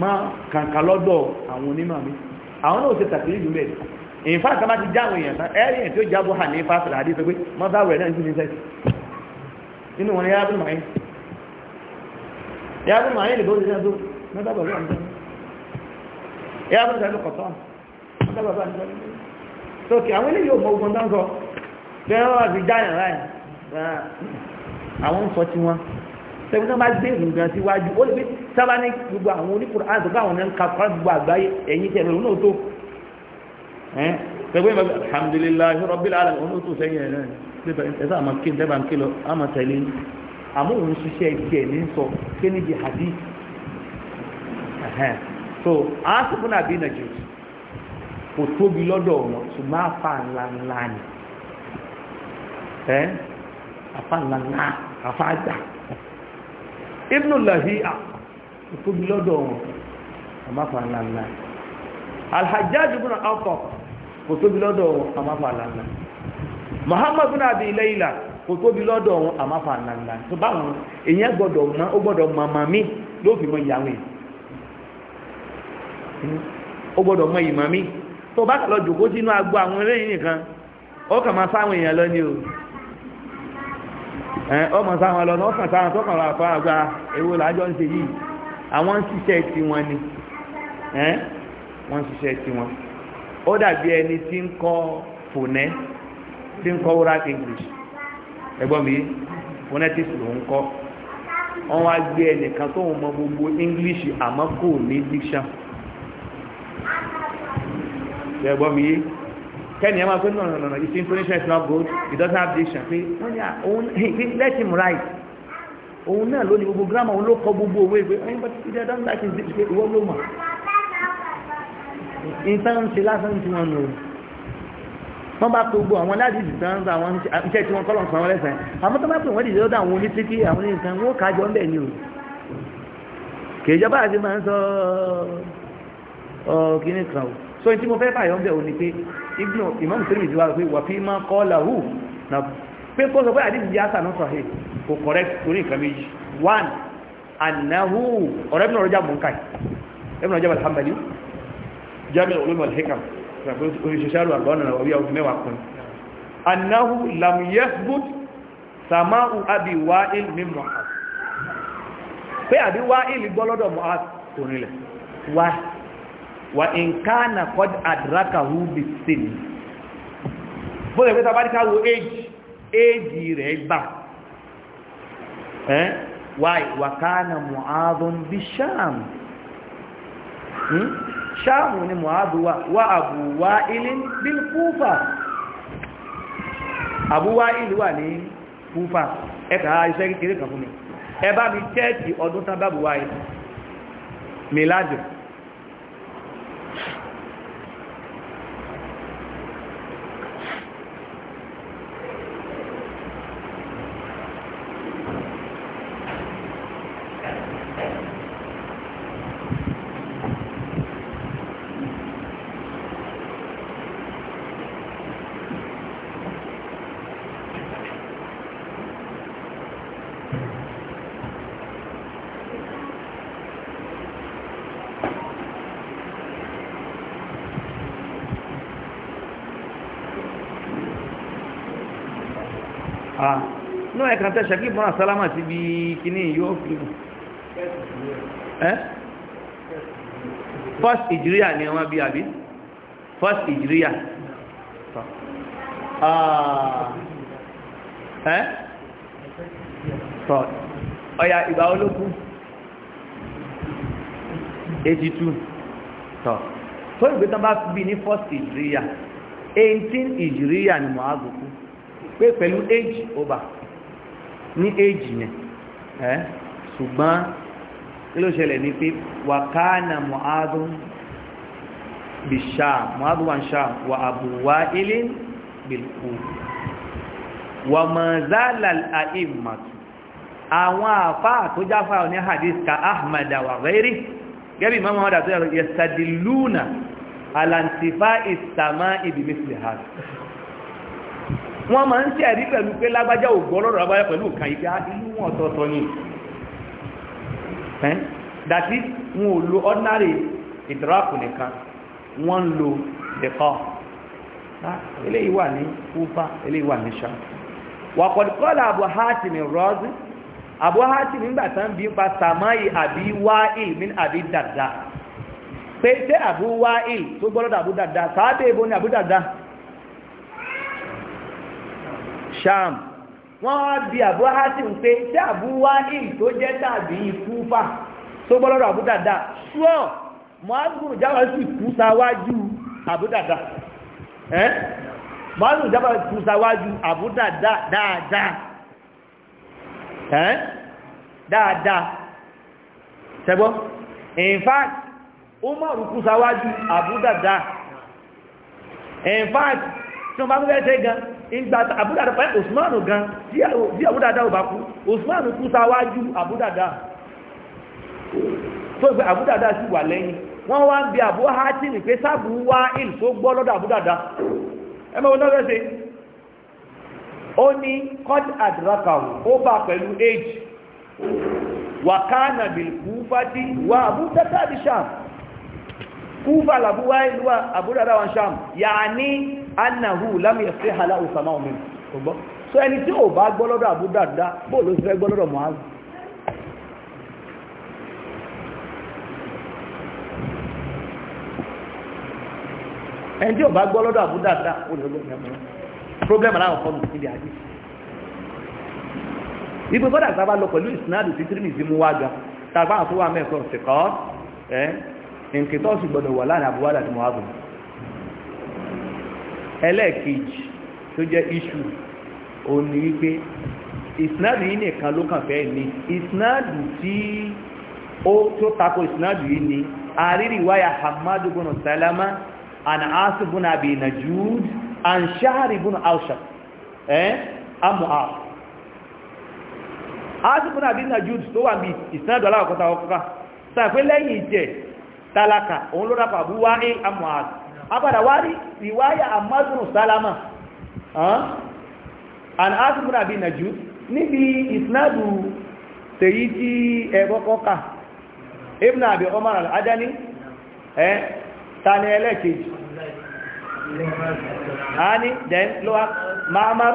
ma kàǹkà lọ́dọ̀ àwọn onímọ̀ mi àwọn náà ṣe tàbí ìlú rẹ̀ in fact tá bá ti jáwọn èèyàn tán ẹ̀rìn tí ó jábọ̀ hà ní fásitì àdé sọ pé mọ́sáwù rẹ̀ náà ń sí ní sẹ́sì inú wọn ni yábùn màáyé yábùn màáyé lè bó ṣe sẹ́sì mọ́sáwù rẹ̀ náà yábùn sẹ́sì kọ̀tọ́ mọ́sáwù rẹ̀ náà so kí àwọn eléyìí ò mọ ogun dáńsọ kí wọ́n wá fi jáyàn láì àwọn ń sọ tí wọ́n sẹ́gun tó bá gbé nǹkan síwájú ó lè fi sábà ní gbogbo àwọn oníkùrọ̀ àti ọ̀gá àwọn ẹ̀ka fún gbogbo àgbáyé ẹ̀yìn tẹ̀ lọ́nà tó sẹ́gun ìmọ̀ alhamdulilayi rabbil alamin ọ̀nà tó sẹ́yìn ẹ̀ náà ẹ̀sà àmà kí n tẹ́bà ń kí lọ àmà tẹ̀lé àmọ́ òun ṣiṣẹ́ tiẹ̀ ní sọ kí ní di hadith so àásùfún àbí nàìjíríà kò tóbi lọ́dọ̀ wọn ṣùgbọ́n àfa ńláńlá ni ibnu lahiya tóbi lọ́dọ̀ wọn àmàfà ńláńlá alhajjaj ibn alfa kò tóbi lọ́dọ̀ wọn àmàfà ńláńlá muhammad ibn abi layla kò tóbi lọ́dọ̀ wọn àmàfà ńláńlá tó báwọn èèyàn ó mọ ìyàwó yìí ó mọ tó bá jòkó sínú àwọn eléyìí nìkan ó kà máa sáwọn èèyàn lọ ní o. ọmọ sáwọn lọ lọ́kàn sáwọn tọ́kàn lọ àfa àgbà èwo làájọ́ ń ṣe yìí àwọn ń ṣiṣẹ́ tiwọn ni wọ́n ń ṣiṣẹ́ tiwọn ó dàbí ẹni tí ń kọ́ tí ń kọ́ oral English ẹgbọ́n mi phonetics ló ń kọ́ wọ́n wá gbé ẹnìkan tó ń mọ gbogbo English àmọ́ kò ní diction mi kẹ́ni ẹ máa pé no no no no his information is not good he doesn't have diction pé wọ́n ní ah, òun he let him write òun náà ló ní gbogbo grammar òun ló kọ gbogbo owó ìwé ẹni bá ti dẹ́ don't like his diction ìwọ ló mọ̀ nǹkan ṣe lásán tí wọ́n nù wọ́n bá pe gbogbo àwọn aládìí ti tán àwọn iṣẹ́ tí wọ́n kọ́ lọ́n fún àwọn ẹlẹ́sìn àmọ́ tó bá pè wọ́n dìde lọ́dọ̀ àwọn onítìtì àwọn nǹkan wọ́n kájọ ńbẹ̀ ni o kèjọba àti máa ń sọ ọ kíní kan o so tí mo fẹ́ báyọ̀ ń bẹ̀ ò ní pé igbó ìmọ̀mù tó rí ìdíwá pé wà fi máa kọ́ làwù na pé kó sọ pé àdìsí di ásà náà sọ̀hẹ́ kò correct torí nǹkan méjì one anahu ọ̀rẹ́ bí ọ̀rọ̀jà mọ̀ ń káì ẹ̀bùn ọ̀rọ̀jà alhambali jami olómi alhikam oníṣẹ́ṣẹ́rù àgbọ̀nà àwọn ọ̀wíyà òfin mẹ́wàá kan anahu lam yathbut sama'u abi wa'il min mu'az pé wà nǹkanà kọ́dí àdìrákà hù bí sínú bó lè pé tàbí káwò éjì rẹ̀ gbà wáyé wà kánà mu'adun bí sham hmm? sham ni mu'adu wa wa abu wa'ilin bil kufa abu wa'il wà ní kufa ẹ̀kà iṣẹ́ kékeré kan fún mi ẹ bá mi tẹ́ẹ̀tì ọdún tán bábu wáyé miladu bẹ́ẹ̀ kan tẹ́ ṣakí bọ́n àsálámà ti bí kíní yóò fi mú ẹ́ first ìjíríà ni wọ́n bí àbí first ìjíríà ah. ẹ́ tọ́ ọya ìgbà olókú 82 tọ́ tó ìgbé tán bá bí ní first ìjíríà 18 ìjíríà ni mọ̀ ágùkú pé pẹ̀lú age over ní éjì yẹn ẹ́ ṣùgbọ́n kí ló ṣẹlẹ̀ ní pé wàkánà mu'adun bí ṣáà mu'adun wà ń ṣáà wà àbúwá ilé bìlkú wà mọ̀zálà àìmàtù àwọn àfáà tó jáfà ní hadith ka ahmad wa gẹ́bí mọ́mọ́ tó yẹ wọ́n máa ń ṣe ẹ̀rí pẹ̀lú pé lágbájá gbọ́ lọ́rọ̀ lágbájá pẹ̀lú nǹkan yìí ah, inú wọn ni dàtí wọn ò lo ordinary ìdíràkù nìkan wọ́n ń lo ẹ̀kọ́ ah, eléyìí wà Abu Hatim rọ́ọ̀dù Abu gbọ́lọ́dọ̀ Abu sáábẹ̀ ibo ni Abu sham wọ́n wá bí àbú hasim pé tí àbú wahim tó jẹ́ tàbí kúfà tó gbọ́ lọ́rọ̀ àbúdàdà ṣúọ̀ mọ́àgùn jábà sì kú àbúdàdà ẹ́ mọ́àgùn jábà kú sáwájú àbúdàdà dáadáa ẹ́ dáadáa ṣẹgbọ́ in fact umar kú sáwájú àbúdàdà in fact tí wọ́n bá fẹ́ ṣe gan ìgbà àbúdàdà pẹ́ òsùmánù gan bí àbúdàdà ò bá kú òsùmánù kú sáwájú àbúdàdà tó ìgbà àbúdàdà sì wà lẹ́yìn wọ́n wá ń bi àbú hátìmì pé sáàbù wá ìlú tó gbọ́ lọ́dọ̀ àbúdàdà ẹmọ wọn lọ́rẹ́ sí ó ní kọ́d àdìrákàwò ó bá pẹ̀lú age wàkánà bìlkú fati wà àbúdàdà àdìsàmù kufa la buwa ilwa abudada wa sham yani annahu lam yasiha la usama min gbo so ẹni tí ó bá gbọ́ lọ́dọ̀ abudada bo ló ṣe gbọ́ lọ́dọ̀ muaz ẹni tí ó bá gbọ́ lọ́dọ̀ abudada ó lè gbọ́ problem ara ofonu ti bi aji ibi bọ́dà sábà lọ pẹ̀lú ìsinádù tí tírínì sí mú wájá tàbá àtúwà mẹ́kọ̀ọ́ ṣẹ̀kọ́ ẹ́ ìǹkìtọ́sù gbọdọ̀ wà láàrin àbúwádà tí mo wá gùn tó jẹ́ iṣu o ní wípé ìsìnádù yìí nìkan ló kàn fẹ́ ní tako ìsìnádù yìí ni àrírí wáyà hamadu salama and asu na abi najud an shahari bin ausha eh amu tó wà bí ìsìnádù aláwọ̀kọ́ta sàfẹ́ lẹ́yìn tálákà òun ló dápà bú wáyé amuaz apadà wá rí ìwáyà amazonu salama an asimura bí nàjú níbi ìsinádù tèyí tí ẹgbọ́kọ́ ká ibn abi omar al-adani ẹ́ tani ẹlẹ́kejì ani then lower ma'amar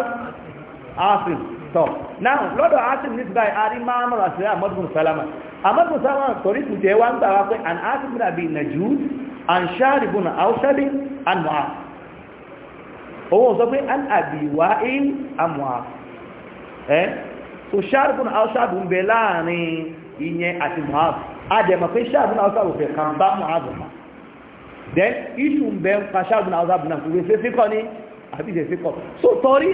asim so now lọ́dọ̀ asim nítorí àrí ma'amar àti àmọ́dún salama ahmad musa wa torí kù jẹ́ an asim abi an shari na ausadi an mu'az òun sọ an abi wa'il an mu'az eh so shari bin ausadi ń mbe láàrin ìyẹn ati mu'az a dẹ̀ mọ̀ pé shari bin ausadi fẹ́ kan bá mu'az mọ̀ then issue ń bẹ pa shari bin ausadi ni àbí ìdẹ̀ so torí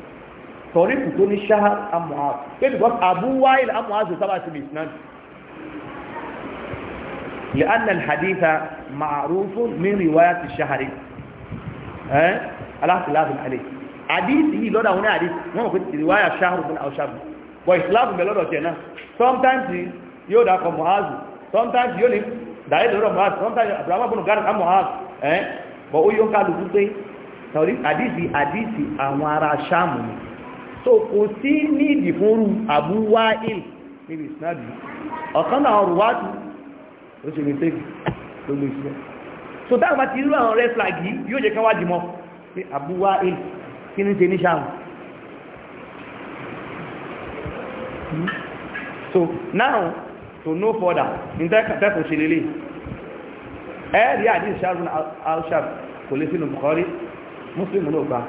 torí kù tó ní ṣáhàr amuhaz pé because abu wa'il amuhaz ló sábà síbi isnan lè anna alhaditha ma'arufun min riwaya ti ṣahari ẹ́ aláṣìláàbùn alẹ́ àdíìsì yìí lọ́dọ̀ àwọn àdíìsì wọ́n mọ̀ pé riwaya ṣáhàrù fún àwọṣàbù but islam bẹ̀ lọ́dọ̀ tẹ̀ sometimes yóò dákọ̀ muhaz sometimes yóò ní dàí lọ́dọ̀ muhaz sometimes abraham bunu gari ka muhaz ẹ́ but ó yóò kálukú pé àdíìsì àdíìsì àwọn ará ṣáàmù so kò sí níìdì fún rú àbúwá il níbi ìsinádì ọ̀kan náà ọrù wá tù ó ṣe lè tẹ́gì tó lè ṣe so táwọn bá ti rú àwọn red flag yìí yóò jẹ́ ká wádìí mọ́ pé àbúwá il kí ní ṣe ní ṣáàmù so now to so no further in tẹ́kùn ṣe lélẹ̀ ẹ̀ẹ́dì àdíṣàrùn al-shaf kò lè sínú Bukhari Muslim náà gbà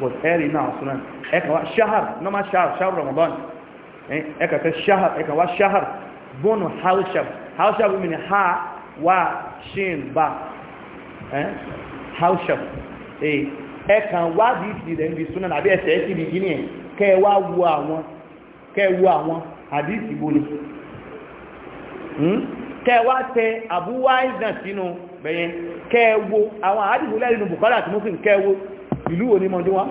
but ẹ̀rì náà súnmọ́ ẹ̀kà shahar ṣáhàr normal ṣáhàr ṣáhàr Ramadan ẹ̀kà fẹ́ ṣáhàr ẹ̀kà wá ha wa ṣín eh haúṣàb eh wá bi súnmọ́ àbí ẹ̀sẹ̀ ẹ̀sì bí gíní ẹ̀ tẹ àbúwá ìdàn sínú bẹ̀yẹn kẹ́ Bukhari Muslim ìlú wo ní mọ́dún wá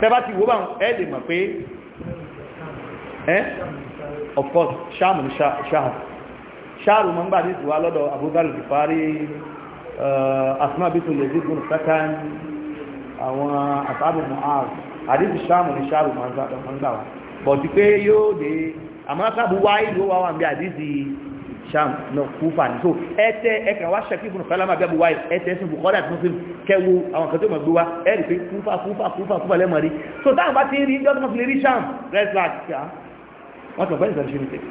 tẹ́bá ti wó bá ẹ mọ̀ pé ẹ́ of course ṣáàmù ní ṣáàmù ṣáàrù mọ́ ń gbà ní ìtùwá lọ́dọ̀ àbúgbàlù ìfàárí asmá bí tó lè dí gùn sákàn àwọn àtàbùmù ààrùn àdíjì ṣáàmù ní ṣáàrù mọ́ ń gbà wá bọ̀ ti pé yóò dé àmọ́ sábúwá ìlú wà wà ń bí àdíjì sham náà kúfà ní so ẹtẹ ẹkàn wá ṣẹ́kí ibùn sálámà bẹ́ẹ̀ buwáyé ẹtẹ ẹsùn bukọ́dà tó fi kẹwo àwọn kan tó mọ̀ gbé wa ẹ rí pé kúfà kúfà kúfà kúfà lẹ́mọ̀ rí so táwọn bá ti rí ní ọdún fi rí sham red flag ṣá wọ́n tọ̀ bẹ́ẹ̀ sọ̀rọ̀ ṣe mistake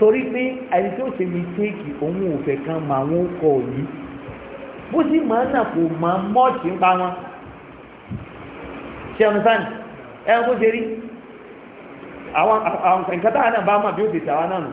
torí pé ẹni tó ṣe mistake òun ò fẹ́ kan mà wọ́n kọ̀ yìí bó sì máa ń nà kó máa mọ́ọ̀ṣì ń pa wọn ṣe ọ̀nà sáà ẹ̀rọ tó ṣe rí àwọn nǹkan táwọn náà bá mọ̀ bí ó ti tàwọn náà nù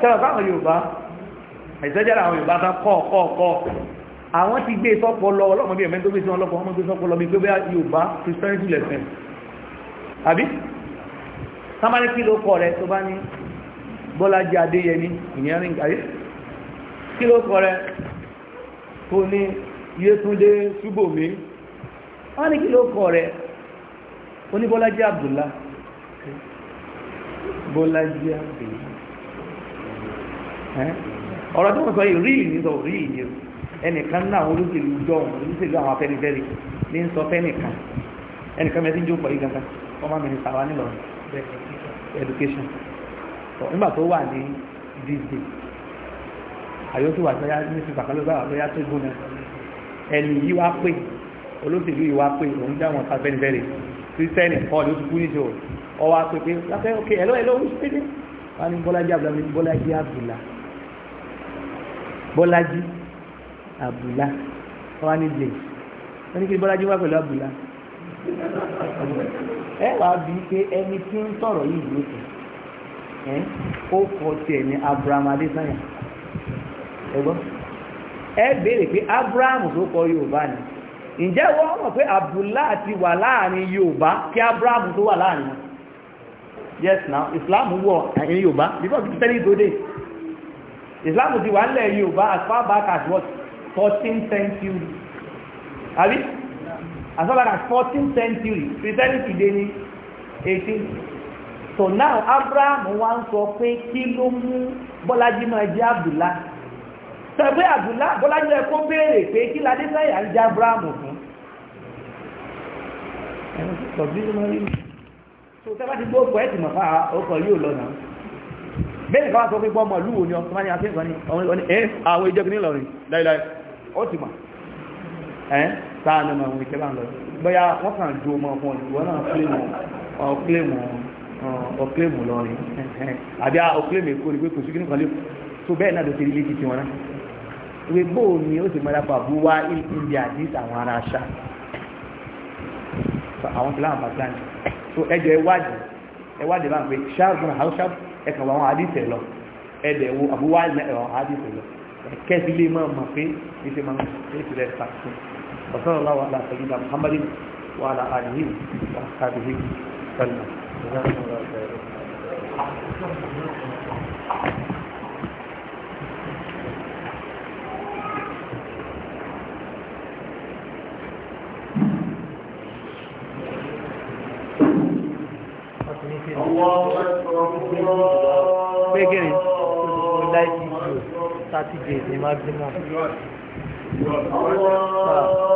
sẹ́wọ̀n fáwọn yorùbá ìsẹ́jára àwọn yorùbá tán kọ́ kọ́ kọ́ àwọn ti gbé sọ́pọlọ ọlọ́mọdé ẹ̀mẹ́ tó gbé sí ọlọ́pọ̀ ọmọ gbé sọ́pọlọ bí gbé bá yorùbá christianity lesson àbí sábàní kí ló kọ rẹ tó bá ní bọ́lájí adéyẹni ìyẹn àrí kí ló kọ rẹ tó ní yétúndé ṣúbòmí wọ́n ní kí ló kọ rẹ oníbọ́lájí Eh? ọ̀rọ̀ tí wọ́n sọ yìí rí ìní sọ rí ìní o ẹnìkan náà àwọn olóṣèlú jọ̀hún olóṣèlú àwọn afẹ́nifẹ́re ní ń sọ fẹ́nìkan ẹnìkan mẹ́tí ń jó pọ̀ yìí gangan former minister wa nílọ education nígbà tó wà ní disney àyọ́ tó wà tó yá ní fífà kan ló bá wà lóyá tó gbóná ẹni yìí wá pé olóṣèlú yìí wá pé òun dáwọn afẹ́nifẹ́re kírísítẹ́nì paul ló ti kú níṣẹ́ o ọ wá pé pé lápẹ́ òkè ẹ̀lọ́ ẹ̀lọ́ òun ṣe bọ́lájí àbùlá wọ́n á ní blaze wọ́n ní kí bọ́lájí wá pẹ̀lú àbùlá ẹ wàá bí i pé ẹni tí ń sọ̀rọ̀ yìí ló tẹ̀ ẹ́ ó kọ tiẹ̀ ní Abraham Adesanya ẹ gbọ́ ẹ béèrè pé Abraham tó kọ Yorùbá ni ǹjẹ́ wọ́n mọ̀ pé Abdullah ti wà láàrin Yorùbá kí Abraham tó wà láàrin yes now Islam wọ̀ ẹ̀yìn Yorùbá because it's very good day islam ti wà nílẹ̀ yorùbá as far back as what fourteen century àbí as far back as fourteen century christianity dé ní eighteen so now abraham wá ń sọ pé kí ló mú bọ́lájí máa jẹ́ abdullah sẹ́gbẹ́ abdullah bọ́lájí ẹ̀ kó béèrè pé kí ládé sáyà ń jẹ́ abraham fún ẹ̀rọ tó sọ bí ló máa rí so tẹ́lá ti gbó ọkọ̀ ẹ̀ tì mọ̀ fún ọkọ̀ yóò lọ náà. bẹ́ẹ̀ kọ́wàá tó fi gbọ́ mọ̀ lúwò ní ọkùnrin ní àfihàn ní ọmọdé eh, ẹ́ àwọn ìjọ́gbìn nílọrin láìláì ó ti mà ẹ́ sáàánà ma wọn ìkẹ́bà lọ bóyá wọ́n kàn ju ọmọ ọkùn ìwọ́n náà ọ̀klẹ́mù lọrin àbí ọ̀klẹ́mù èkó ni pé kò sí kí nìkan lè so ẹjọ ẹwádìí ẹwádìí bá ń pè ṣáàgùn àhàúṣáàgùn ẹ̀kàn wọ àwọn àdìsẹ̀ lọ ẹ̀dẹ̀ wo àbúwá ẹ̀rọ àdìsẹ̀ lọ ẹ̀kẹ́sì lè máa mọ̀ pé ìṣe máa ń ṣe rẹ̀ pàṣẹ ọ̀sán ọ̀làwọ̀ aláṣẹ́gbẹ̀dà muhammadin wà á àdìhìn wà á àdìhìn sọ́nà pé kíni láìsí ìlú 30 days ní maximum. Ah.